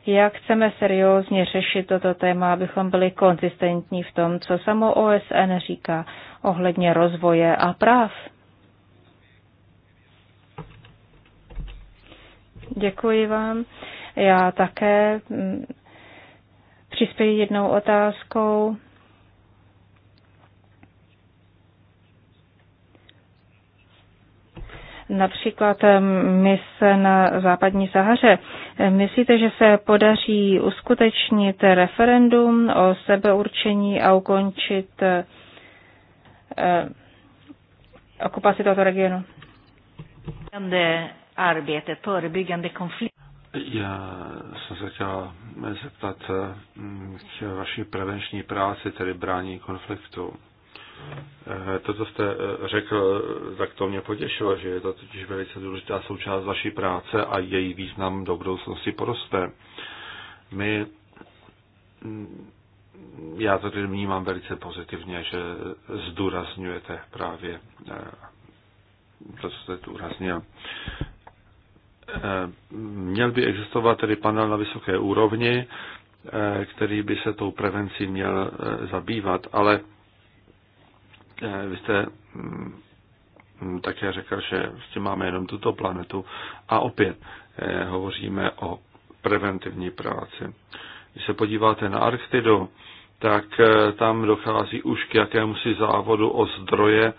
Jak chceme seriózně řešit toto téma, abychom byli konzistentní v tom, co samo OSN říká ohledně rozvoje a práv? Děkuji vám. Já také mm, přispěji jednou otázkou. například mis na západní Sahaře. Myslíte, že se podaří uskutečnit referendum o sebeurčení a ukončit eh, eh, okupaci tohoto regionu? konflikt. Já jsem se chtěl zeptat k eh, hm, vaší prevenční práci, tedy brání konfliktu. Eh, to, co jste eh, řekl, eh, tak to mě potěšilo, že je to totiž velice důležitá součást vaší práce a její význam do budoucnosti poroste. My, mm, já to tedy vnímám velice pozitivně, že zdůrazňujete právě to, co jste zdůraznil. Měl by existovat tedy panel na vysoké úrovni, který by se tou prevencí měl zabývat, ale Eh, vy jste mm, mm, také řekl, že vlastně máme jenom tuto planetu a opět eh, hovoříme o preventivní práci. Když se podíváte na Arktidu, tak eh, tam dochází už k si závodu o zdroje,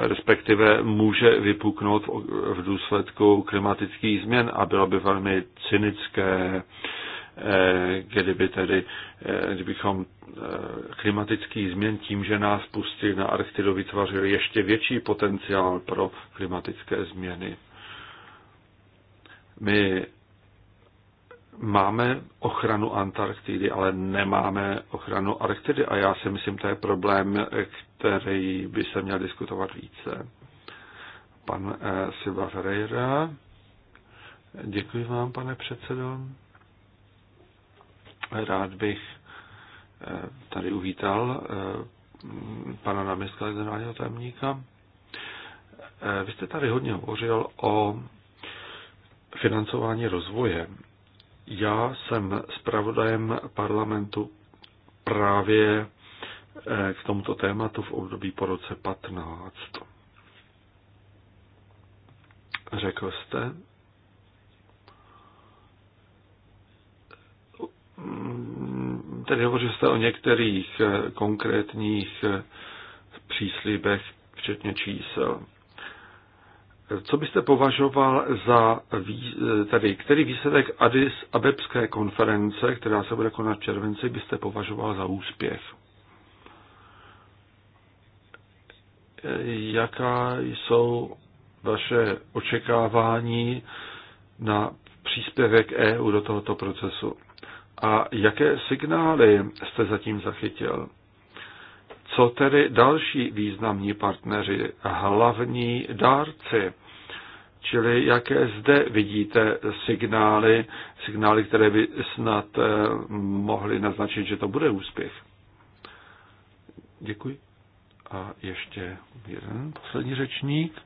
respektive může vypuknout v důsledku klimatických změn a bylo by velmi cynické Eh, kdyby tedy, eh, kdybychom eh, klimatický změn tím, že nás pustili na Arktidu, vytvořili ještě větší potenciál pro klimatické změny. My máme ochranu Antarktidy, ale nemáme ochranu Arktidy a já si myslím, to je problém, který by se měl diskutovat více. Pan Silva Ferreira. Děkuji vám, pane předsedo. Rád bych eh, tady uvítal eh, pana náměstka generálního tajemníka. Eh, vy jste tady hodně hovořil o financování rozvoje. Já jsem zpravodajem parlamentu právě k tomuto tématu v období po roce 15. Řekl jste, Mm, tady hovořil jste o některých eh, konkrétních eh, příslíbech, včetně čísel. Co byste považoval za, eh, tedy, který výsledek Addis Abebské konference, která se bude konat v červenci, byste považoval za úspěch? Jaká jsou vaše očekávání na příspěvek EU do tohoto procesu? a jaké signály jste zatím zachytil? Co tedy další významní partneři, hlavní dárci? Čili jaké zde vidíte signály, signály, které by snad eh, mohly naznačit, že to bude úspěch? Děkuji. A ještě jeden poslední řečník.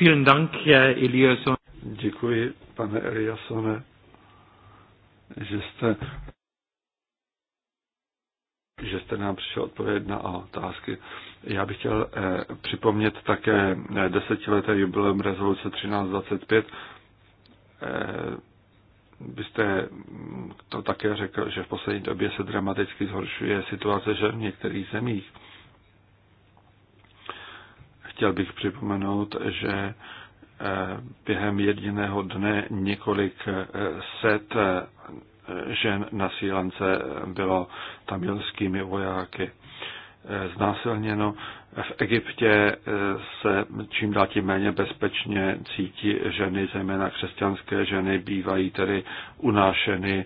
Vielen Dank, Eliasson. Děkuji, pane Eliasone, že jste, že jste nám přišel odpovědět na otázky. Já bych chtěl eh, připomnět také eh, desetileté jubileum rezoluce 1325. Eh, byste mm, to také řekl, že v poslední době se dramaticky zhoršuje situace žen v některých zemích. Chtěl bych připomenout, že eh, během jediného dne několik eh, set eh, žen na sílance bylo tamilskými vojáky eh, znásilněno. V Egyptě se čím dál tím méně bezpečně cítí ženy, zejména křesťanské ženy, bývají tedy unášeny,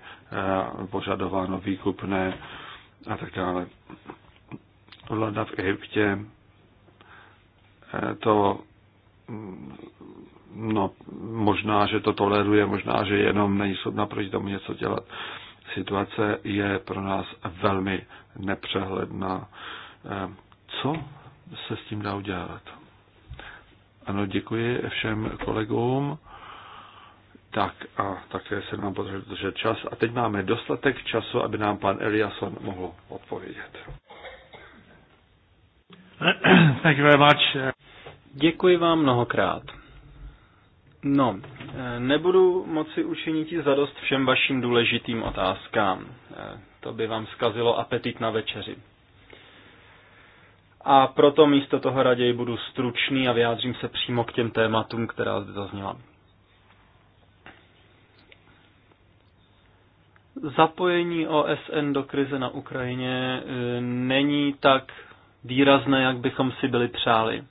požadováno výkupné a tak dále. Vláda v Egyptě to Mm, no, možná, že to toleruje, možná, že jenom není na proti tomu něco dělat. Situace je pro nás velmi nepřehledná. Eh, co se s tím dá udělat? Ano, děkuji všem kolegům. Tak a také se nám potřebuje držet čas. A teď máme dostatek času, aby nám pan Eliasson mohl odpovědět. Thank you very much. Děkuji vám mnohokrát. No, eh, nebudu moci učinit zadost všem vašim důležitým otázkám. Eh, to by vám zkazilo apetit na večeři. A proto místo toho raději budu stručný a vyjádřím se přímo k těm tématům, která zde zazněla. Zapojení OSN do krize na Ukrajině eh, není tak výrazné, jak bychom si byli přáli.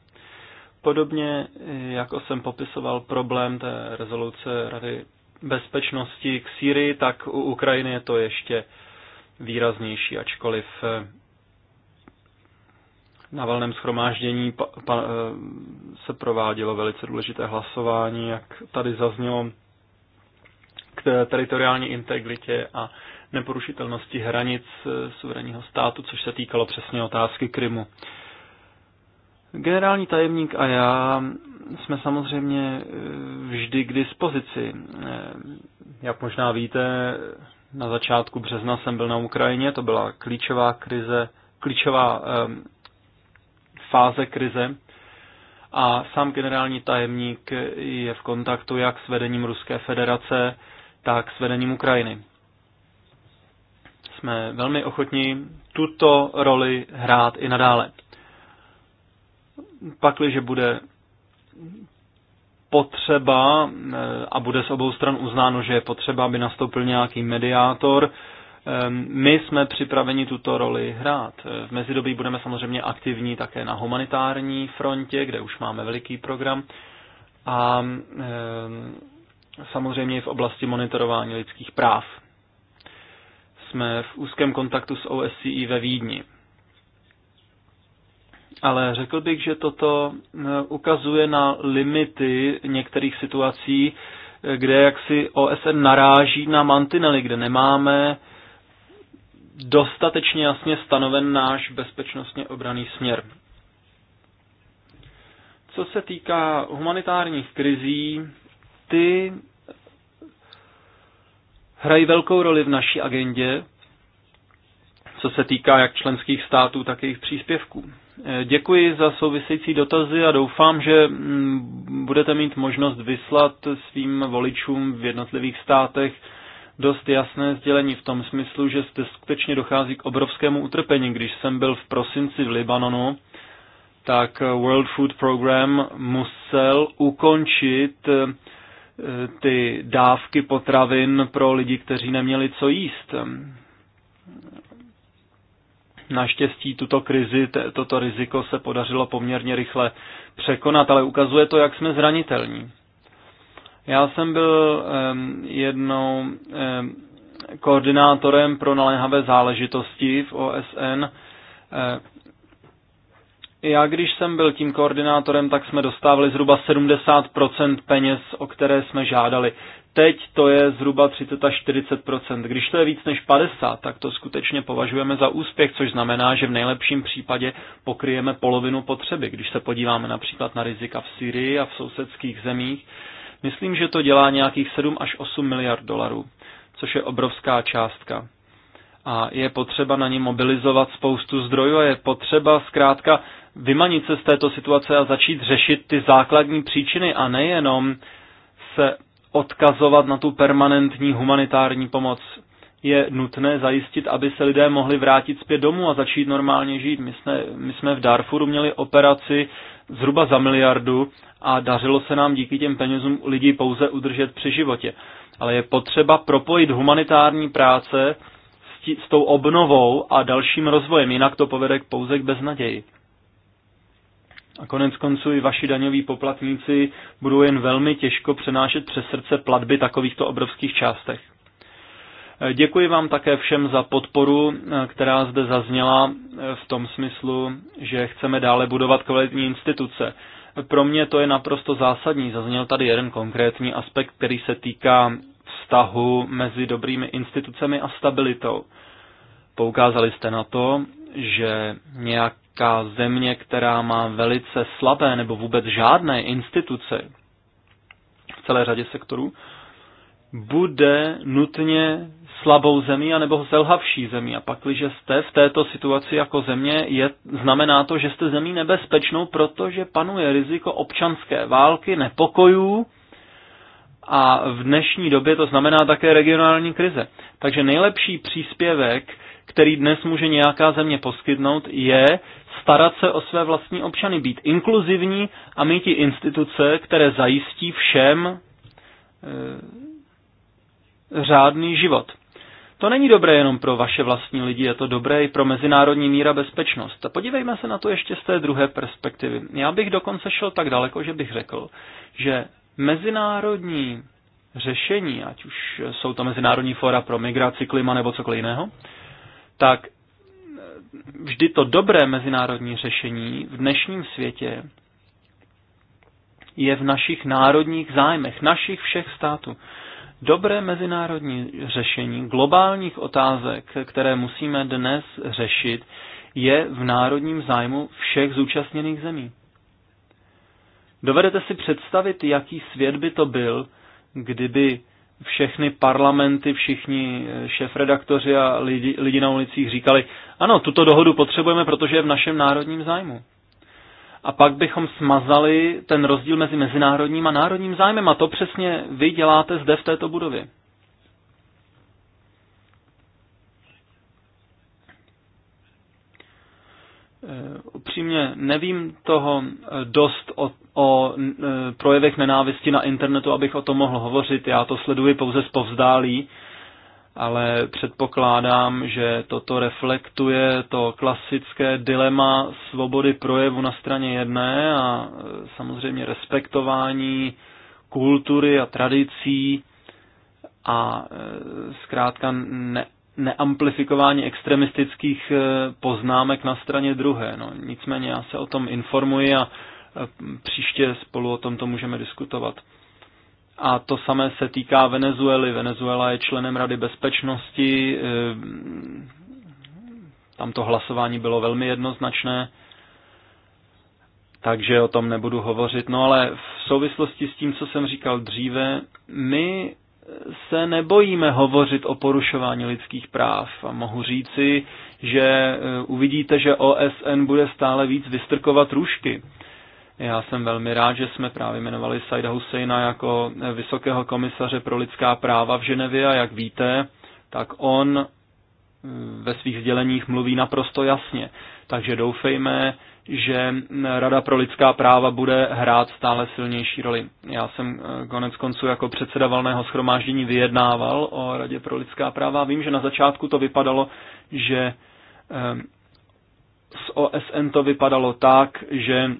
Podobně, jako jsem popisoval problém té rezoluce Rady bezpečnosti k Sýrii, tak u Ukrajiny je to ještě výraznější, ačkoliv eh, na valném schromáždění pa, pa, eh, se provádělo velice důležité hlasování, jak tady zaznělo, k teritoriální integritě a neporušitelnosti hranic eh, suverénního státu, což se týkalo přesně otázky Krymu. Generální tajemník a já jsme samozřejmě eh, vždy k dispozici. Eh, jak možná víte, na začátku března jsem byl na Ukrajině, to byla klíčová krize, klíčová um, fáze krize a sám generální tajemník je v kontaktu jak s vedením Ruské federace, tak s vedením Ukrajiny. Jsme velmi ochotní tuto roli hrát i nadále pakliže bude potřeba eh, a bude z obou stran uznáno, že je potřeba, aby nastoupil nějaký mediátor, eh, my jsme připraveni tuto roli hrát. Eh, v mezidobí budeme samozřejmě aktivní také na humanitární frontě, kde už máme veliký program. A samozřejmě i v oblasti monitorování lidských práv. Jsme v úzkém kontaktu s OSCE ve Vídni ale řekl bych, že toto eh, ukazuje na limity některých situací, eh, kde jaksi OSN naráží na mantinely, kde nemáme dostatečně jasně stanoven náš bezpečnostně obraný směr. Co se týká humanitárních krizí, ty hrají velkou roli v naší agendě, co se týká jak členských států, tak jejich příspěvků. Děkuji za související dotazy a doufám, že mm, budete mít možnost vyslat svým voličům v jednotlivých státech dost jasné sdělení v tom smyslu, že skutečně dochází k obrovskému utrpení. Když jsem byl v prosinci v Libanonu, tak World Food Program musel ukončit eh, ty dávky potravin pro lidi, kteří neměli co jíst. Naštěstí tuto krizi, toto riziko se podařilo poměrně rychle překonat, ale ukazuje to, jak jsme zranitelní. Já jsem byl jednou koordinátorem pro naléhavé záležitosti v OSN já, když jsem byl tím koordinátorem, tak jsme dostávali zhruba 70% peněz, o které jsme žádali. Teď to je zhruba 30 až 40%. Když to je víc než 50, tak to skutečně považujeme za úspěch, což znamená, že v nejlepším případě pokryjeme polovinu potřeby. Když se podíváme například na rizika v Syrii a v sousedských zemích, myslím, že to dělá nějakých 7 až 8 miliard dolarů, což je obrovská částka a je potřeba na ně mobilizovat spoustu zdrojů a je potřeba zkrátka vymanit se z této situace a začít řešit ty základní příčiny a nejenom se odkazovat na tu permanentní humanitární pomoc. Je nutné zajistit, aby se lidé mohli vrátit zpět domů a začít normálně žít. My jsme, my jsme v Darfuru měli operaci zhruba za miliardu a dařilo se nám díky těm penězům lidí pouze udržet při životě. Ale je potřeba propojit humanitární práce s, tí, s tou obnovou a dalším rozvojem, jinak to povede pouze k beznaději. A konec konců i vaši daňoví poplatníci budou jen velmi těžko přenášet přes srdce platby takovýchto obrovských částech. Eh, děkuji vám také všem za podporu, eh, která zde zazněla eh, v tom smyslu, že chceme dále budovat kvalitní instituce. Pro mě to je naprosto zásadní. Zazněl tady jeden konkrétní aspekt, který se týká vztahu mezi dobrými institucemi a stabilitou. Poukázali jste na to, že nějak týká země, která má velice slabé nebo vůbec žádné instituce v celé řadě sektorů, bude nutně slabou zemí anebo selhavší zemí. A pak, když jste v této situaci jako země, je, znamená to, že jste zemí nebezpečnou, protože panuje riziko občanské války, nepokojů a v dnešní době to znamená také regionální krize. Takže nejlepší příspěvek, který dnes může nějaká země poskytnout, je starat se o své vlastní občany, být inkluzivní a mít i instituce, které zajistí všem e, řádný život. To není dobré jenom pro vaše vlastní lidi, je to dobré i pro mezinárodní míra bezpečnost. A podívejme se na to ještě z té druhé perspektivy. Já bych dokonce šel tak daleko, že bych řekl, že mezinárodní řešení, ať už jsou to mezinárodní fora pro migraci, klima nebo cokoliv jiného, tak vždy to dobré mezinárodní řešení v dnešním světě je v našich národních zájmech, našich všech států. Dobré mezinárodní řešení globálních otázek, které musíme dnes řešit, je v národním zájmu všech zúčastněných zemí. Dovedete si představit, jaký svět by to byl, kdyby všechny parlamenty, všichni eh, šéfredaktoři a lidi, lidi na ulicích říkali, ano, tuto dohodu potřebujeme, protože je v našem národním zájmu. A pak bychom smazali ten rozdíl mezi mezinárodním a národním zájmem a to přesně vy děláte zde v této budově. Eh, upřímně nevím toho eh, dost o, o eh, projevech nenávisti na internetu, abych o tom mohl hovořit. Já to sleduji pouze z povzdálí, ale předpokládám, že toto reflektuje to klasické dilema svobody projevu na straně jedné a samozřejmě respektování kultury a tradicí a zkrátka ne, neamplifikování extremistických eh, poznámek na straně druhé. No, nicméně já se o tom informuji a eh, příště spolu o tomto můžeme diskutovat. A to samé se týká Venezuely. Venezuela je členem Rady bezpečnosti. Eh, tam to hlasování bylo velmi jednoznačné, takže o tom nebudu hovořit. No ale v souvislosti s tím, co jsem říkal dříve, my se nebojíme hovořit o porušování lidských práv a mohu říci, že eh, uvidíte, že OSN bude stále víc vystrkovat růžky. Já jsem velmi rád, že jsme právě jmenovali Saida Husseina jako eh, vysokého komisaře pro lidská práva v Ženevě a jak víte, tak on eh, ve svých sděleních mluví naprosto jasně. Takže doufejme, že Rada pro lidská práva bude hrát stále silnější roli. Já jsem eh, konec konců jako předseda valného schromáždění vyjednával o Radě pro lidská práva. Vím, že na začátku to vypadalo, že eh, z OSN to vypadalo tak, že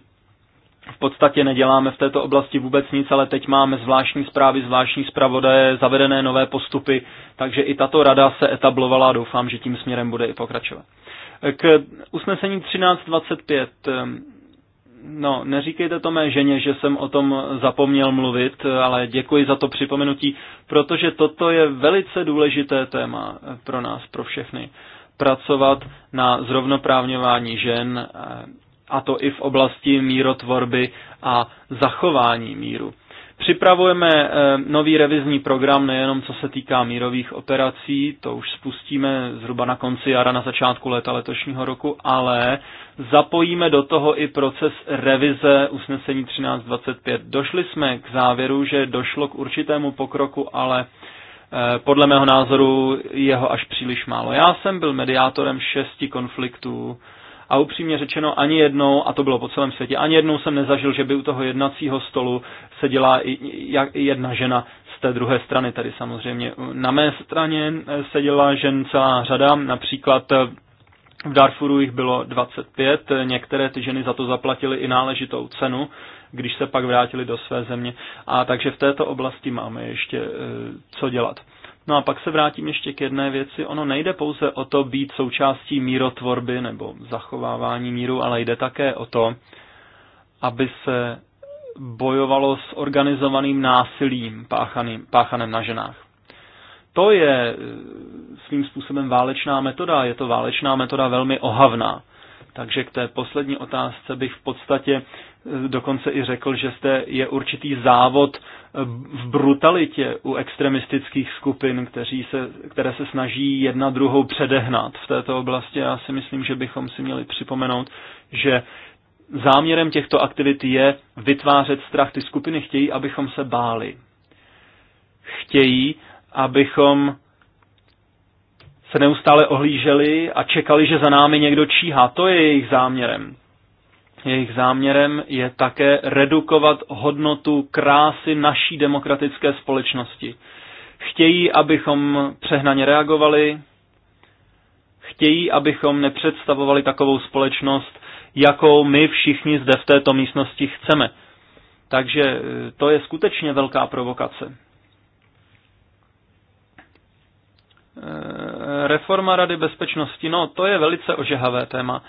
v podstatě neděláme v této oblasti vůbec nic, ale teď máme zvláštní zprávy, zvláštní zpravodaje, zavedené nové postupy, takže i tato rada se etablovala a doufám, že tím směrem bude i pokračovat. K usnesení 1325. Ehm, no, neříkejte to mé ženě, že jsem o tom zapomněl mluvit, ale děkuji za to připomenutí, protože toto je velice důležité téma pro nás, pro všechny. Pracovat na zrovnoprávňování žen, eh, a to i v oblasti mírotvorby a zachování míru. Připravujeme eh, nový revizní program nejenom co se týká mírových operací, to už spustíme zhruba na konci jara, na začátku léta letošního roku, ale zapojíme do toho i proces revize usnesení 1325. Došli jsme k závěru, že došlo k určitému pokroku, ale eh, podle mého názoru jeho až příliš málo. Já jsem byl mediátorem šesti konfliktů a upřímně řečeno ani jednou, a to bylo po celém světě, ani jednou jsem nezažil, že by u toho jednacího stolu seděla i, i jedna žena z té druhé strany, tady samozřejmě. Na mé straně eh, seděla žen celá řada, například eh, v Darfuru jich bylo 25, některé ty ženy za to zaplatily i náležitou cenu, když se pak vrátili do své země. A takže v této oblasti máme ještě eh, co dělat. No a pak se vrátím ještě k jedné věci. Ono nejde pouze o to být součástí mírotvorby nebo zachovávání míru, ale jde také o to, aby se bojovalo s organizovaným násilím páchaným, páchaným na ženách. To je eh, svým způsobem válečná metoda, je to válečná metoda velmi ohavná. Takže k té poslední otázce bych v podstatě dokonce i řekl, že zde je určitý závod eh, v brutalitě u extremistických skupin, kteří se, které se snaží jedna druhou předehnat v této oblasti. Já si myslím, že bychom si měli připomenout, že záměrem těchto aktivit je vytvářet strach. Ty skupiny chtějí, abychom se báli. Chtějí, abychom se neustále ohlíželi a čekali, že za námi někdo číhá. To je jejich záměrem. Jejich záměrem je také redukovat hodnotu krásy naší demokratické společnosti. Chtějí, abychom přehnaně reagovali, chtějí, abychom nepředstavovali takovou společnost, jakou my všichni zde v této místnosti chceme. Takže e, to je skutečně velká provokace. E, reforma Rady bezpečnosti, no to je velice ožehavé téma.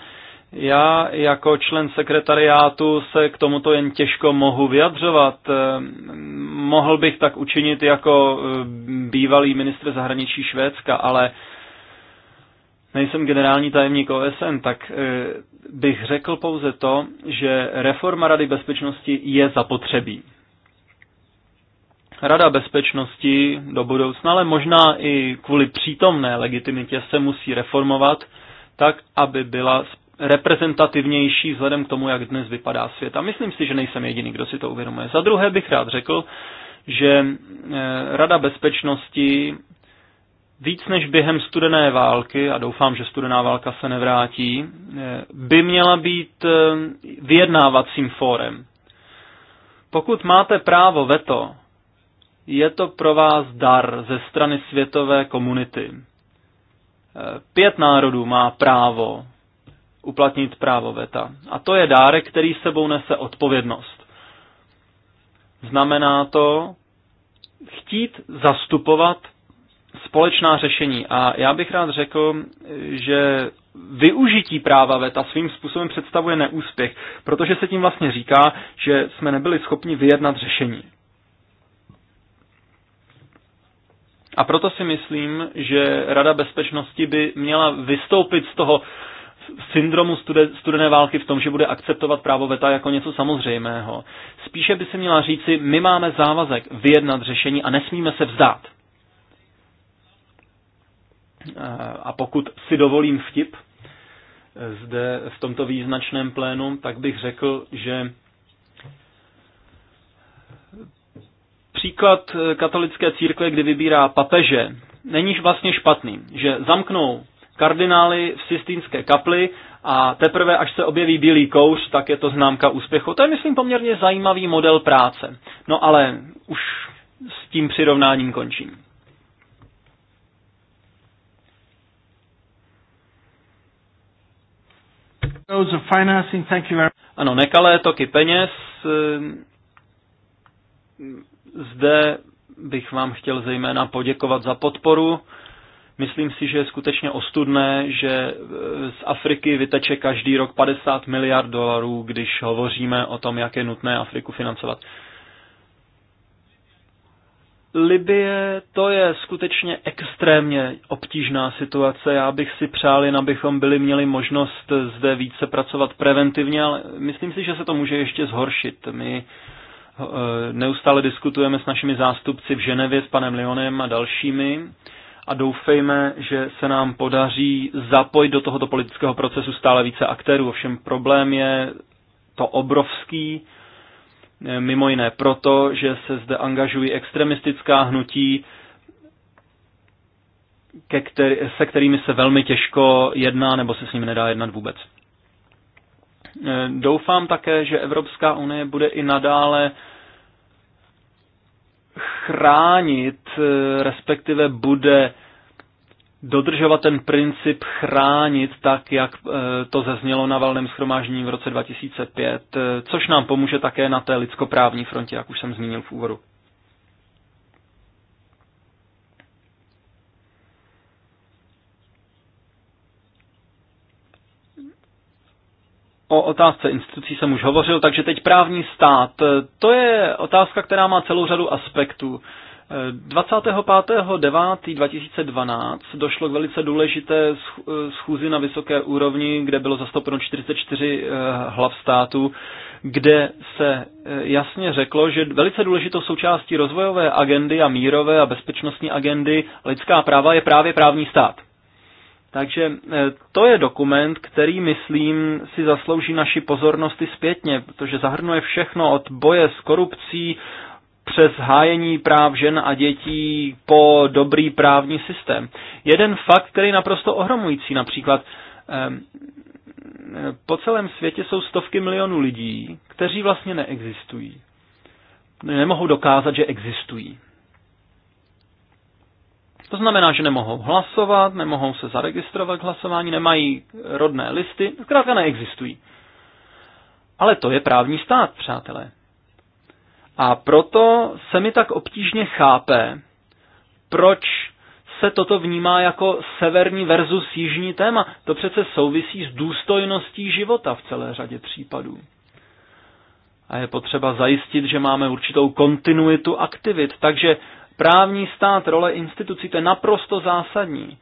Já jako člen sekretariátu se k tomuto jen těžko mohu vyjadřovat. Eh, mohl bych tak učinit jako eh, bývalý ministr zahraničí Švédska, ale nejsem generální tajemník OSN, tak eh, bych řekl pouze to, že reforma Rady bezpečnosti je zapotřebí. Rada bezpečnosti do budoucna, ale možná i kvůli přítomné legitimitě se musí reformovat tak, aby byla reprezentativnější vzhledem k tomu, jak dnes vypadá svět. A myslím si, že nejsem jediný, kdo si to uvědomuje. Za druhé bych rád řekl, že eh, Rada bezpečnosti víc než během studené války, a doufám, že studená válka se nevrátí, eh, by měla být eh, vyjednávacím fórem. Pokud máte právo veto, je to pro vás dar ze strany světové komunity. Pět národů má právo uplatnit právo VETA. A to je dárek, který sebou nese odpovědnost. Znamená to chtít zastupovat společná řešení. A já bych rád řekl, že využití práva VETA svým způsobem představuje neúspěch, protože se tím vlastně říká, že jsme nebyli schopni vyjednat řešení. A proto si myslím, že Rada bezpečnosti by měla vystoupit z toho syndromu studené války v tom, že bude akceptovat právo VETA jako něco samozřejmého. Spíše by se měla říci, my máme závazek vyjednat řešení a nesmíme se vzdát. Eh, a pokud si dovolím vtip eh, zde v tomto význačném plénu, tak bych řekl, že příklad eh, katolické církve, kdy vybírá papeže, není vlastně špatný, že zamknou kardinály v Sistínské kapli a teprve až se objeví bílý kouř, tak je to známka úspěchu. To je, myslím, poměrně zajímavý model práce. No ale už s tím přirovnáním končím. Ano, nekalé toky peněz. Zde bych vám chtěl zejména poděkovat za podporu Myslím si, že je skutečně ostudné, že e, z Afriky vyteče každý rok 50 miliard dolarů, když hovoříme o tom, jak je nutné Afriku financovat. Libie, to je skutečně extrémně obtížná situace. Já bych si přál, jen abychom byli měli možnost zde více pracovat preventivně, ale myslím si, že se to může ještě zhoršit. My e, neustále diskutujeme s našimi zástupci v Ženevě, s panem Leonem a dalšími a doufejme, že se nám podaří zapojit do tohoto politického procesu stále více aktérů. Ovšem problém je to obrovský, eh, mimo jiné proto, že se zde angažují extremistická hnutí, ke který, se kterými se velmi těžko jedná nebo se s nimi nedá jednat vůbec. Eh, doufám také, že Evropská unie bude i nadále chránit, eh, respektive bude dodržovat ten princip chránit tak, jak eh, to zaznělo na valném schromáždění v roce 2005, eh, což nám pomůže také na té lidskoprávní frontě, jak už jsem zmínil v úvodu. O otázce institucí jsem už hovořil, takže teď právní stát. To je otázka, která má celou řadu aspektů. 25.9.2012 došlo k velice důležité schůzi na vysoké úrovni, kde bylo zastoupeno 44 eh, hlav států, kde se eh, jasně řeklo, že velice důležitou součástí rozvojové agendy a mírové a bezpečnostní agendy lidská práva je právě právní stát. Takže eh, to je dokument, který, myslím, si zaslouží naši pozornosti zpětně, protože zahrnuje všechno od boje s korupcí přes hájení práv žen a dětí po dobrý právní systém. Jeden fakt, který je naprosto ohromující, například ehm, po celém světě jsou stovky milionů lidí, kteří vlastně neexistují. Nemohou dokázat, že existují. To znamená, že nemohou hlasovat, nemohou se zaregistrovat k hlasování, nemají rodné listy, zkrátka neexistují. Ale to je právní stát, přátelé. A proto se mi tak obtížně chápe, proč se toto vnímá jako severní versus jižní téma. To přece souvisí s důstojností života v celé řadě případů. A je potřeba zajistit, že máme určitou kontinuitu aktivit. Takže Právní stát, role institucí, to je naprosto zásadní.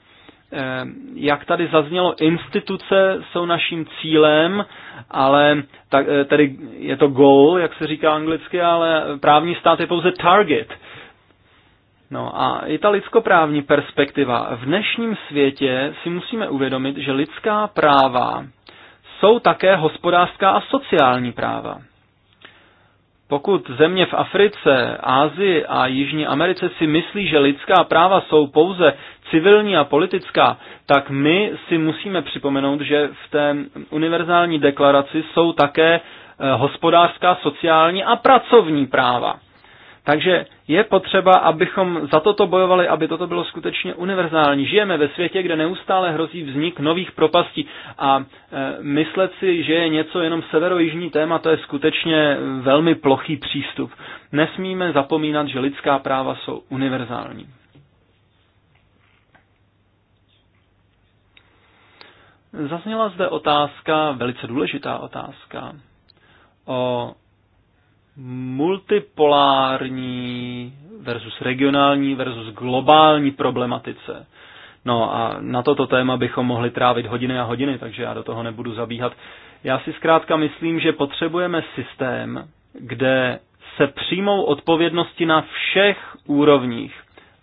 Eh, jak tady zaznělo, instituce jsou naším cílem, ale tak, eh, tedy je to goal, jak se říká anglicky, ale právní stát je pouze target. No a i ta lidskoprávní perspektiva. V dnešním světě si musíme uvědomit, že lidská práva jsou také hospodářská a sociální práva. Pokud země v Africe, Ázii a Jižní Americe si myslí, že lidská práva jsou pouze civilní a politická, tak my si musíme připomenout, že v té univerzální deklaraci jsou také eh, hospodářská, sociální a pracovní práva. Takže je potřeba, abychom za toto bojovali, aby toto bylo skutečně univerzální. Žijeme ve světě, kde neustále hrozí vznik nových propastí a e, myslet si, že je něco jenom severojižní téma, to je skutečně velmi plochý přístup. Nesmíme zapomínat, že lidská práva jsou univerzální. Zazněla zde otázka, velice důležitá otázka, o multipolární versus regionální versus globální problematice. No a na toto téma bychom mohli trávit hodiny a hodiny, takže já do toho nebudu zabíhat. Já si zkrátka myslím, že potřebujeme systém, kde se přijmou odpovědnosti na všech úrovních.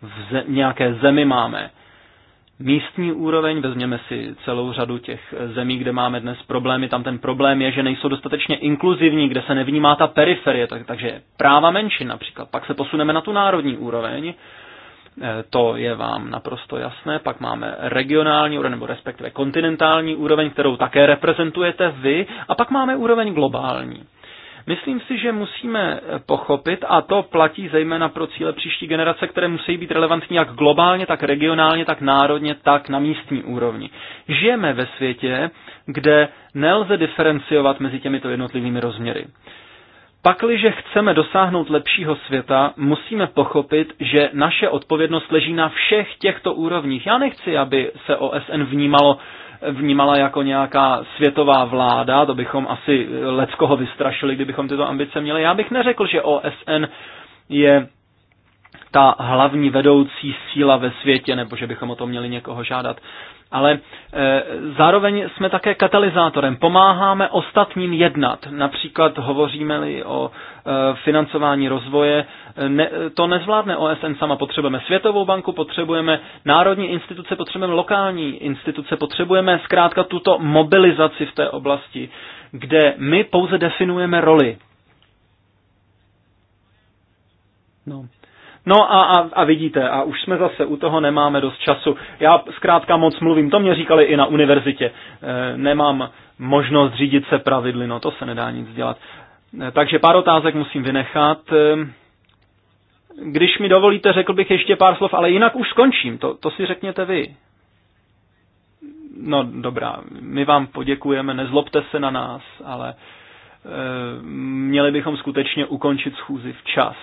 V ze- nějaké zemi máme místní úroveň, vezměme si celou řadu těch zemí, kde máme dnes problémy, tam ten problém je, že nejsou dostatečně inkluzivní, kde se nevnímá ta periferie, tak, takže práva menšin například. Pak se posuneme na tu národní úroveň, eh, to je vám naprosto jasné. Pak máme regionální úroveň, nebo respektive kontinentální úroveň, kterou také reprezentujete vy. A pak máme úroveň globální. Myslím si, že musíme pochopit, a to platí zejména pro cíle příští generace, které musí být relevantní jak globálně, tak regionálně, tak národně, tak na místní úrovni. Žijeme ve světě, kde nelze diferenciovat mezi těmito jednotlivými rozměry. Pakliže chceme dosáhnout lepšího světa, musíme pochopit, že naše odpovědnost leží na všech těchto úrovních. Já nechci, aby se OSN vnímalo vnímala jako nějaká světová vláda, to bychom asi leckoho vystrašili, kdybychom tyto ambice měli. Já bych neřekl, že OSN je ta hlavní vedoucí síla ve světě, nebo že bychom o to měli někoho žádat. Ale e, zároveň jsme také katalyzátorem. Pomáháme ostatním jednat. Například hovoříme-li o e, financování rozvoje, ne, to nezvládne OSN sama. Potřebujeme Světovou banku, potřebujeme národní instituce, potřebujeme lokální instituce, potřebujeme zkrátka tuto mobilizaci v té oblasti, kde my pouze definujeme roli. No. No a, a, a vidíte, a už jsme zase u toho, nemáme dost času. Já zkrátka moc mluvím, to mě říkali i na univerzitě. E, nemám možnost řídit se pravidly, no to se nedá nic dělat. E, takže pár otázek musím vynechat. E, když mi dovolíte, řekl bych ještě pár slov, ale jinak už skončím, to, to si řekněte vy. No dobrá, my vám poděkujeme, nezlobte se na nás, ale e, měli bychom skutečně ukončit schůzi včas.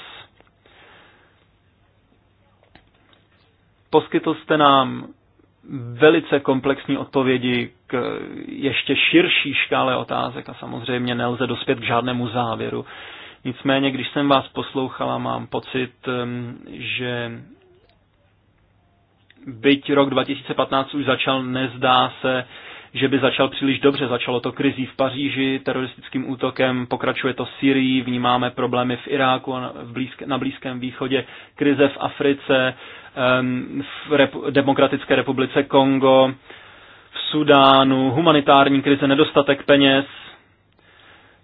Poskytl jste nám velice komplexní odpovědi k ještě širší škále otázek a samozřejmě nelze dospět k žádnému závěru. Nicméně, když jsem vás poslouchala, mám pocit, že byť rok 2015 už začal, nezdá se, že by začal příliš dobře. Začalo to krizí v Paříži, teroristickým útokem, pokračuje to v Syrii, vnímáme problémy v Iráku a na, na Blízkém východě, krize v Africe, v Repu- Demokratické republice Kongo, v Sudánu, humanitární krize, nedostatek peněz.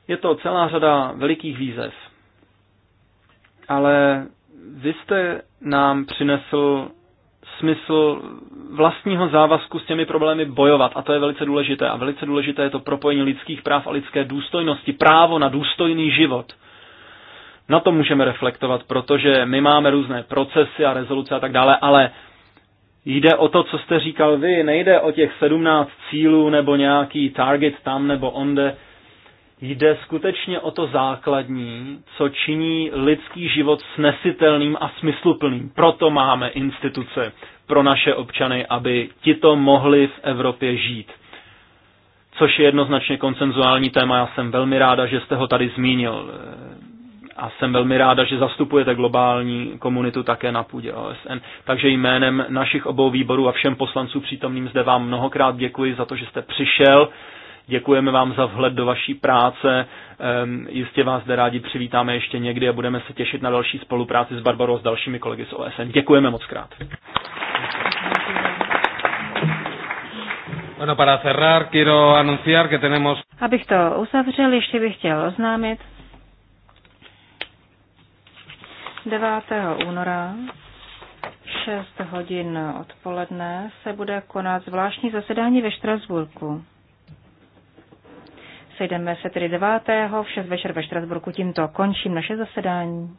Je to celá řada velikých výzev. Ale vy jste nám přinesl smysl vlastního závazku s těmi problémy bojovat. A to je velice důležité. A velice důležité je to propojení lidských práv a lidské důstojnosti. Právo na důstojný život – na to můžeme reflektovat, protože my máme různé procesy a rezoluce a tak dále, ale jde o to, co jste říkal vy, nejde o těch 17 cílů nebo nějaký target tam nebo onde, jde skutečně o to základní, co činí lidský život snesitelným a smysluplným. Proto máme instituce pro naše občany, aby to mohli v Evropě žít. Což je jednoznačně konsenzuální téma, já jsem velmi ráda, že jste ho tady zmínil a jsem velmi ráda, že zastupujete globální komunitu také na půdě OSN. Takže jménem našich obou výborů a všem poslanců přítomným zde vám mnohokrát děkuji za to, že jste přišel. Děkujeme vám za vhled do vaší práce. Ehm, jistě vás zde rádi přivítáme ještě někdy a budeme se těšit na další spolupráci s Barbarou a s dalšími kolegy z OSN. Děkujeme moc krát. Bueno, para cerrar, quiero anunciar que tenemos... Abych to uzavřel, ještě bych chtěl oznámit, 9. února 6 hodin odpoledne se bude konat zvláštní zasedání ve Štrasburku. Sejdeme se tedy 9. v 6 večer ve Štrasburku. Tímto končím naše zasedání.